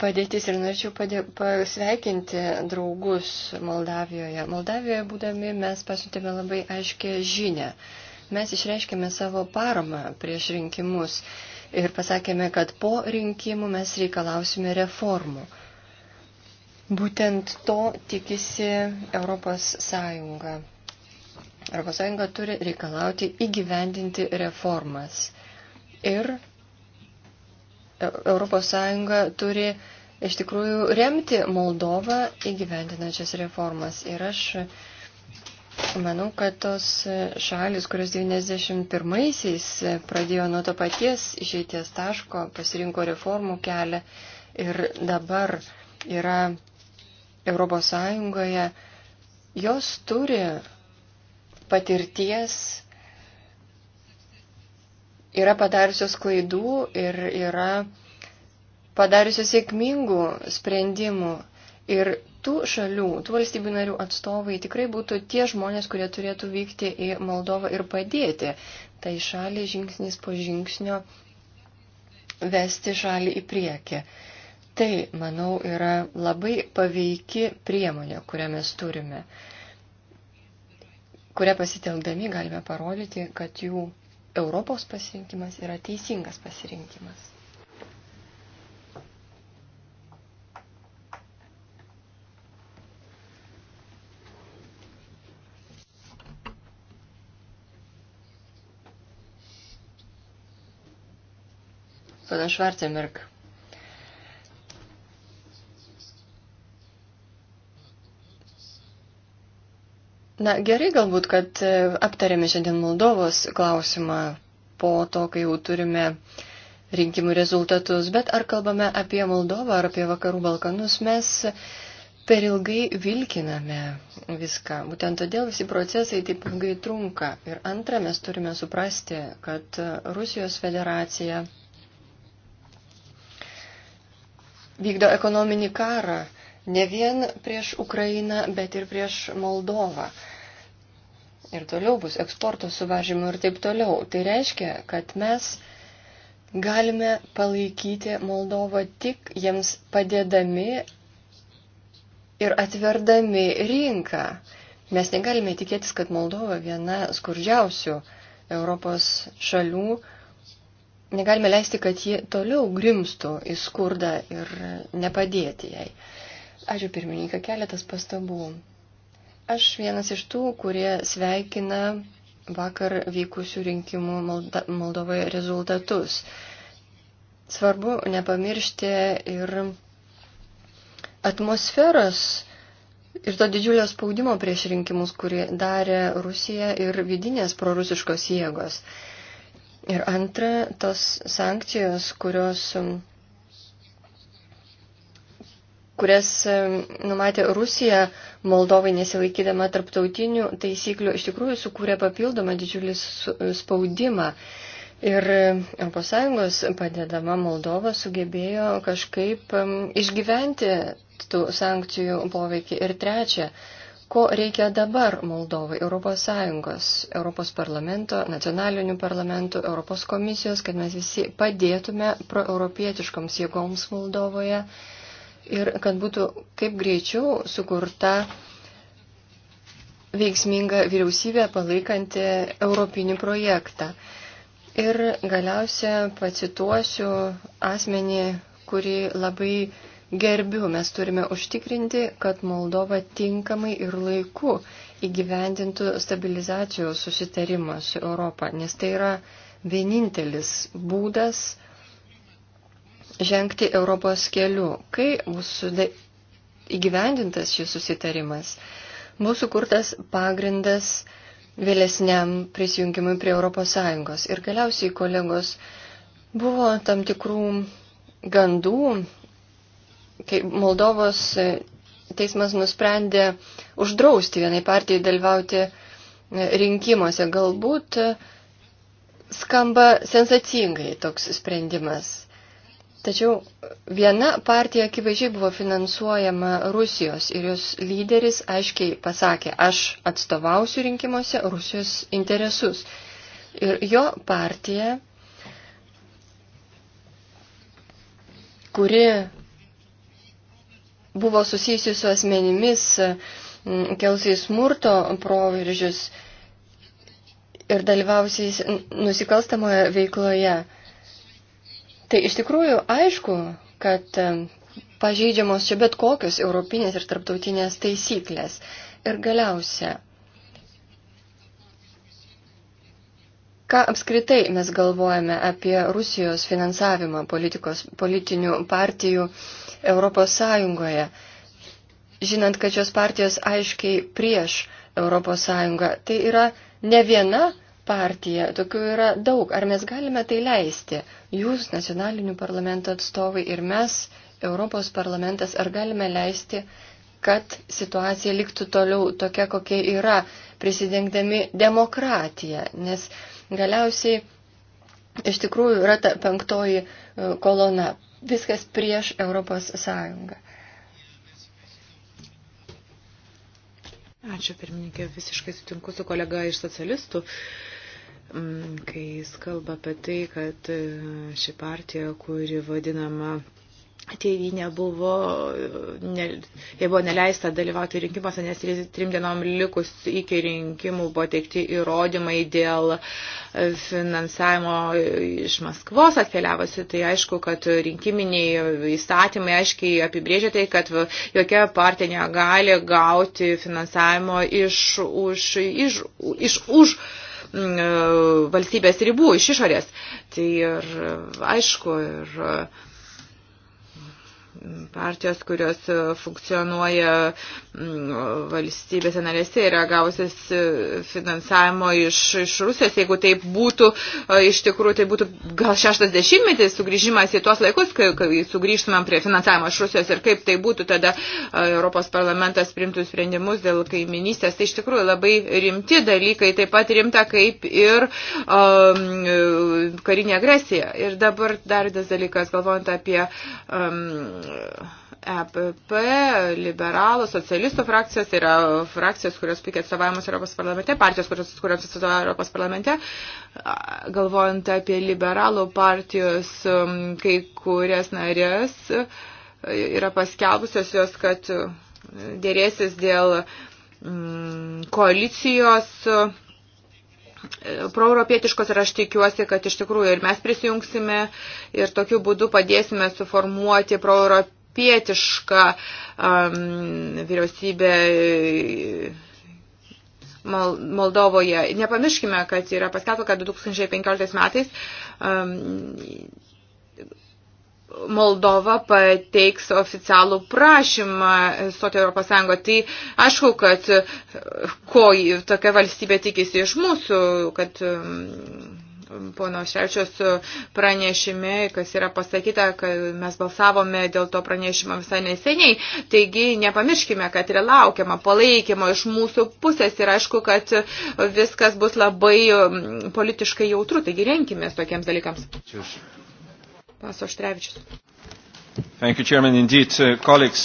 Speaker 2: padėtis ir norėčiau padė, pasveikinti draugus Moldavijoje. Moldavijoje būdami mes pasiuntėme labai aiškę žinę. Mes išreiškėme savo paramą prieš rinkimus ir pasakėme, kad po rinkimų mes reikalausime reformų. Būtent to tikisi Europos Sąjunga. Europos Sąjunga turi reikalauti įgyvendinti reformas. Ir e, Europos Sąjunga turi iš tikrųjų remti Moldovą įgyvendinančias reformas. Ir aš manau, kad tos šalis, kurios 91-aisiais pradėjo nuo to paties išeities taško, pasirinko reformų kelią ir dabar yra Europos Sąjungoje, jos turi patirties, yra padariusios klaidų ir yra padariusios sėkmingų sprendimų. Ir tų šalių, tų valstybių narių atstovai tikrai būtų tie žmonės, kurie turėtų vykti į Moldovą ir padėti tai šaliai žingsnis po žingsnio vesti šalį į priekį. Tai, manau, yra labai paveiki priemonė, kurią mes turime, kurią pasitelkdami galime parodyti, kad jų Europos pasirinkimas yra teisingas pasirinkimas. Pana Švarcemerk. Na, gerai galbūt, kad e, aptarėme šiandien Moldovos klausimą po to, kai jau turime rinkimų rezultatus, bet ar kalbame apie Moldovą ar apie Vakarų Balkanus, mes per ilgai vilkiname viską. Būtent todėl visi procesai taip ilgai trunka. Ir antra, mes turime suprasti, kad Rusijos federacija vykdo ekonominį karą ne vien prieš Ukrainą, bet ir prieš Moldovą ir toliau bus eksporto suvažymų ir taip toliau. Tai reiškia, kad mes galime palaikyti Moldovą tik jiems padėdami ir atverdami rinką. Mes negalime tikėtis, kad Moldova viena skurdžiausių Europos šalių. Negalime leisti, kad ji toliau grimstų į skurdą ir nepadėti jai. Ačiū pirmininką, keletas pastabų. Aš vienas iš tų, kurie sveikina vakar vykusių rinkimų Moldovoje rezultatus. Svarbu nepamiršti ir atmosferos ir to didžiulio spaudimo prieš rinkimus, kurį darė Rusija ir vidinės prorusiškos jėgos. Ir antra, tos sankcijos, kurios kurias e, numatė Rusija Moldovai nesilaikydama tarptautinių taisyklių, iš tikrųjų sukūrė papildomą didžiulį spaudimą. Ir ES padedama Moldova sugebėjo kažkaip e, išgyventi tų sankcijų poveikį. Ir trečia, ko reikia dabar Moldovai, ES, ES parlamento, nacionalinių parlamentų, ES komisijos, kad mes visi padėtume proeuropietiškoms jėgoms Moldovoje ir kad būtų kaip greičiau sukurta veiksminga vyriausybė palaikanti europinį projektą. Ir galiausia pacituosiu asmenį, kurį labai gerbiu. Mes turime užtikrinti, kad Moldova tinkamai ir laiku įgyvendintų stabilizacijos susitarimą su Europą, nes tai yra vienintelis būdas žengti Europos keliu. Kai mūsų įgyvendintas šis susitarimas, mūsų kurtas pagrindas vėlesniam prisijungimui prie ES. Ir galiausiai, kolegos, buvo tam tikrų gandų, kai Moldovos teismas nusprendė uždrausti vienai partijai dalyvauti rinkimuose. Galbūt skamba sensacingai toks sprendimas. Tačiau viena partija akivaizdžiai buvo finansuojama Rusijos ir jos lyderis aiškiai pasakė, aš atstovausiu rinkimuose Rusijos interesus. Ir jo partija, kuri buvo susijusi su asmenimis, kelsiai smurto proveržius ir dalyvausiais nusikalstamoje veikloje Tai iš tikrųjų aišku, kad e, pažeidžiamos čia bet kokios europinės ir tarptautinės taisyklės. Ir galiausia, ką apskritai mes galvojame apie Rusijos finansavimą politikos, politinių partijų Europos Sąjungoje, žinant, kad šios partijos aiškiai prieš Europos Sąjungą, tai yra ne viena partija. Tokių yra daug. Ar mes galime tai leisti? Jūs, nacionalinių parlamento atstovai ir mes, Europos parlamentas, ar galime leisti, kad situacija liktų toliau tokia, kokia yra, prisidengdami demokratiją? Nes galiausiai iš tikrųjų yra ta penktoji e, kolona. Viskas prieš Europos Sąjungą.
Speaker 3: Ačiū, pirmininkė, visiškai sutinku su kolega iš socialistų mm, kai jis kalba apie tai, kad e, ši partija, kuri vadinama tėvynė buvo, ne, jie buvo neleista dalyvauti rinkimuose, nes trim dienom likus iki rinkimų buvo teikti įrodymai dėl e, finansavimo iš Maskvos atkeliavusi. Tai aišku, kad rinkiminiai įstatymai aiškiai apibrėžia tai, kad jokia partija negali gauti finansavimo iš už. Iš, iš, už mm, e, valstybės ribų iš išorės. Tai ir aišku, ir partijos, kurios e, funkcionuoja valstybėse narėse, yra gavusias e, finansavimo iš, iš Rusijos. Jeigu taip būtų, e, iš tikrųjų, tai būtų gal šeštas dešimtmetis sugrįžimas į tuos laikus, kai, kai sugrįžtumėm prie finansavimo iš Rusijos ir kaip tai būtų tada Europos parlamentas primtų sprendimus dėl kaiminystės. Tai iš tikrųjų labai rimti dalykai, taip pat rimta kaip ir um, karinė agresija. Ir dabar dar tas dalykas, galvojant apie um, EPP, liberalų, socialistų frakcijos, tai yra frakcijos, kurios puikiai atstovavimas Europos parlamente, partijos, kurios, kurios atstovauja Europos parlamente, galvojant apie liberalų partijos um, kai kurias narės, e, yra paskelbusios jos, kad e, dėrėsis dėl mm, koalicijos proeuropietiškos ir aš tikiuosi, kad iš tikrųjų ir mes prisijungsime ir tokiu būdu padėsime suformuoti proeuropietišką um, vyriausybę. Moldovoje. Nepamirškime, kad yra paskelbta, kad 2015 metais um, Moldova pateiks oficialų prašymą stoti Europos Sąjungo. Tai aišku, kad ko tokia valstybė tikisi iš mūsų, kad mm, pono Šerčios pranešime, kas yra pasakyta, kad mes balsavome dėl to pranešimo visai neseniai. Taigi nepamirškime, kad yra laukiama palaikymo iš mūsų pusės ir aišku, kad viskas bus labai mm, politiškai jautru. Taigi renkimės tokiems dalykams. Ačiū. Paso Štrevičius. Thank you, Chairman. Indeed, uh, colleagues.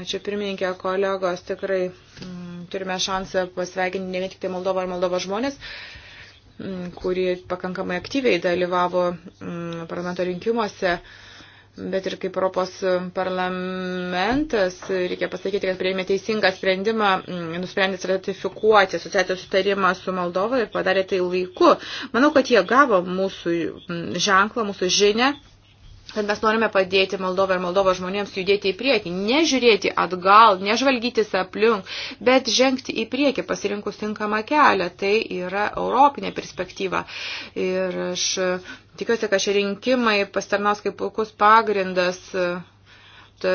Speaker 3: Ačiū pirmininkė, kolegos, tikrai m, mm, turime šansą pasveikinti ne vien tik tai Moldovą ir Moldovo žmonės, m, mm, kurie pakankamai aktyviai dalyvavo m, mm, parlamento rinkimuose. M, bet ir kaip Europos parlamentas, reikia pasakyti, kad prieimė teisingą sprendimą, mm, nusprendęs ratifikuoti asociacijos sutarimą su Moldova ir padarė tai laiku. Manau, kad jie gavo mūsų mm, ženklą, mūsų žinę kad mes norime padėti Moldovą ir Moldovos žmonėms judėti į priekį, nežiūrėti atgal, nežvalgytis aplink, bet žengti į priekį, pasirinkus tinkamą kelią. Tai yra europinė perspektyva. Ir aš tikiuosi, kad šie rinkimai pastarnaus kaip puikus pagrindas. Ta,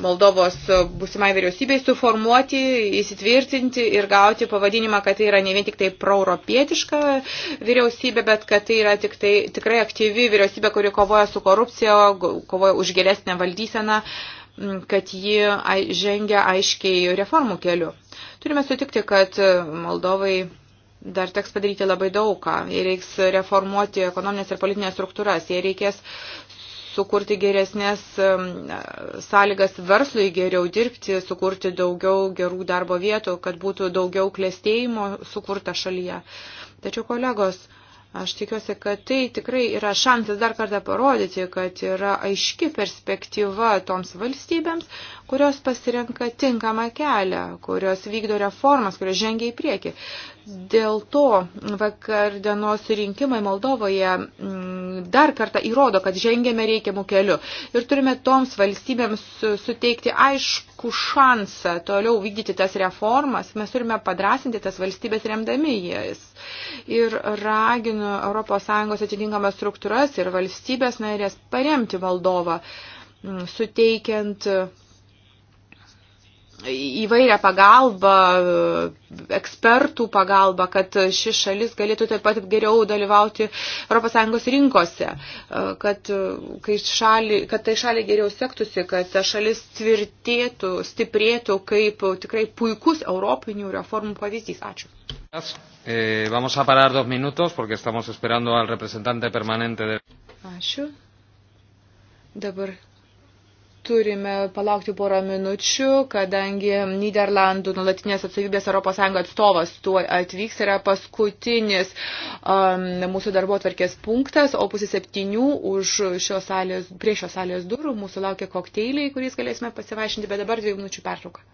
Speaker 3: Moldovos būsimai vyriausybei suformuoti, įsitvirtinti ir gauti pavadinimą, kad tai yra ne vien tik tai proeuropietiška vyriausybė, bet kad tai yra tik tai, tikrai aktyvi vyriausybė, kuri kovoja su korupcija, kovoja už geresnę valdyseną, kad ji žengia aiškiai reformų keliu. Turime sutikti, kad Moldovai dar teks padaryti labai daugą. Jei reiks reformuoti ekonominės ir politinės struktūras, jei reikės sukurti geresnės sąlygas verslui geriau dirbti, sukurti daugiau gerų darbo vietų, kad būtų daugiau klėstėjimo sukurta šalyje. Tačiau kolegos, Aš tikiuosi, kad tai tikrai yra šansas dar kartą parodyti, kad yra aiški perspektyva toms valstybėms, kurios pasirenka tinkamą kelią, kurios vykdo reformas, kurios žengia į priekį. Dėl to vakar dienos rinkimai Moldovoje mm, dar kartą įrodo, kad žengėme reikiamų kelių ir turime toms valstybėms suteikti aišku šansą toliau vykdyti tas reformas. Mes turime padrasinti tas valstybės remdami jas. Ir raginu ES atitinkamas struktūras ir valstybės narės paremti Moldovą, mm, suteikiant įvairią pagalbą, ekspertų pagalbą, kad ši šalis galėtų taip pat geriau dalyvauti ES rinkose, kad, kai šali, kad tai šaliai geriau sektusi, kad ta šalis tvirtėtų, stiprėtų kaip tikrai puikus europinių reformų pavyzdys. Ačiū.
Speaker 1: Eh, vamos a parar dos minutos porque estamos esperando al representante permanente de.
Speaker 3: Ačiū. Dabar turime palaukti porą minučių, kadangi Niderlandų nulatinės atstovybės ES atstovas tuo atvyks, yra paskutinis um, mūsų darbo atvarkės punktas, o pusė septynių už šios salės, prie šios salės durų mūsų laukia kokteiliai, kuriais galėsime pasivaišinti, bet dabar dviejų minučių pertrauką.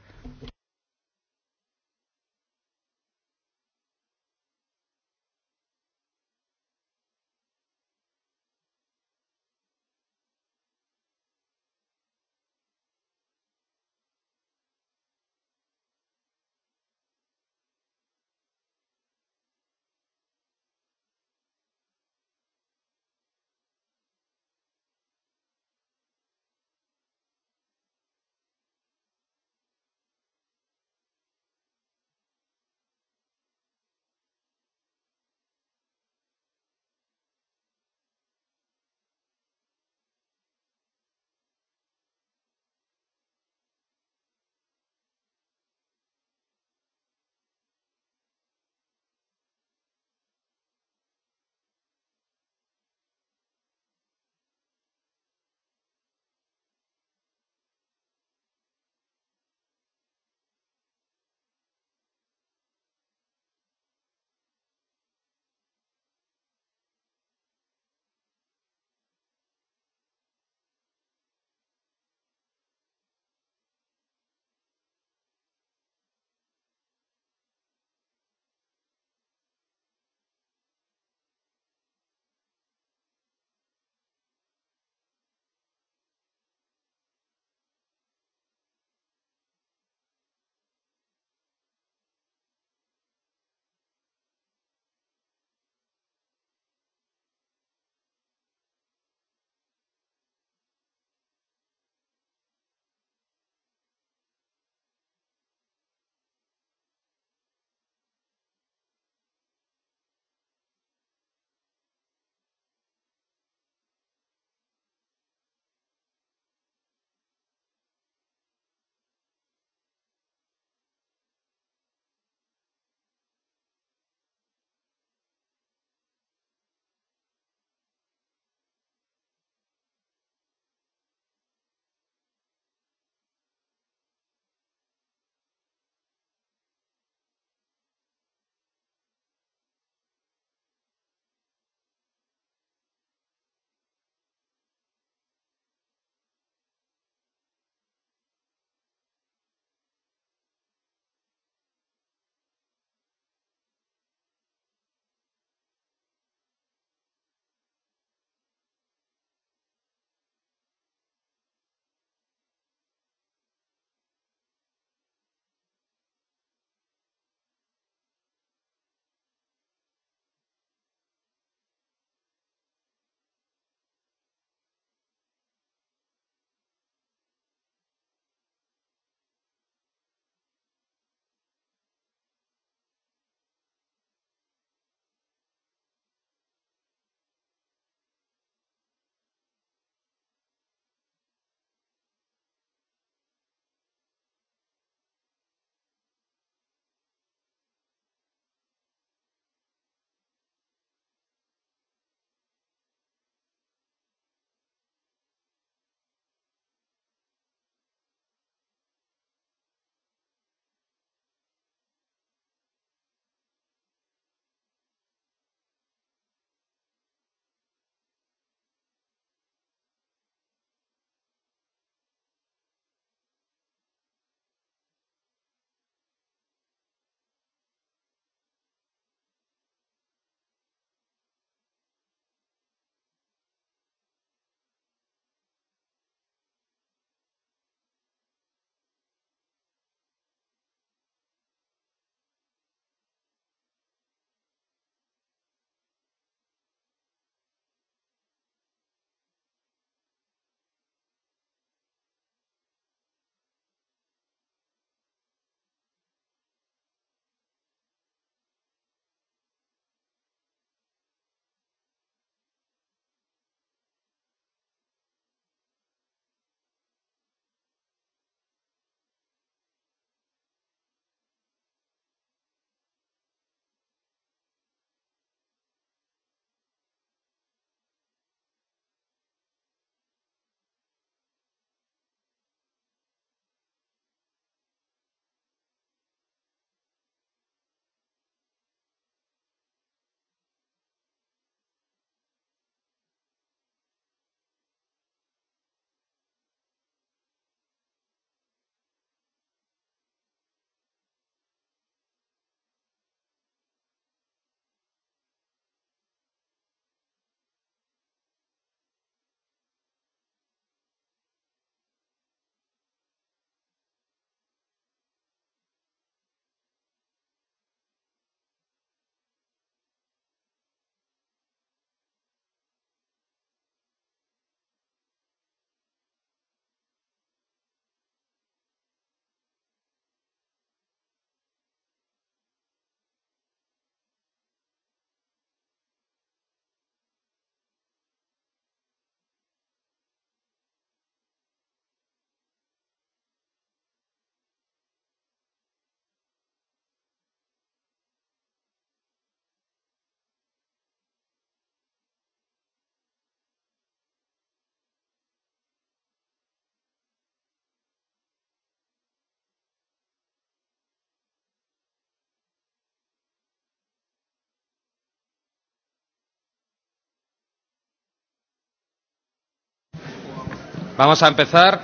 Speaker 4: Vamos a empezar.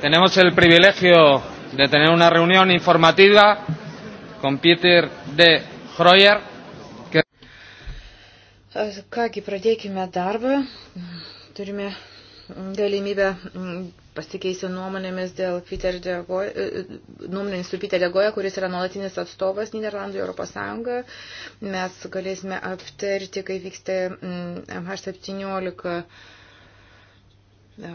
Speaker 4: Tenemos el privilegio de tener una reunión informativa
Speaker 1: con Peter D. Hroyer. Que...
Speaker 3: Kągi, pradėkime darbą. Turime galimybę mm, pasikeisti nuomonėmis dėl Peter Degoja, e, e, nuomonėmis su Peter Degoja, kuris yra nuolatinis atstovas Niderlandų Europos Sąjunga. Mes galėsime aptarti, kai vyksta MH17 mm,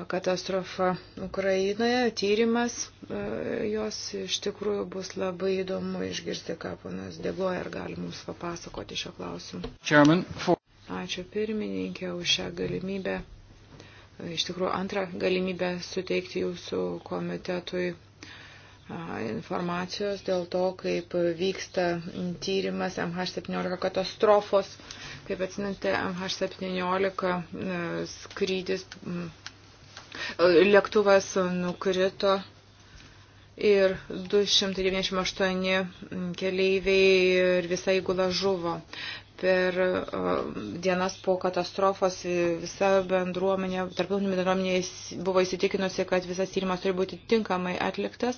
Speaker 3: katastrofa Ukrainoje, tyrimas e, jos iš tikrųjų bus labai įdomu išgirsti, ką ponas Degoja ir gali mums papasakoti šio klausimu. Chairman, for... Ačiū pirmininkė už šią galimybę, e, iš tikrųjų antrą galimybę suteikti jūsų komitetui informacijos dėl to, kaip vyksta tyrimas MH17 katastrofos. Kaip atsinate, MH17 e, skrydis lėktuvas nukrito ir 298 keleiviai ir visa įgula žuvo. Per e, dienas po katastrofos visa bendruomenė, tarptautinė bendruomenė buvo įsitikinusi, kad visas tyrimas turi būti tinkamai atliktas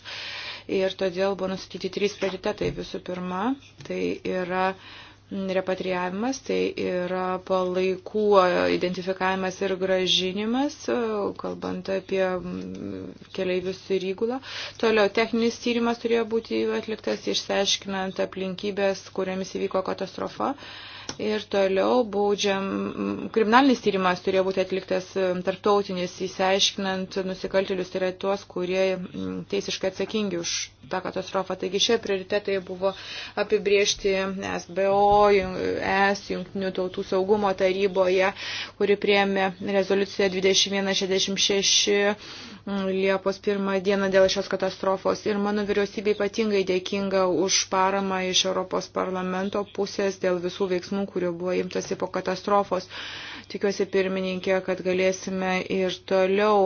Speaker 3: ir todėl buvo nusityti trys prioritetai. Visų pirma, tai yra uh, repatriavimas, tai yra palaikų identifikavimas ir gražinimas, kalbant apie keliaivius ir įgulą. Toliau techninis tyrimas turėjo būti atliktas išsiaiškinant aplinkybės, kuriamis įvyko katastrofa. Uh, Ir toliau baudžiam, kriminalinis tyrimas turėjo būti atliktas um, tarptautinis, įsiaiškinant nusikaltėlius, tai yra tuos, kurie mm, teisiškai atsakingi už tą katastrofą. Taigi šie prioritetai buvo apibriežti SBO, ES, Junktinių tautų saugumo taryboje, kuri priėmė rezoliuciją 2166 mm, Liepos 1 dieną dėl šios katastrofos. Ir mano vyriausybė ypatingai dėkinga už paramą iš Europos parlamento pusės dėl visų veiksmų veiksmų, kurio buvo imtasi po katastrofos. Tikiuosi, pirmininkė, kad galėsime ir toliau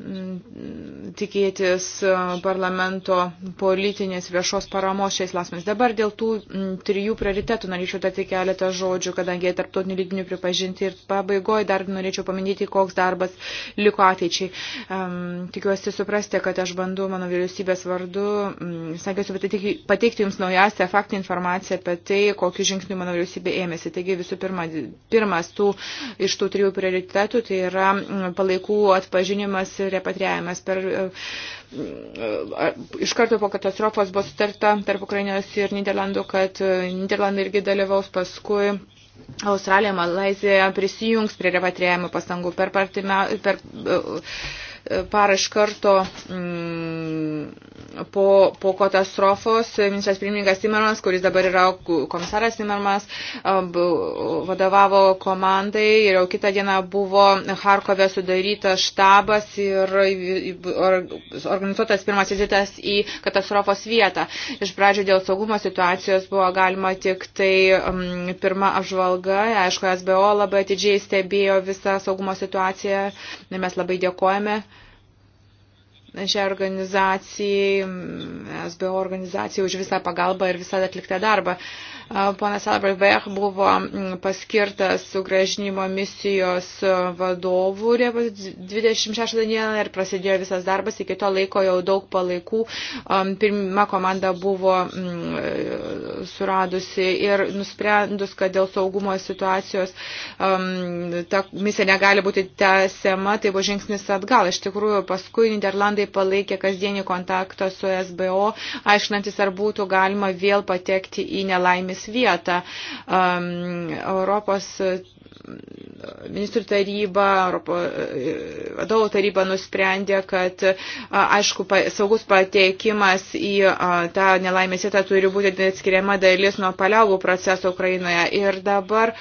Speaker 3: Mm, tikėtis e, parlamento politinės viešos paramos šiais lasmės. Dabar dėl tų mm, trijų prioritetų norėčiau tarti keletą žodžių, kadangi jie tarptautinių lyginių pripažinti ir pabaigoje dar norėčiau paminėti, koks darbas liko ateičiai. Um, tikiuosi suprasti, kad aš bandu mano vyriausybės vardu, um, mm, sakysiu, pateikti jums naujausią faktinį informaciją apie tai, kokiu žingsniu mano vyriausybė ėmėsi. Taigi visų pirma, pirmas tų, iš tų trijų prioritetų tai yra palaikų atpažinimas repatriavimas. Per, e, e, e, iš karto po katastrofos buvo sutarta tarp Ukrainos ir Niderlandų, kad Niderlandai irgi dalyvaus paskui. Australija, Malazija prisijungs prie repatriavimo pastangų per, partimą, per uh, parą iš karto mm, po, po katastrofos ministras pirmininkas Timermans, kuris dabar yra komisaras Timermans, vadovavo komandai ir jau kitą dieną buvo Harkove sudarytas štabas ir organizuotas pirmas vizitas į katastrofos vietą. Iš pradžio dėl saugumo situacijos buvo galima tik tai mm, pirma apžvalga. Aišku, SBO labai atidžiai stebėjo visą saugumo situaciją ir mes labai dėkojame šią organizaciją, SBO organizaciją už visą pagalbą ir visą atliktą darbą. Ponas Albert Bech buvo mm, paskirtas sugražinimo misijos vadovų Liepos 26 dieną ir prasidėjo visas darbas. Iki to laiko jau daug palaikų. Mm, pirma komanda buvo mm, suradusi ir nusprendus, kad dėl saugumo situacijos ta misija negali būti tęsiama, tai buvo žingsnis atgal. Iš tikrųjų, paskui Niderlandai palaikė kasdienį kontaktą su SBO, aiškinantis, ar būtų galima vėl patekti į nelaimės tarybos vietą. Europos e, ministrų taryba, e, vadovų taryba nusprendė, kad, e, aišku, saugus pateikimas į tą nelaimės vietą turi būti atskiriama dalis nuo paliaubų proceso Ukrainoje. Ir dabar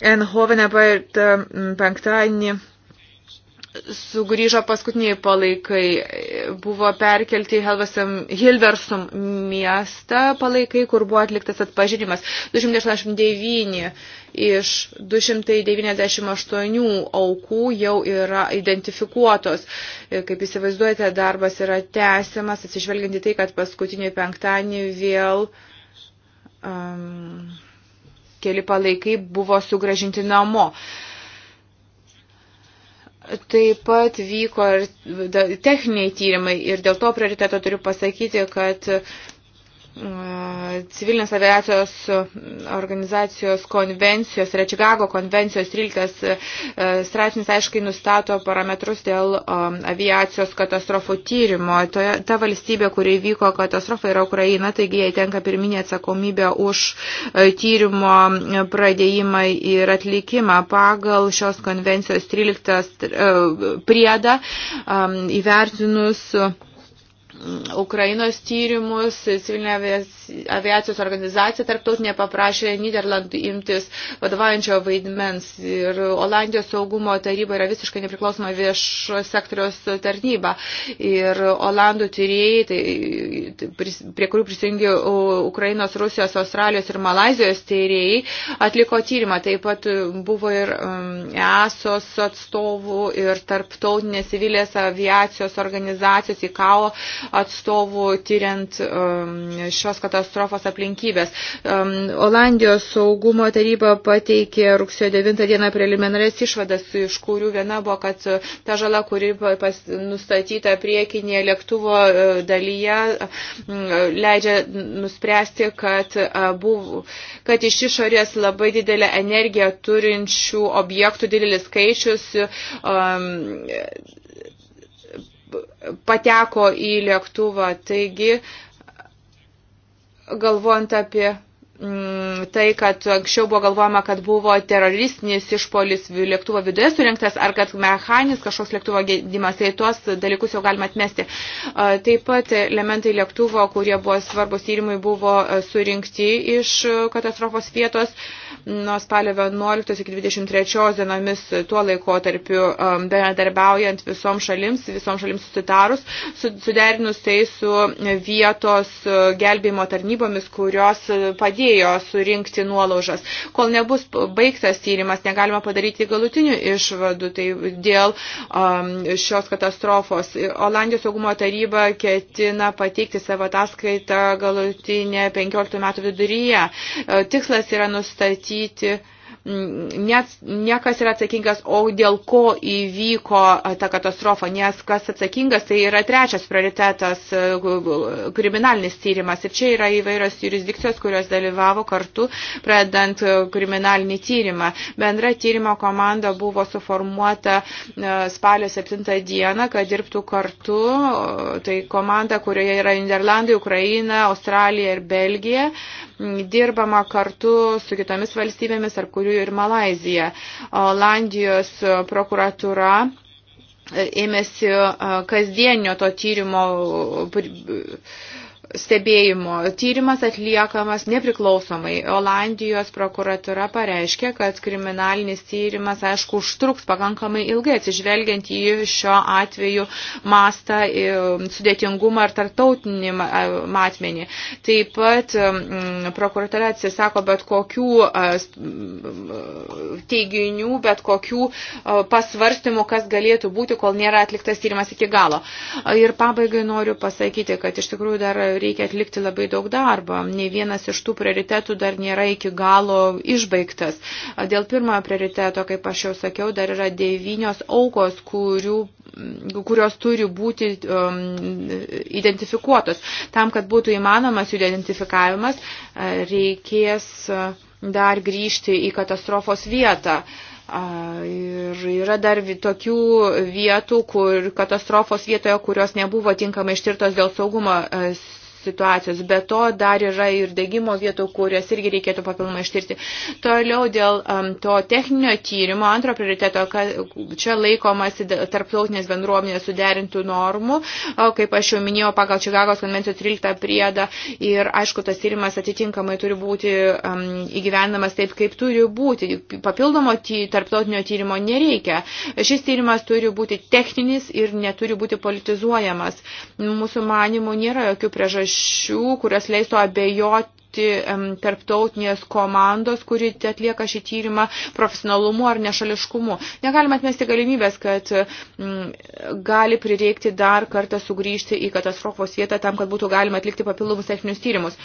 Speaker 3: Enhovene penktadienį. Per sugrįžo paskutiniai palaikai. Buvo perkelti į Hilversum miestą palaikai, kur buvo atliktas atpažinimas. 289 iš 298 aukų jau yra identifikuotos. Kaip įsivaizduojate, darbas yra tęsiamas, atsižvelgiant į tai, kad paskutinį penktadienį vėl. Um, keli palaikai buvo sugražinti namo. Uh, Taip pat vyko ir techniniai tyrimai ir dėl to prioriteto turiu pasakyti, kad civilinės aviacijos organizacijos konvencijos, yra Čikago konvencijos 13 e, straipsnis aiškiai nustato parametrus dėl e, aviacijos katastrofų tyrimo. Toje, ta valstybė, kuri vyko katastrofa, yra Ukraina, taigi jai tenka pirminė atsakomybė už e, tyrimo pradėjimą ir atlikimą. Pagal šios konvencijos 13 priedą įvertinus Ukrainos tyrimus, civilinė aviacijos organizacija tarptautinė paprašė Niderlandų imtis vadovaujančio vaidmens ir Olandijos saugumo taryba yra visiškai nepriklausoma viešo sektoriaus tarnyba ir Olandų tyrėjai, tai, tai prie kurių prisijungė Ukrainos, Rusijos, Australijos ir Malazijos tyrėjai, atliko tyrimą. Taip pat buvo ir um, ESOS atstovų ir tarptautinės civilės aviacijos organizacijos ICAO atstovų tyriant um, šios katastrofos aplinkybės. Um, Olandijos saugumo taryba pateikė rugsėjo 9 dieną preliminarės išvadas, iš kurių viena buvo, kad uh, ta žala, kuri pas, nustatyta priekinėje lėktuvo uh, dalyje, mm, leidžia nuspręsti, kad, uh, buvo, kad iš išorės labai didelę energiją turinčių objektų didelis skaičius um, pateko į lėktuvą. Taigi, galvojant apie Mm, tai, kad anksčiau buvo galvojama, kad buvo teroristinis išpolis lėktuvo viduje surinktas, ar kad mechanis kažkoks lėktuvo gedimas, tai tuos dalykus jau galima atmesti. Taip pat elementai lėktuvo, kurie buvo svarbus tyrimui, buvo e, surinkti iš e, katastrofos vietos nuo spalio 11 iki 23 dienomis tuo laikotarpiu, e, bendradarbiaujant visom šalims, visom šalims susitarus, suderinus tai su vietos gelbėjimo tarnybomis, kurios padėjo nesugebėjo surinkti nuolaužas. Kol nebus baigtas tyrimas, negalima padaryti galutinių išvadų tai dėl um, šios katastrofos. Olandijos saugumo taryba ketina pateikti savo ataskaitą galutinę 15 metų viduryje. E, tikslas yra nustatyti net niekas yra atsakingas, o dėl ko įvyko ta katastrofa, nes kas atsakingas, tai yra trečias prioritetas e, kriminalinis tyrimas. Ir čia yra įvairios jurisdikcijos, kurios dalyvavo kartu, pradedant e, kriminalinį tyrimą. Bendra tyrimo komanda buvo suformuota e, spalio 7 dieną, kad dirbtų kartu. Tai komanda, kurioje yra Niderlandai, Ukraina, Australija ir Belgija dirbama kartu su kitomis valstybėmis, ar kurių ir Malazija. Olandijos prokuratura ėmėsi kasdienio to tyrimo stebėjimo tyrimas atliekamas nepriklausomai. Olandijos prokuratura pareiškė, kad kriminalinis tyrimas, aišku, užtruks pakankamai ilgai, atsižvelgiant į šio atveju mastą, sudėtingumą ir tartautinį matmenį. Taip pat prokuratura atsisako bet kokių teiginių, bet kokių pasvarstymų, kas galėtų būti, kol nėra atliktas tyrimas iki galo. Ir pabaigai noriu pasakyti, kad iš tikrųjų dar reikia reikia atlikti labai daug darbo. Nei vienas iš tų prioritetų dar nėra iki galo išbaigtas. Dėl pirmojo prioriteto, kaip aš jau sakiau, dar yra devynios aukos, kurių, kurios turi būti um, identifikuotos. Tam, kad būtų įmanomas jų identifikavimas, reikės uh, dar grįžti į katastrofos vietą. Ir yra dar tokių vietų, kur katastrofos vietoje, kurios nebuvo tinkamai ištirtos dėl saugumo situacijos. Be to dar yra ir degimo vietų, kurias irgi reikėtų papildomai ištirti. Toliau dėl um, to techninio tyrimo, antro prioriteto, kad čia laikomasi tarptautinės bendruomenės suderintų normų, kaip aš jau minėjau, pagal Čigagos konvencijos 13 priedą. Ir aišku, tas tyrimas atitinkamai turi būti um, įgyvenamas taip, kaip turi būti. Papildomo ty, tarptautinio tyrimo nereikia. Šis tyrimas turi būti techninis ir neturi būti politizuojamas. Mūsų manimų nėra jokių priežasčių priežasčių, kurios leistų abejoti atlikti tarptautinės komandos, kuri atlieka šį tyrimą profesionalumu ar nešališkumu. Negalime atmesti galimybės, kad m, gali prireikti dar kartą sugrįžti į katastrofos vietą tam, kad būtų galima atlikti papildomus techninius tyrimus.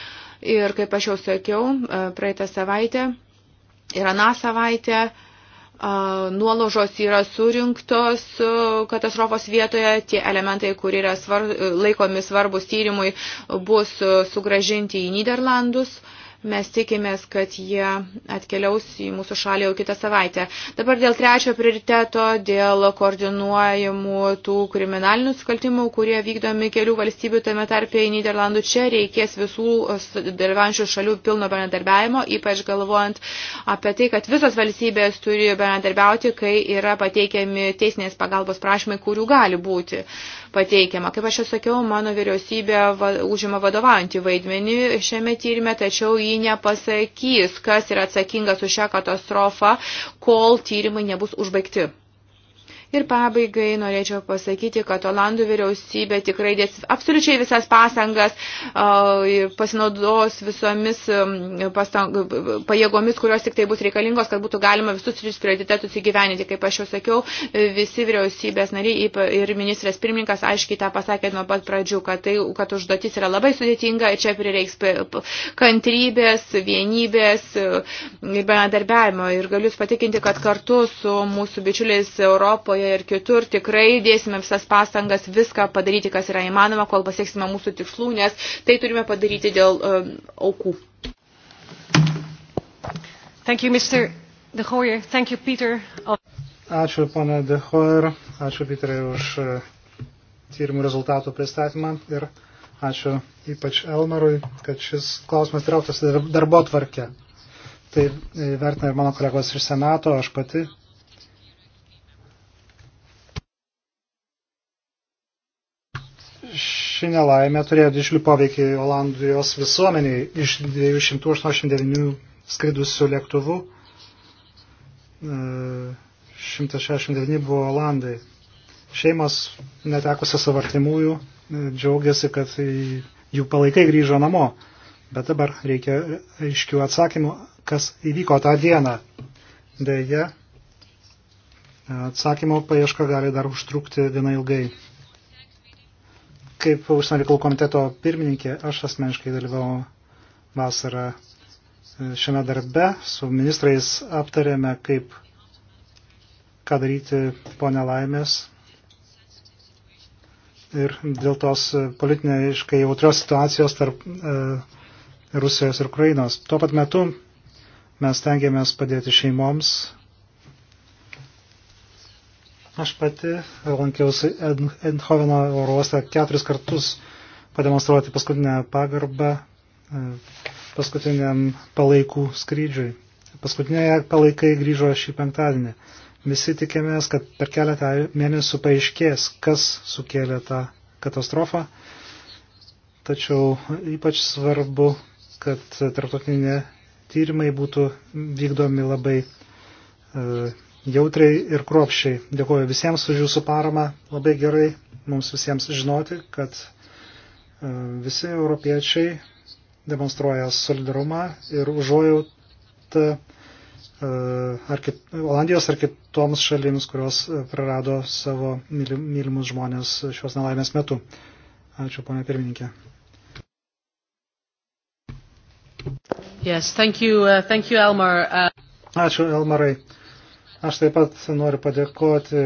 Speaker 3: Ir kaip aš jau sakiau, e, praeitą savaitę ir aną savaitę nuoložos yra surinktos katastrofos vietoje, tie elementai, kur yra svar, laikomi svarbus tyrimui, bus sugražinti į Niderlandus. Uh, Mes tikimės, kad jie atkeliaus į mūsų šalį jau kitą savaitę. Dabar dėl trečio prioriteto, dėl koordinuojamų tų kriminalinių skaltimų, kurie vykdomi kelių valstybių, tame tarpe į Niderlandų, čia reikės visų dalyvančių šalių pilno bendradarbiavimo, ypač galvojant apie tai, kad visos valstybės turi bendradarbiauti, kai yra pateikiami teisinės pagalbos prašymai, kurių gali būti. Uh, pateikiama. Kaip aš jau sakiau, mano vyriausybė va, užima vadovaujantį vaidmenį šiame tyrimė, tačiau ji nepasakys, kas yra atsakingas už šią katastrofą, kol tyrimai nebus užbaigti. Ir pabaigai norėčiau pasakyti, kad Olandų vyriausybė tikrai dės absoliučiai visas pasangas ir pasinaudos visomis pastang, pajėgomis, kurios tik tai bus reikalingos, kad būtų galima visus tris prioritetus įgyveninti. Kaip aš jau sakiau, visi vyriausybės nariai ir ministras pirmininkas aiškiai tą pasakė nuo pat pradžių, kad, tai, kad užduotis yra labai sudėtinga ir čia prireiks kantrybės, vienybės e, ir bendradarbiavimo. Ir galiu patikinti, kad kartu su mūsų bičiuliais Europoje Europoje ir kitur. Tikrai dėsime visas pastangas viską padaryti, kas yra įmanoma, kol pasieksime mūsų tikslų, nes tai turime padaryti dėl
Speaker 2: um, aukų. Thank you, Mr. De Hoyer. Thank you, Peter.
Speaker 1: Ačiū, pana De Hoyer. Ačiū, Peterai, už uh, tyrimų rezultatų pristatymą. Ir ačiū ypač Elmarui, kad šis klausimas trauktas darbo tvarkė. Tai e, vertina ir mano kolegos iš Senato, aš pati ši nelaimė turėjo didžiulį poveikį Olandijos visuomeniai iš 289 skridusių lėktuvų. 169 e, buvo Olandai. Šeimos netekusios savo artimųjų e, džiaugiasi, kad jų palaikai grįžo namo. Bet dabar reikia aiškių atsakymų, kas įvyko tą dieną. Deja, atsakymų paieška gali dar užtrukti gana ilgai. Kaip užsienio reikalų komiteto pirmininkė, aš asmeniškai dalyvau vasarą e, šiame darbe. Su ministrais aptarėme, kaip ką daryti po nelaimės. Ir dėl tos politiniškai jautrios situacijos tarp e, Rusijos ir Ukrainos. Tuo pat metu mes tengiamės padėti šeimoms Aš pati lankiausi Eindhoveno oro uoste keturis kartus pademonstruoti paskutinę pagarbą e, paskutiniam palaikų skrydžiui. Paskutinėje palaikai grįžo šį penktadienį. Visi tikėmės, kad per keletą mėnesių paaiškės, kas sukėlė tą katastrofą. Tačiau ypač svarbu, kad tarptautiniai tyrimai būtų vykdomi labai e, jautriai ir kruopščiai. Dėkuoju visiems už jūsų paramą. Labai gerai mums visiems žinoti, kad e, visi europiečiai demonstruoja solidarumą ir užuojautą e, ar kit, Olandijos ar kitoms šalims, kurios e, prarado savo mylimus žmonės šios nelaimės metu. Ačiū, ponia pirmininkė. Yes, thank you, uh, thank you, Elmar. Uh... Ačiū, Elmarai. Aš taip pat noriu padėkoti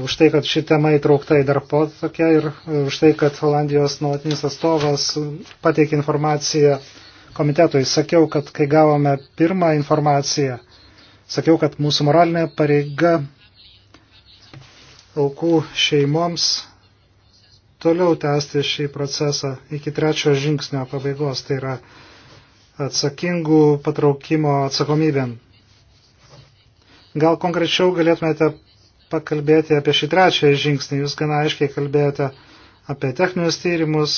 Speaker 1: už tai, kad ši tema įtraukta į darbo tokia ir už tai, kad Holandijos nuolatinis atstovas pateikė informaciją komitetui. Sakiau, kad kai gavome pirmą informaciją, sakiau, kad mūsų moralinė pareiga aukų šeimoms toliau tęsti šį procesą iki trečio žingsnio pabaigos, tai yra atsakingų patraukimo atsakomybėm. Gal konkrečiau galėtumėte pakalbėti apie šį trečią žingsnį. Jūs gana aiškiai kalbėjote apie techninius tyrimus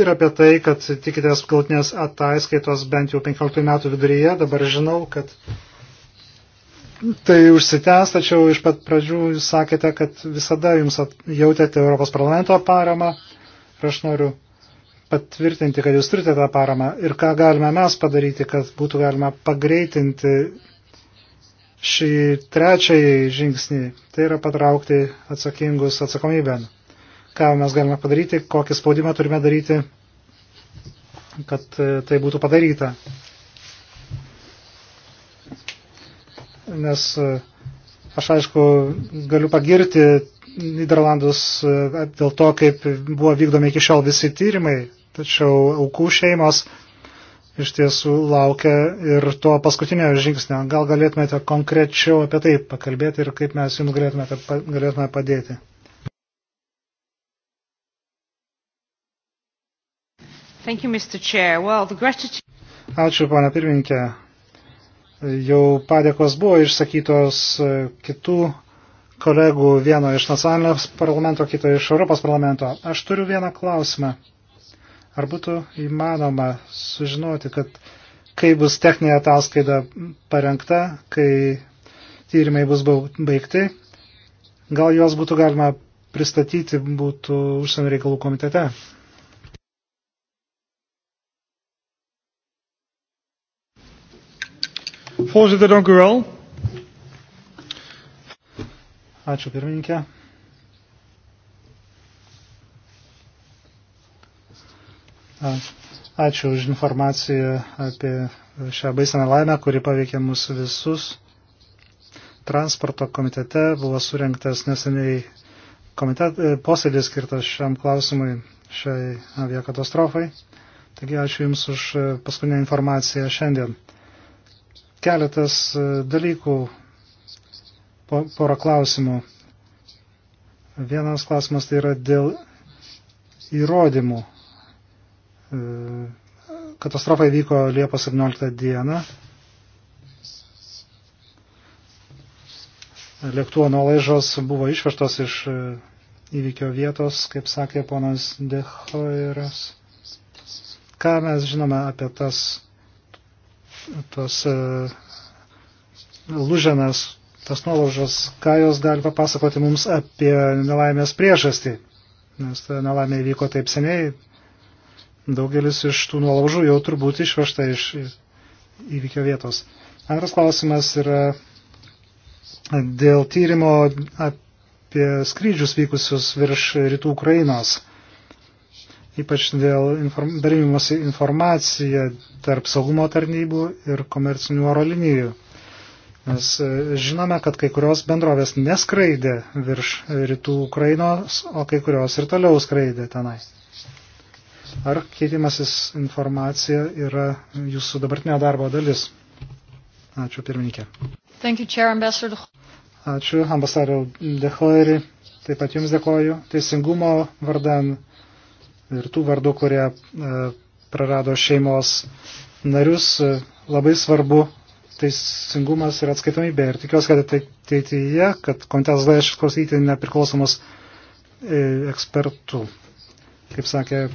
Speaker 1: ir apie tai, kad tikitės galtinės ataskaitos bent jau 15 metų viduryje. Dabar žinau, kad tai užsitęs, tačiau iš pat pradžių jūs sakėte, kad visada jums jautėte Europos parlamento paramą. Ir aš noriu patvirtinti, kad jūs turite tą paramą ir ką galime mes padaryti, kad būtų galima pagreitinti šį trečiąjį žingsnį, tai yra patraukti atsakingus atsakomybėn. Ką mes galime padaryti, kokį spaudimą turime daryti, kad e, tai būtų padaryta. Nes e, aš aišku galiu pagirti Niderlandus e, dėl to, kaip buvo vykdomi iki šiol visi tyrimai, tačiau aukų šeimos iš tiesų laukia ir to paskutinio žingsnio. Gal galėtumėte konkrečiau apie tai pakalbėti ir kaip mes jums galėtumėte, galėtume padėti.
Speaker 3: Thank you, Mr. Chair. Well, the gratitude...
Speaker 1: Ačiū, pana pirmininkė. Jau padėkos buvo išsakytos e, kitų kolegų, vieno iš nacionalinio parlamento, kito iš Europos parlamento. Aš turiu vieną klausimą. Ar būtų įmanoma sužinoti, kad kai bus techninė ataskaita parengta, kai tyrimai bus baigti, gal juos būtų galima pristatyti būtų užsienio reikalų komitete? Voorzitter, dank u wel. Ačiū pirmininkė. Ačiū už informaciją apie šią baisę nelaimę, kuri paveikė mus visus. Transporto komitete buvo surinktas neseniai komitet, e, posėdis skirtas šiam klausimui, šiai aviakatastrofai. Taigi ačiū Jums už e, paskutinę informaciją šiandien. Keletas e, dalykų, po, porą klausimų. Vienas klausimas tai yra dėl įrodymų. Katastrofa įvyko Liepos 17 dieną. Lėktuvo nuolaižos buvo išvežtos iš e, įvykio vietos, kaip sakė ponas Dehoiras. Ką mes žinome apie tas, tas e, lūženas, tas nuolaužas, ką jos gali papasakoti mums apie nelaimės priežastį, nes ta nelaimė įvyko taip seniai, daugelis iš tų nuolaužų jau turbūt išvežta iš įvykio vietos. Antras klausimas yra dėl tyrimo apie skrydžius vykusius virš rytų Ukrainos, ypač dėl inform, dalinimuose informacija tarp saugumo tarnybų ir komercinių oro linijų. Mes e, žinome, kad kai kurios bendrovės neskraidė virš rytų Ukrainos, o kai kurios ir toliau skraidė tenais. Ar keitimasis informacija yra jūsų dabartinio darbo dalis? Ačiū pirmininkė.
Speaker 2: Thank you, Chair Ambassador.
Speaker 1: Ačiū ambasadoriau Dehoeri. Taip pat jums dėkoju. Teisingumo vardan ir tų vardų, kurie e, prarado šeimos narius, e, labai svarbu teisingumas ir atskaitomybė. Ir tikiuosi, kad ateityje, kad komitetas galės išklausyti nepriklausomus e, ekspertų kaip sakė e,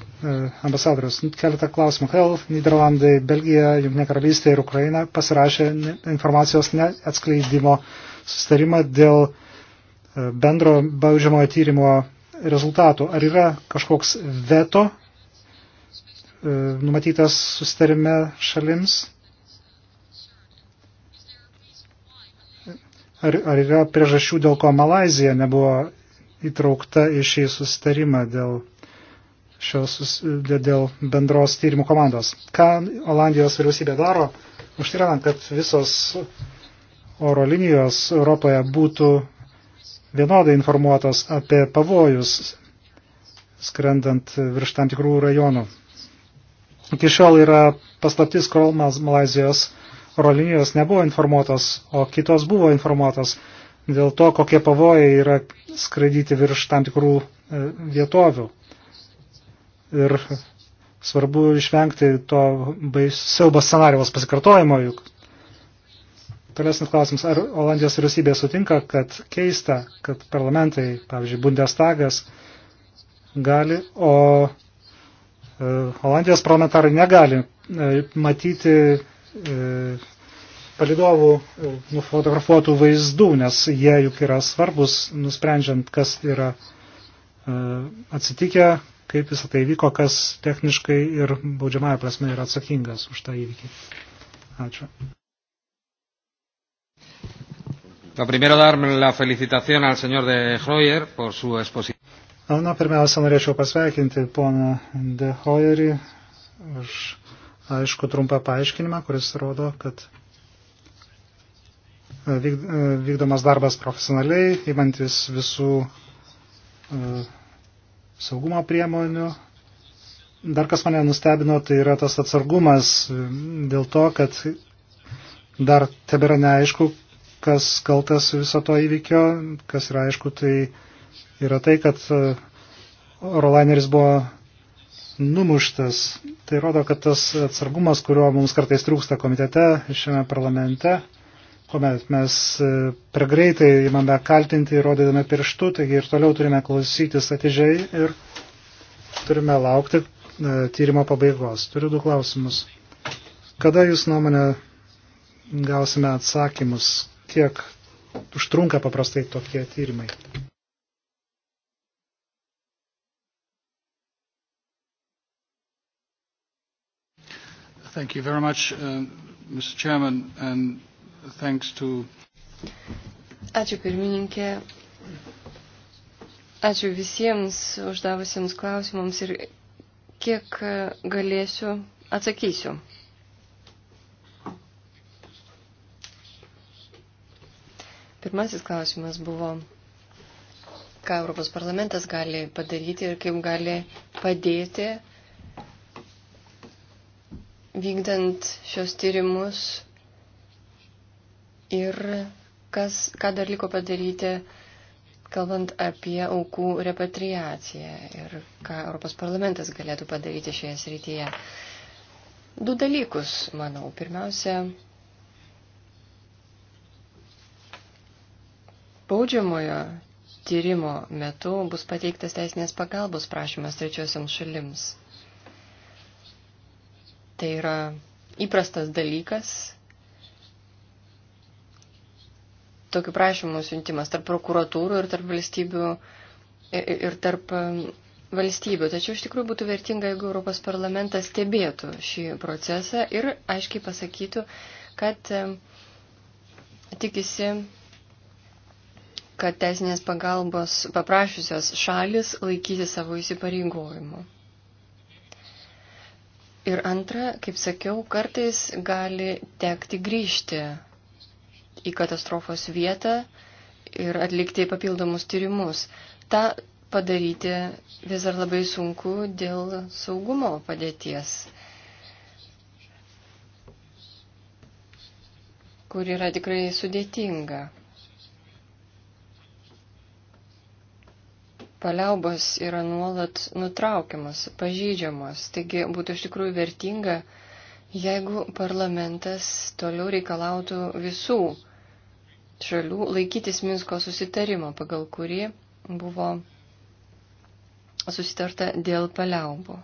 Speaker 1: ambasadorius. Keletą klausimų. Kodėl Niderlandai, Belgija, Junktinė karalystė ir Ukraina pasirašė informacijos neatskleidimo sustarimą dėl e, bendro baudžiamojo tyrimo rezultatų. Ar yra kažkoks veto e, numatytas sustarime šalims? Ar, ar yra priežasčių, dėl ko Malazija nebuvo įtraukta į šį sustarimą dėl šios, dėl bendros tyrimų komandos. Ką Olandijos vyriausybė daro, užtikrinant, kad visos oro linijos Europoje būtų vienodai informuotos apie pavojus skrendant virš tam tikrų rajonų. Iki šiol yra paslaptis, kol Malazijos oro linijos nebuvo informuotos, o kitos buvo informuotos dėl to, kokie pavojai yra skraidyti virš tam tikrų e, vietovių ir svarbu išvengti to siaubo scenarijos pasikartojimo juk. Tolesnis klausimas, ar Olandijos vyriausybė sutinka, kad keista, kad parlamentai, pavyzdžiui, Bundestagas gali, o e, Olandijos parlamentarai negali e, matyti e, palidovų nufotografuotų vaizdų, nes jie juk yra svarbus, nusprendžiant, kas yra atsitikę, kaip visą tai vyko, kas techniškai ir baudžiamąją prasme yra atsakingas už tą įvykį. Ačiū.
Speaker 4: Lo primero dar la felicitación al señor de Hoyer por su exposición.
Speaker 1: Na, pirmiausia, norėčiau pasveikinti poną de Hoyerį už aišku trumpą paaiškinimą, kuris rodo, kad e, e, vykdomas darbas profesionaliai, įmantis visų uh, saugumo priemonių. Dar kas mane nustebino, tai yra tas atsargumas dėl to, kad dar tebėra neaišku, kas kaltas viso to įvykio, kas yra aišku, tai yra tai, kad uh, orolaineris buvo numuštas. Tai rodo, kad tas atsargumas, kurio mums kartais trūksta komitete, šiame parlamente, kuomet mes e, per greitai imame kaltinti, rodydami pirštų, taigi ir toliau turime klausytis atidžiai ir turime laukti e, tyrimo pabaigos. Turiu du klausimus. Kada jūs nuomonę gausime atsakymus, kiek užtrunka paprastai tokie tyrimai? Thank you very much, uh, Mr. Chairman, and to...
Speaker 2: Ačiū pirmininkė. Ačiū visiems uždavusiems klausimams ir kiek galėsiu atsakysiu. Pirmasis klausimas buvo, ką Europos parlamentas gali padaryti ir kaip gali padėti vykdant šios tyrimus ir kas, ką dar liko padaryti, kalbant apie aukų repatriaciją ir ką Europos parlamentas galėtų padaryti šioje srityje. Du dalykus, manau. Pirmiausia, baudžiamojo tyrimo metu bus pateiktas teisinės pagalbos prašymas trečiosiams šalims. Tai yra įprastas dalykas tokių prašymų siuntimas tarp prokuratūrų ir tarp valstybių. Ir tarp um, valstybių. Tačiau iš tikrųjų būtų vertinga, jeigu Europos parlamentas stebėtų šį procesą ir aiškiai pasakytų, kad um, tikisi, kad teisinės pagalbos paprašiusios šalis laikyti savo įsipareigojimų. Ir antra, kaip sakiau, kartais gali tekti grįžti į katastrofos vietą ir atlikti papildomus tyrimus. Ta padaryti vis dar labai sunku dėl saugumo padėties, kur yra tikrai sudėtinga. Paliaubos yra nuolat nutraukiamas, pažydžiamas, taigi būtų iš tikrųjų vertinga, jeigu parlamentas toliau reikalautų visų šalių laikytis Minsko susitarimo, pagal kurį buvo susitarta dėl paliaubų.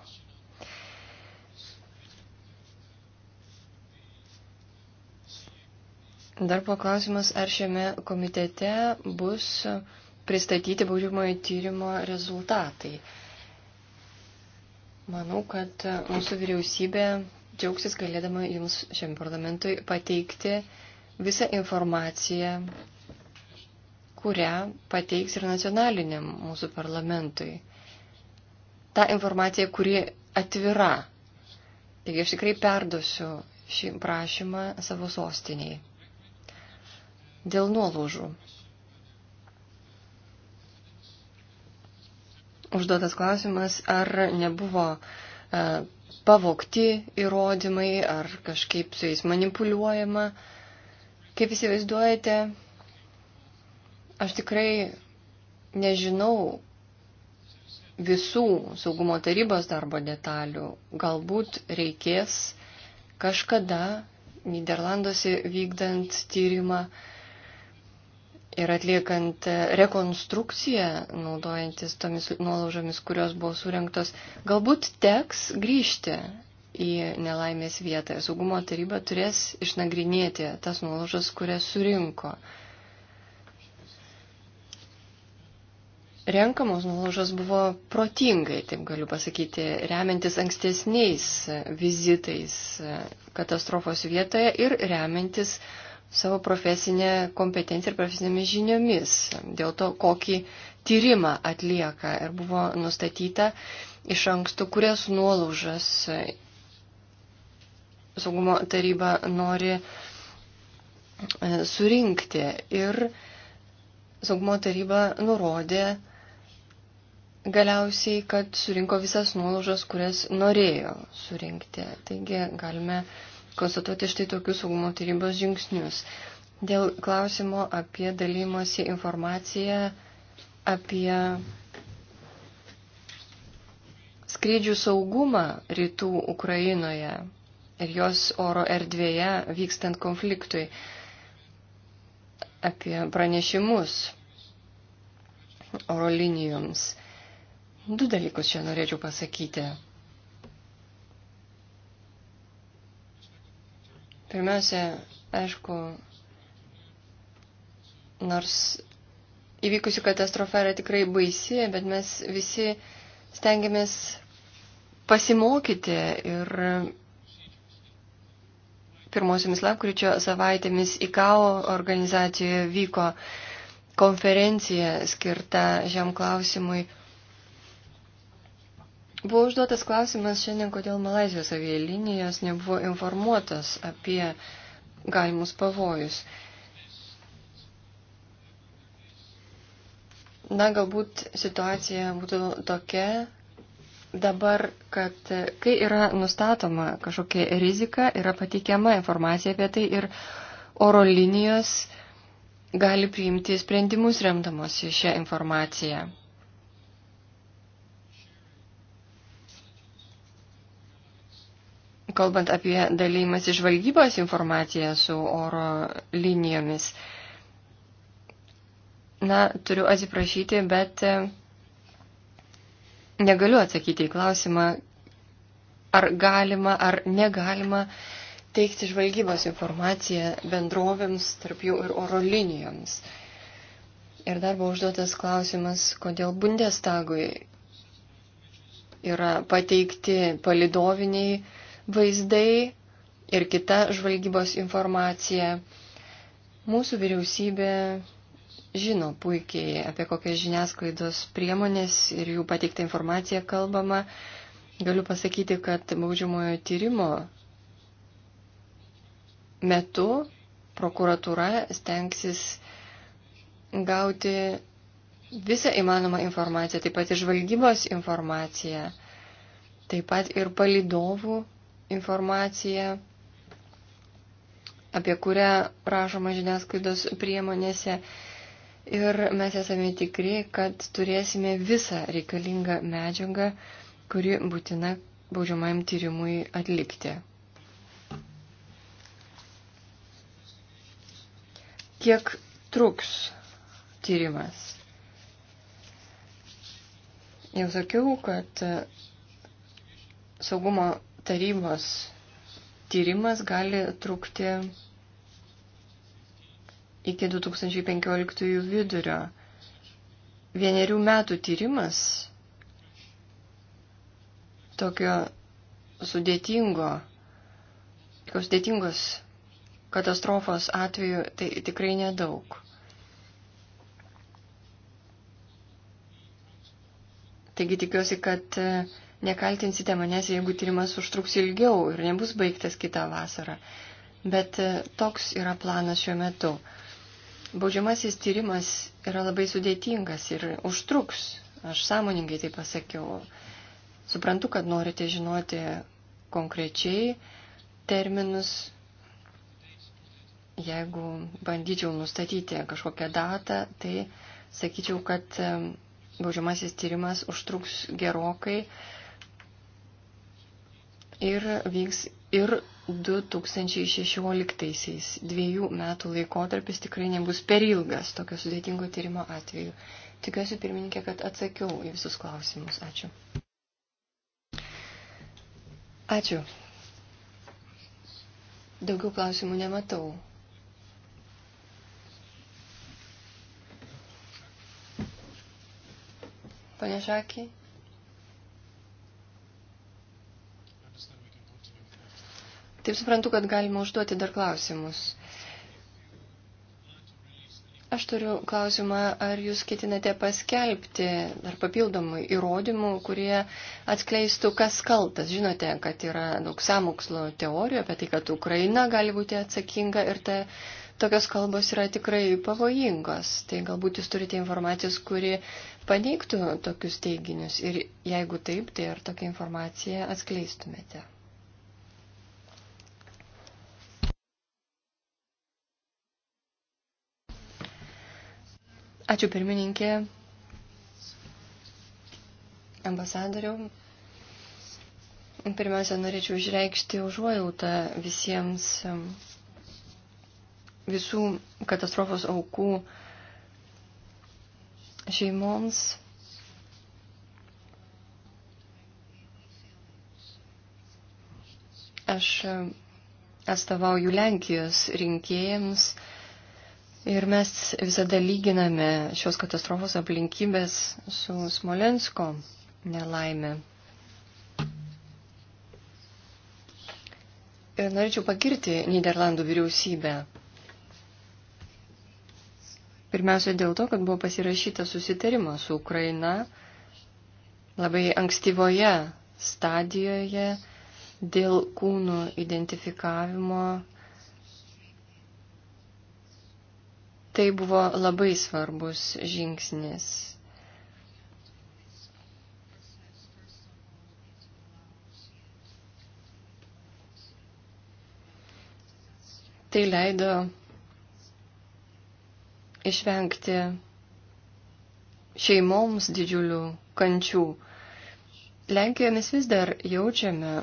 Speaker 2: Dar buvo klausimas, ar šiame komitete bus pristatyti baudžiamojo tyrimo rezultatai. Manau, kad mūsų vyriausybė džiaugsis galėdama jums šiam parlamentui pateikti uh, visą informaciją, kurią pateiks ir nacionaliniam mūsų parlamentui. Ta informacija, kuri atvira. Taigi aš tikrai perduosiu šį prašymą savo sostiniai. Dėl nuolaužų. Užduotas klausimas, ar nebuvo e, pavokti įrodymai, ar kažkaip su jais manipuliuojama. E, Kaip įsivaizduojate, aš tikrai nežinau visų saugumo tarybos darbo detalių. Galbūt reikės kažkada Niderlanduose vykdant tyrimą ir atliekant rekonstrukciją, naudojantis tomis nuolaužomis, kurios buvo surinktos, galbūt teks grįžti į nelaimės vietą. Ir saugumo taryba turės išnagrinėti tas nuolaužas, kurias surinko. Renkamos nuolaužos buvo protingai, taip galiu pasakyti, remiantis ankstesniais vizitais katastrofos vietoje ir remiantis savo profesinę kompetenciją ir profesinėmis žiniomis dėl to, kokį tyrimą atlieka. Ir buvo nustatyta iš anksto, kurias nuolaužas saugumo taryba nori e, surinkti. Ir saugumo taryba nurodė galiausiai, kad surinko visas nuolaužas, kurias norėjo surinkti. Taigi galime konstatuoti štai tokius saugumo tarybos žingsnius. Dėl klausimo apie dalymosi informaciją apie skrydžių saugumą rytų Ukrainoje ir jos oro erdvėje vykstant konfliktui, apie pranešimus oro linijoms. Du dalykus čia norėčiau pasakyti. Pirmiausia, aišku, nors įvykusi katastrofa yra tikrai baisi, bet mes visi stengiamės pasimokyti ir pirmosiomis lapkričio savaitėmis ICAO organizacijoje vyko konferencija skirta šiam klausimui. Buvo užduotas klausimas šiandien, kodėl Malazijos avialinijos nebuvo informuotas apie galimus pavojus. Na, galbūt situacija būtų tokia, dabar, kad kai yra nustatoma kažkokia rizika, yra pateikiama informacija apie tai ir oro linijos gali priimti sprendimus remdamosi šią informaciją. Kalbant apie dalymas žvalgybos informaciją su oro linijomis, na, turiu atsiprašyti, bet negaliu atsakyti į klausimą, ar galima ar negalima teikti žvalgybos informaciją bendrovėms, tarp jų ir oro linijoms. Ir dar buvo užduotas klausimas, kodėl Bundestagui yra pateikti palidoviniai vaizdai ir kita žvalgybos informacija. Mūsų vyriausybė žino puikiai, apie kokias žiniasklaidos priemonės ir jų pateiktą informaciją kalbama. Galiu pasakyti, kad baudžiamojo tyrimo metu prokuratūra stengsis gauti visą įmanomą informaciją, taip pat ir žvalgybos informaciją, taip pat ir palidovų informaciją, apie kurią rašoma žiniasklaidos priemonėse ir mes esame tikri, kad turėsime visą reikalingą medžiagą, kuri būtina baudžiamajam tyrimui atlikti. Kiek truks tyrimas? Jau sakiau, kad saugumo tarybos tyrimas gali trukti iki 2015 vidurio. Vienerių metų tyrimas tokio sudėtingo, tokios sudėtingos katastrofos atveju tai tikrai nedaug. Taigi tikiuosi, kad e, nekaltinsite manęs, jeigu tyrimas užtruks ilgiau ir nebus baigtas kitą vasarą. Bet e, toks yra planas šiuo metu. Baudžiamasis tyrimas yra labai sudėtingas ir užtruks. Aš sąmoningai tai pasakiau. Suprantu, kad norite žinoti konkrečiai terminus. Jeigu bandyčiau nustatyti kažkokią datą, tai sakyčiau, kad baudžiamasis tyrimas užtruks gerokai ir vyks ir 2016-aisiais. Dviejų metų laikotarpis tikrai nebus per ilgas tokio sudėtingo tyrimo atveju. Tikiuosi, pirmininkė, kad atsakiau į visus klausimus. Ačiū. Ačiū. Daugiau klausimų nematau. Pane Šakiai? Taip suprantu, kad galima užduoti dar klausimus. Aš turiu klausimą, ar jūs ketinate paskelbti dar papildomų įrodymų, kurie atskleistų, kas kaltas. Žinote, kad yra daug samokslo teorijų apie tai, kad Ukraina gali būti atsakinga ir ta, tokios kalbos yra tikrai pavojingos. Tai galbūt jūs turite informacijos, kuri paneigtų tokius teiginius ir jeigu taip, tai ar tokią informaciją atskleistumėte. Ačiū pirmininkė, ambasadoriau. Pirmiausia, norėčiau išreikšti užuojautą visiems visų katastrofos aukų šeimoms. Aš atstovauju Lenkijos rinkėjams. Ir mes visada lyginame šios katastrofos aplinkybės su Smolensko nelaimė. Ir norėčiau pagirti Niderlandų vyriausybę. Pirmiausia dėl to, kad buvo pasirašyta susitarimo su Ukraina labai ankstyvoje stadijoje dėl kūnų identifikavimo Tai buvo labai svarbus žingsnis. Tai leido išvengti šeimoms didžiulių kančių. Lenkijoje mes vis dar jaučiame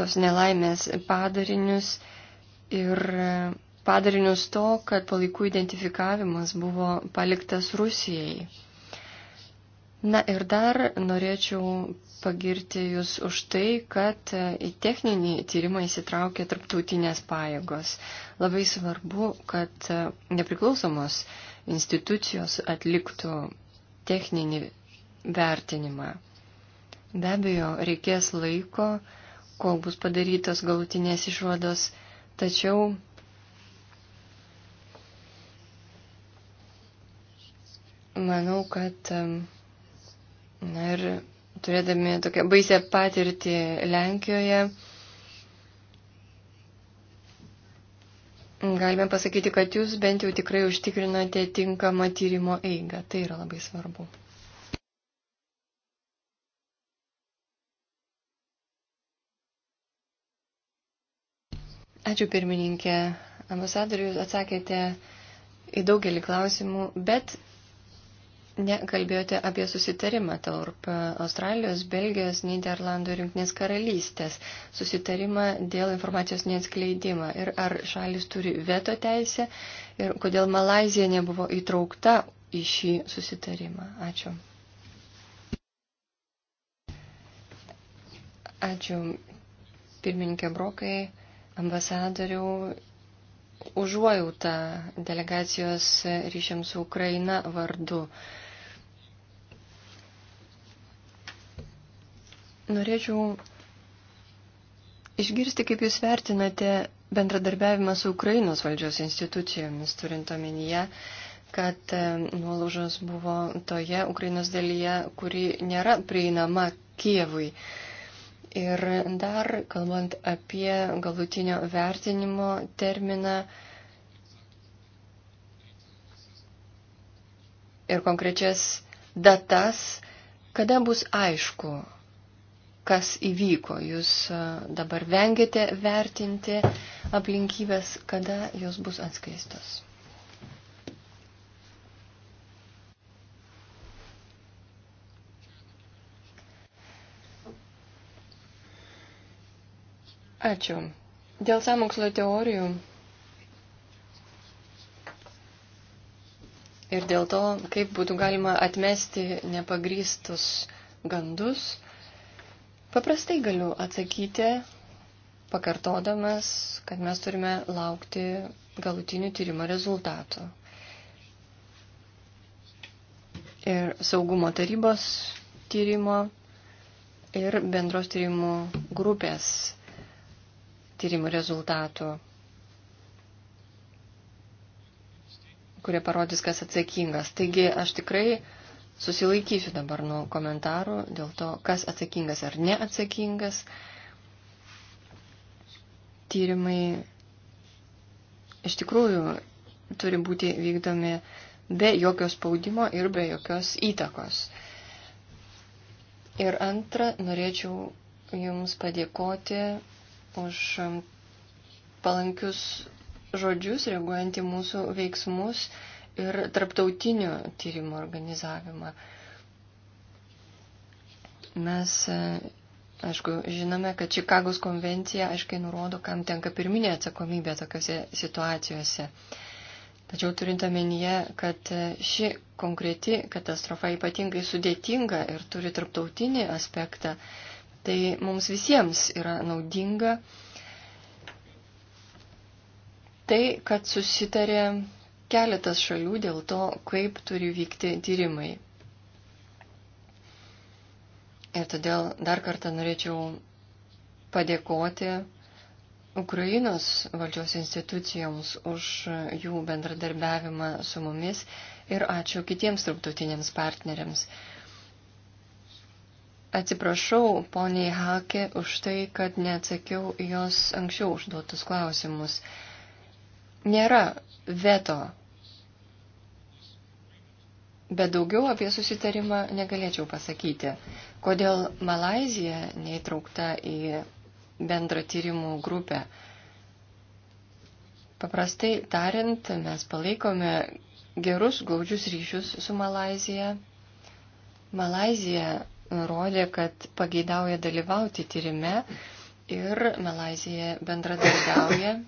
Speaker 2: tos nelaimės padarinius ir padarinius to, kad palaikų identifikavimas buvo paliktas Rusijai. Na ir dar norėčiau pagirti Jūs už tai, kad į techninį tyrimą įsitraukė tarptautinės pajėgos. Labai svarbu, kad nepriklausomos institucijos atliktų techninį vertinimą. Be abejo, reikės laiko, kol bus padarytos galutinės išvados, tačiau manau, kad na, ir turėdami tokią baisę patirtį Lenkijoje, galime pasakyti, kad jūs bent jau tikrai užtikrinate tinkamą tyrimo eigą. Tai yra labai svarbu. Ačiū pirmininkė. Ambasadorius atsakėte į daugelį klausimų, bet Nekalbėjote apie susitarimą tarp Australijos, Belgijos, Niderlandų ir Junktinės karalystės. Susitarimą dėl informacijos neatskleidimą. Ir ar šalis turi veto teisę ir kodėl Malazija nebuvo įtraukta į šį susitarimą. Ačiū. Ačiū pirmininkė Brokai, ambasadoriau užuojautą delegacijos ryšiams su Ukraina vardu. Norėčiau išgirsti, kaip Jūs vertinate bendradarbiavimą su Ukrainos valdžios institucijomis, turint omenyje, kad e, nuolaužos buvo toje Ukrainos dalyje, kuri nėra prieinama Kievui. Ir dar, kalbant apie galutinio vertinimo terminą, ir konkrečias datas, kada bus aišku, kas įvyko. Jūs dabar vengiate vertinti aplinkybės, kada jos bus atskleistos. Ačiū. Dėl samokslo teorijų ir dėl to, kaip būtų galima atmesti nepagrystus gandus, Paprastai galiu atsakyti, pakartodamas, kad mes turime laukti galutinių tyrimo rezultatų. Ir saugumo tarybos tyrimo ir bendros tyrimų grupės tyrimų rezultatų, kurie parodys, kas atsakingas. Taigi aš tikrai susilaikysiu dabar nuo komentarų dėl to, kas atsakingas ar neatsakingas. Tyrimai iš tikrųjų turi būti vykdomi be jokio spaudimo ir be jokios įtakos. Ir antra, norėčiau Jums padėkoti už palankius žodžius, reaguojant į mūsų veiksmus ir tarptautinių tyrimų organizavimą. Mes, e, aišku, žinome, kad Čikagos konvencija aiškiai nurodo, kam tenka pirminė atsakomybė tokiuose situacijose. Tačiau turint omenyje, kad e, ši konkreti katastrofa ypatingai sudėtinga ir turi tarptautinį aspektą, tai mums visiems yra naudinga tai, kad susitarė keletas šalių dėl to, kaip turi vykti tyrimai. Ir todėl dar kartą norėčiau padėkoti Ukrainos valdžios institucijoms už jų bendradarbiavimą su mumis ir ačiū kitiems tarptautiniams partneriams. Atsiprašau, poniai Hakė, už tai, kad neatsakiau jos anksčiau užduotus klausimus. Nėra veto Bet daugiau apie susitarimą negalėčiau pasakyti. Kodėl Malazija neįtraukta į bendrą tyrimų grupę? Paprastai tariant, mes palaikome gerus gaudžius ryšius su Malazija. Malazija nurodė, kad pageidauja dalyvauti tyrime ir Malazija bendradarbiauja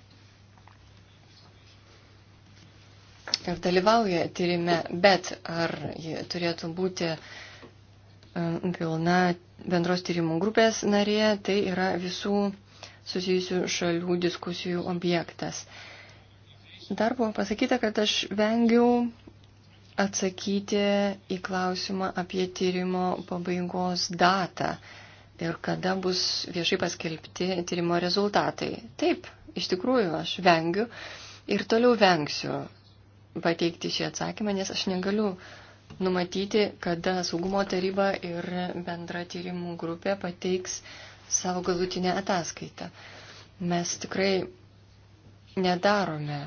Speaker 2: ir dalyvauja tyrime, bet ar ji turėtų būti um, pilna bendros tyrimų grupės narė, tai yra visų susijusių šalių diskusijų objektas. Dar buvo pasakyta, kad aš vengiau atsakyti į klausimą apie tyrimo pabaigos datą ir kada bus viešai paskelbti tyrimo rezultatai. Taip, iš tikrųjų, aš vengiu ir toliau vengsiu pateikti šį atsakymą, nes aš negaliu numatyti, kada saugumo taryba ir bendra tyrimų grupė pateiks savo galutinę ataskaitą. Mes tikrai nedarome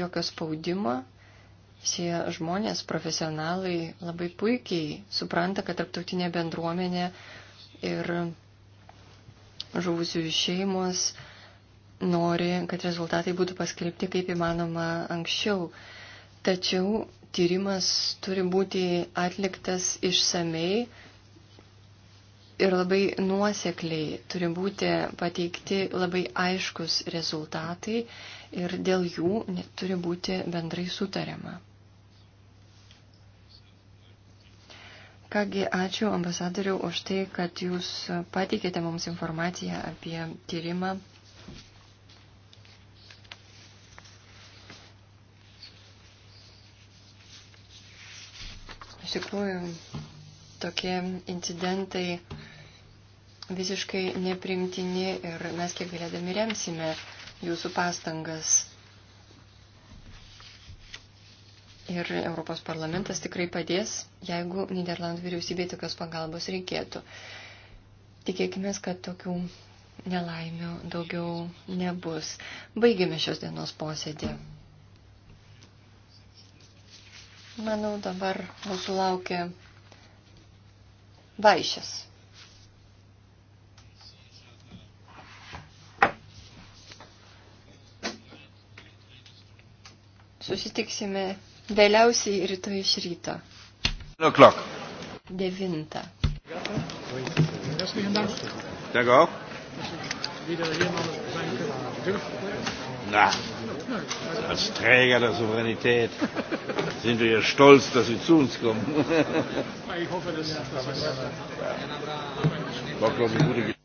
Speaker 2: jokio spaudimo. Šie žmonės, profesionalai labai puikiai supranta, kad tarptautinė bendruomenė ir žuvusių šeimos, uh, nori, kad rezultatai būtų paskelbti kaip įmanoma anksčiau. Tačiau tyrimas turi būti atliktas išsamei ir labai nuosekliai. Turi būti pateikti labai aiškus rezultatai ir dėl jų turi būti bendrai sutariama. Kągi, ačiū ambasadoriu už tai, kad jūs pateikėte mums informaciją apie tyrimą Iš tikrųjų, tokie incidentai visiškai neprimtini ir mes kiek galėdami remsime jūsų pastangas. Ir Europos parlamentas tikrai padės, jeigu Niderlandų vyriausybė tokios pagalbos reikėtų. Tikėkime, kad tokių nelaimių daugiau nebus. Baigėme šios dienos posėdį. Manau, dabar mūsų laukia vaišės. Susitiksime vėliausiai rytoj iš ryto. Devinta. Dank u wel.
Speaker 4: Wieder jemand danken.
Speaker 2: Na. Als Träger der Souveränität sind wir stolz, dass Sie zu uns kommen. Ich hoffe, das ist eine gute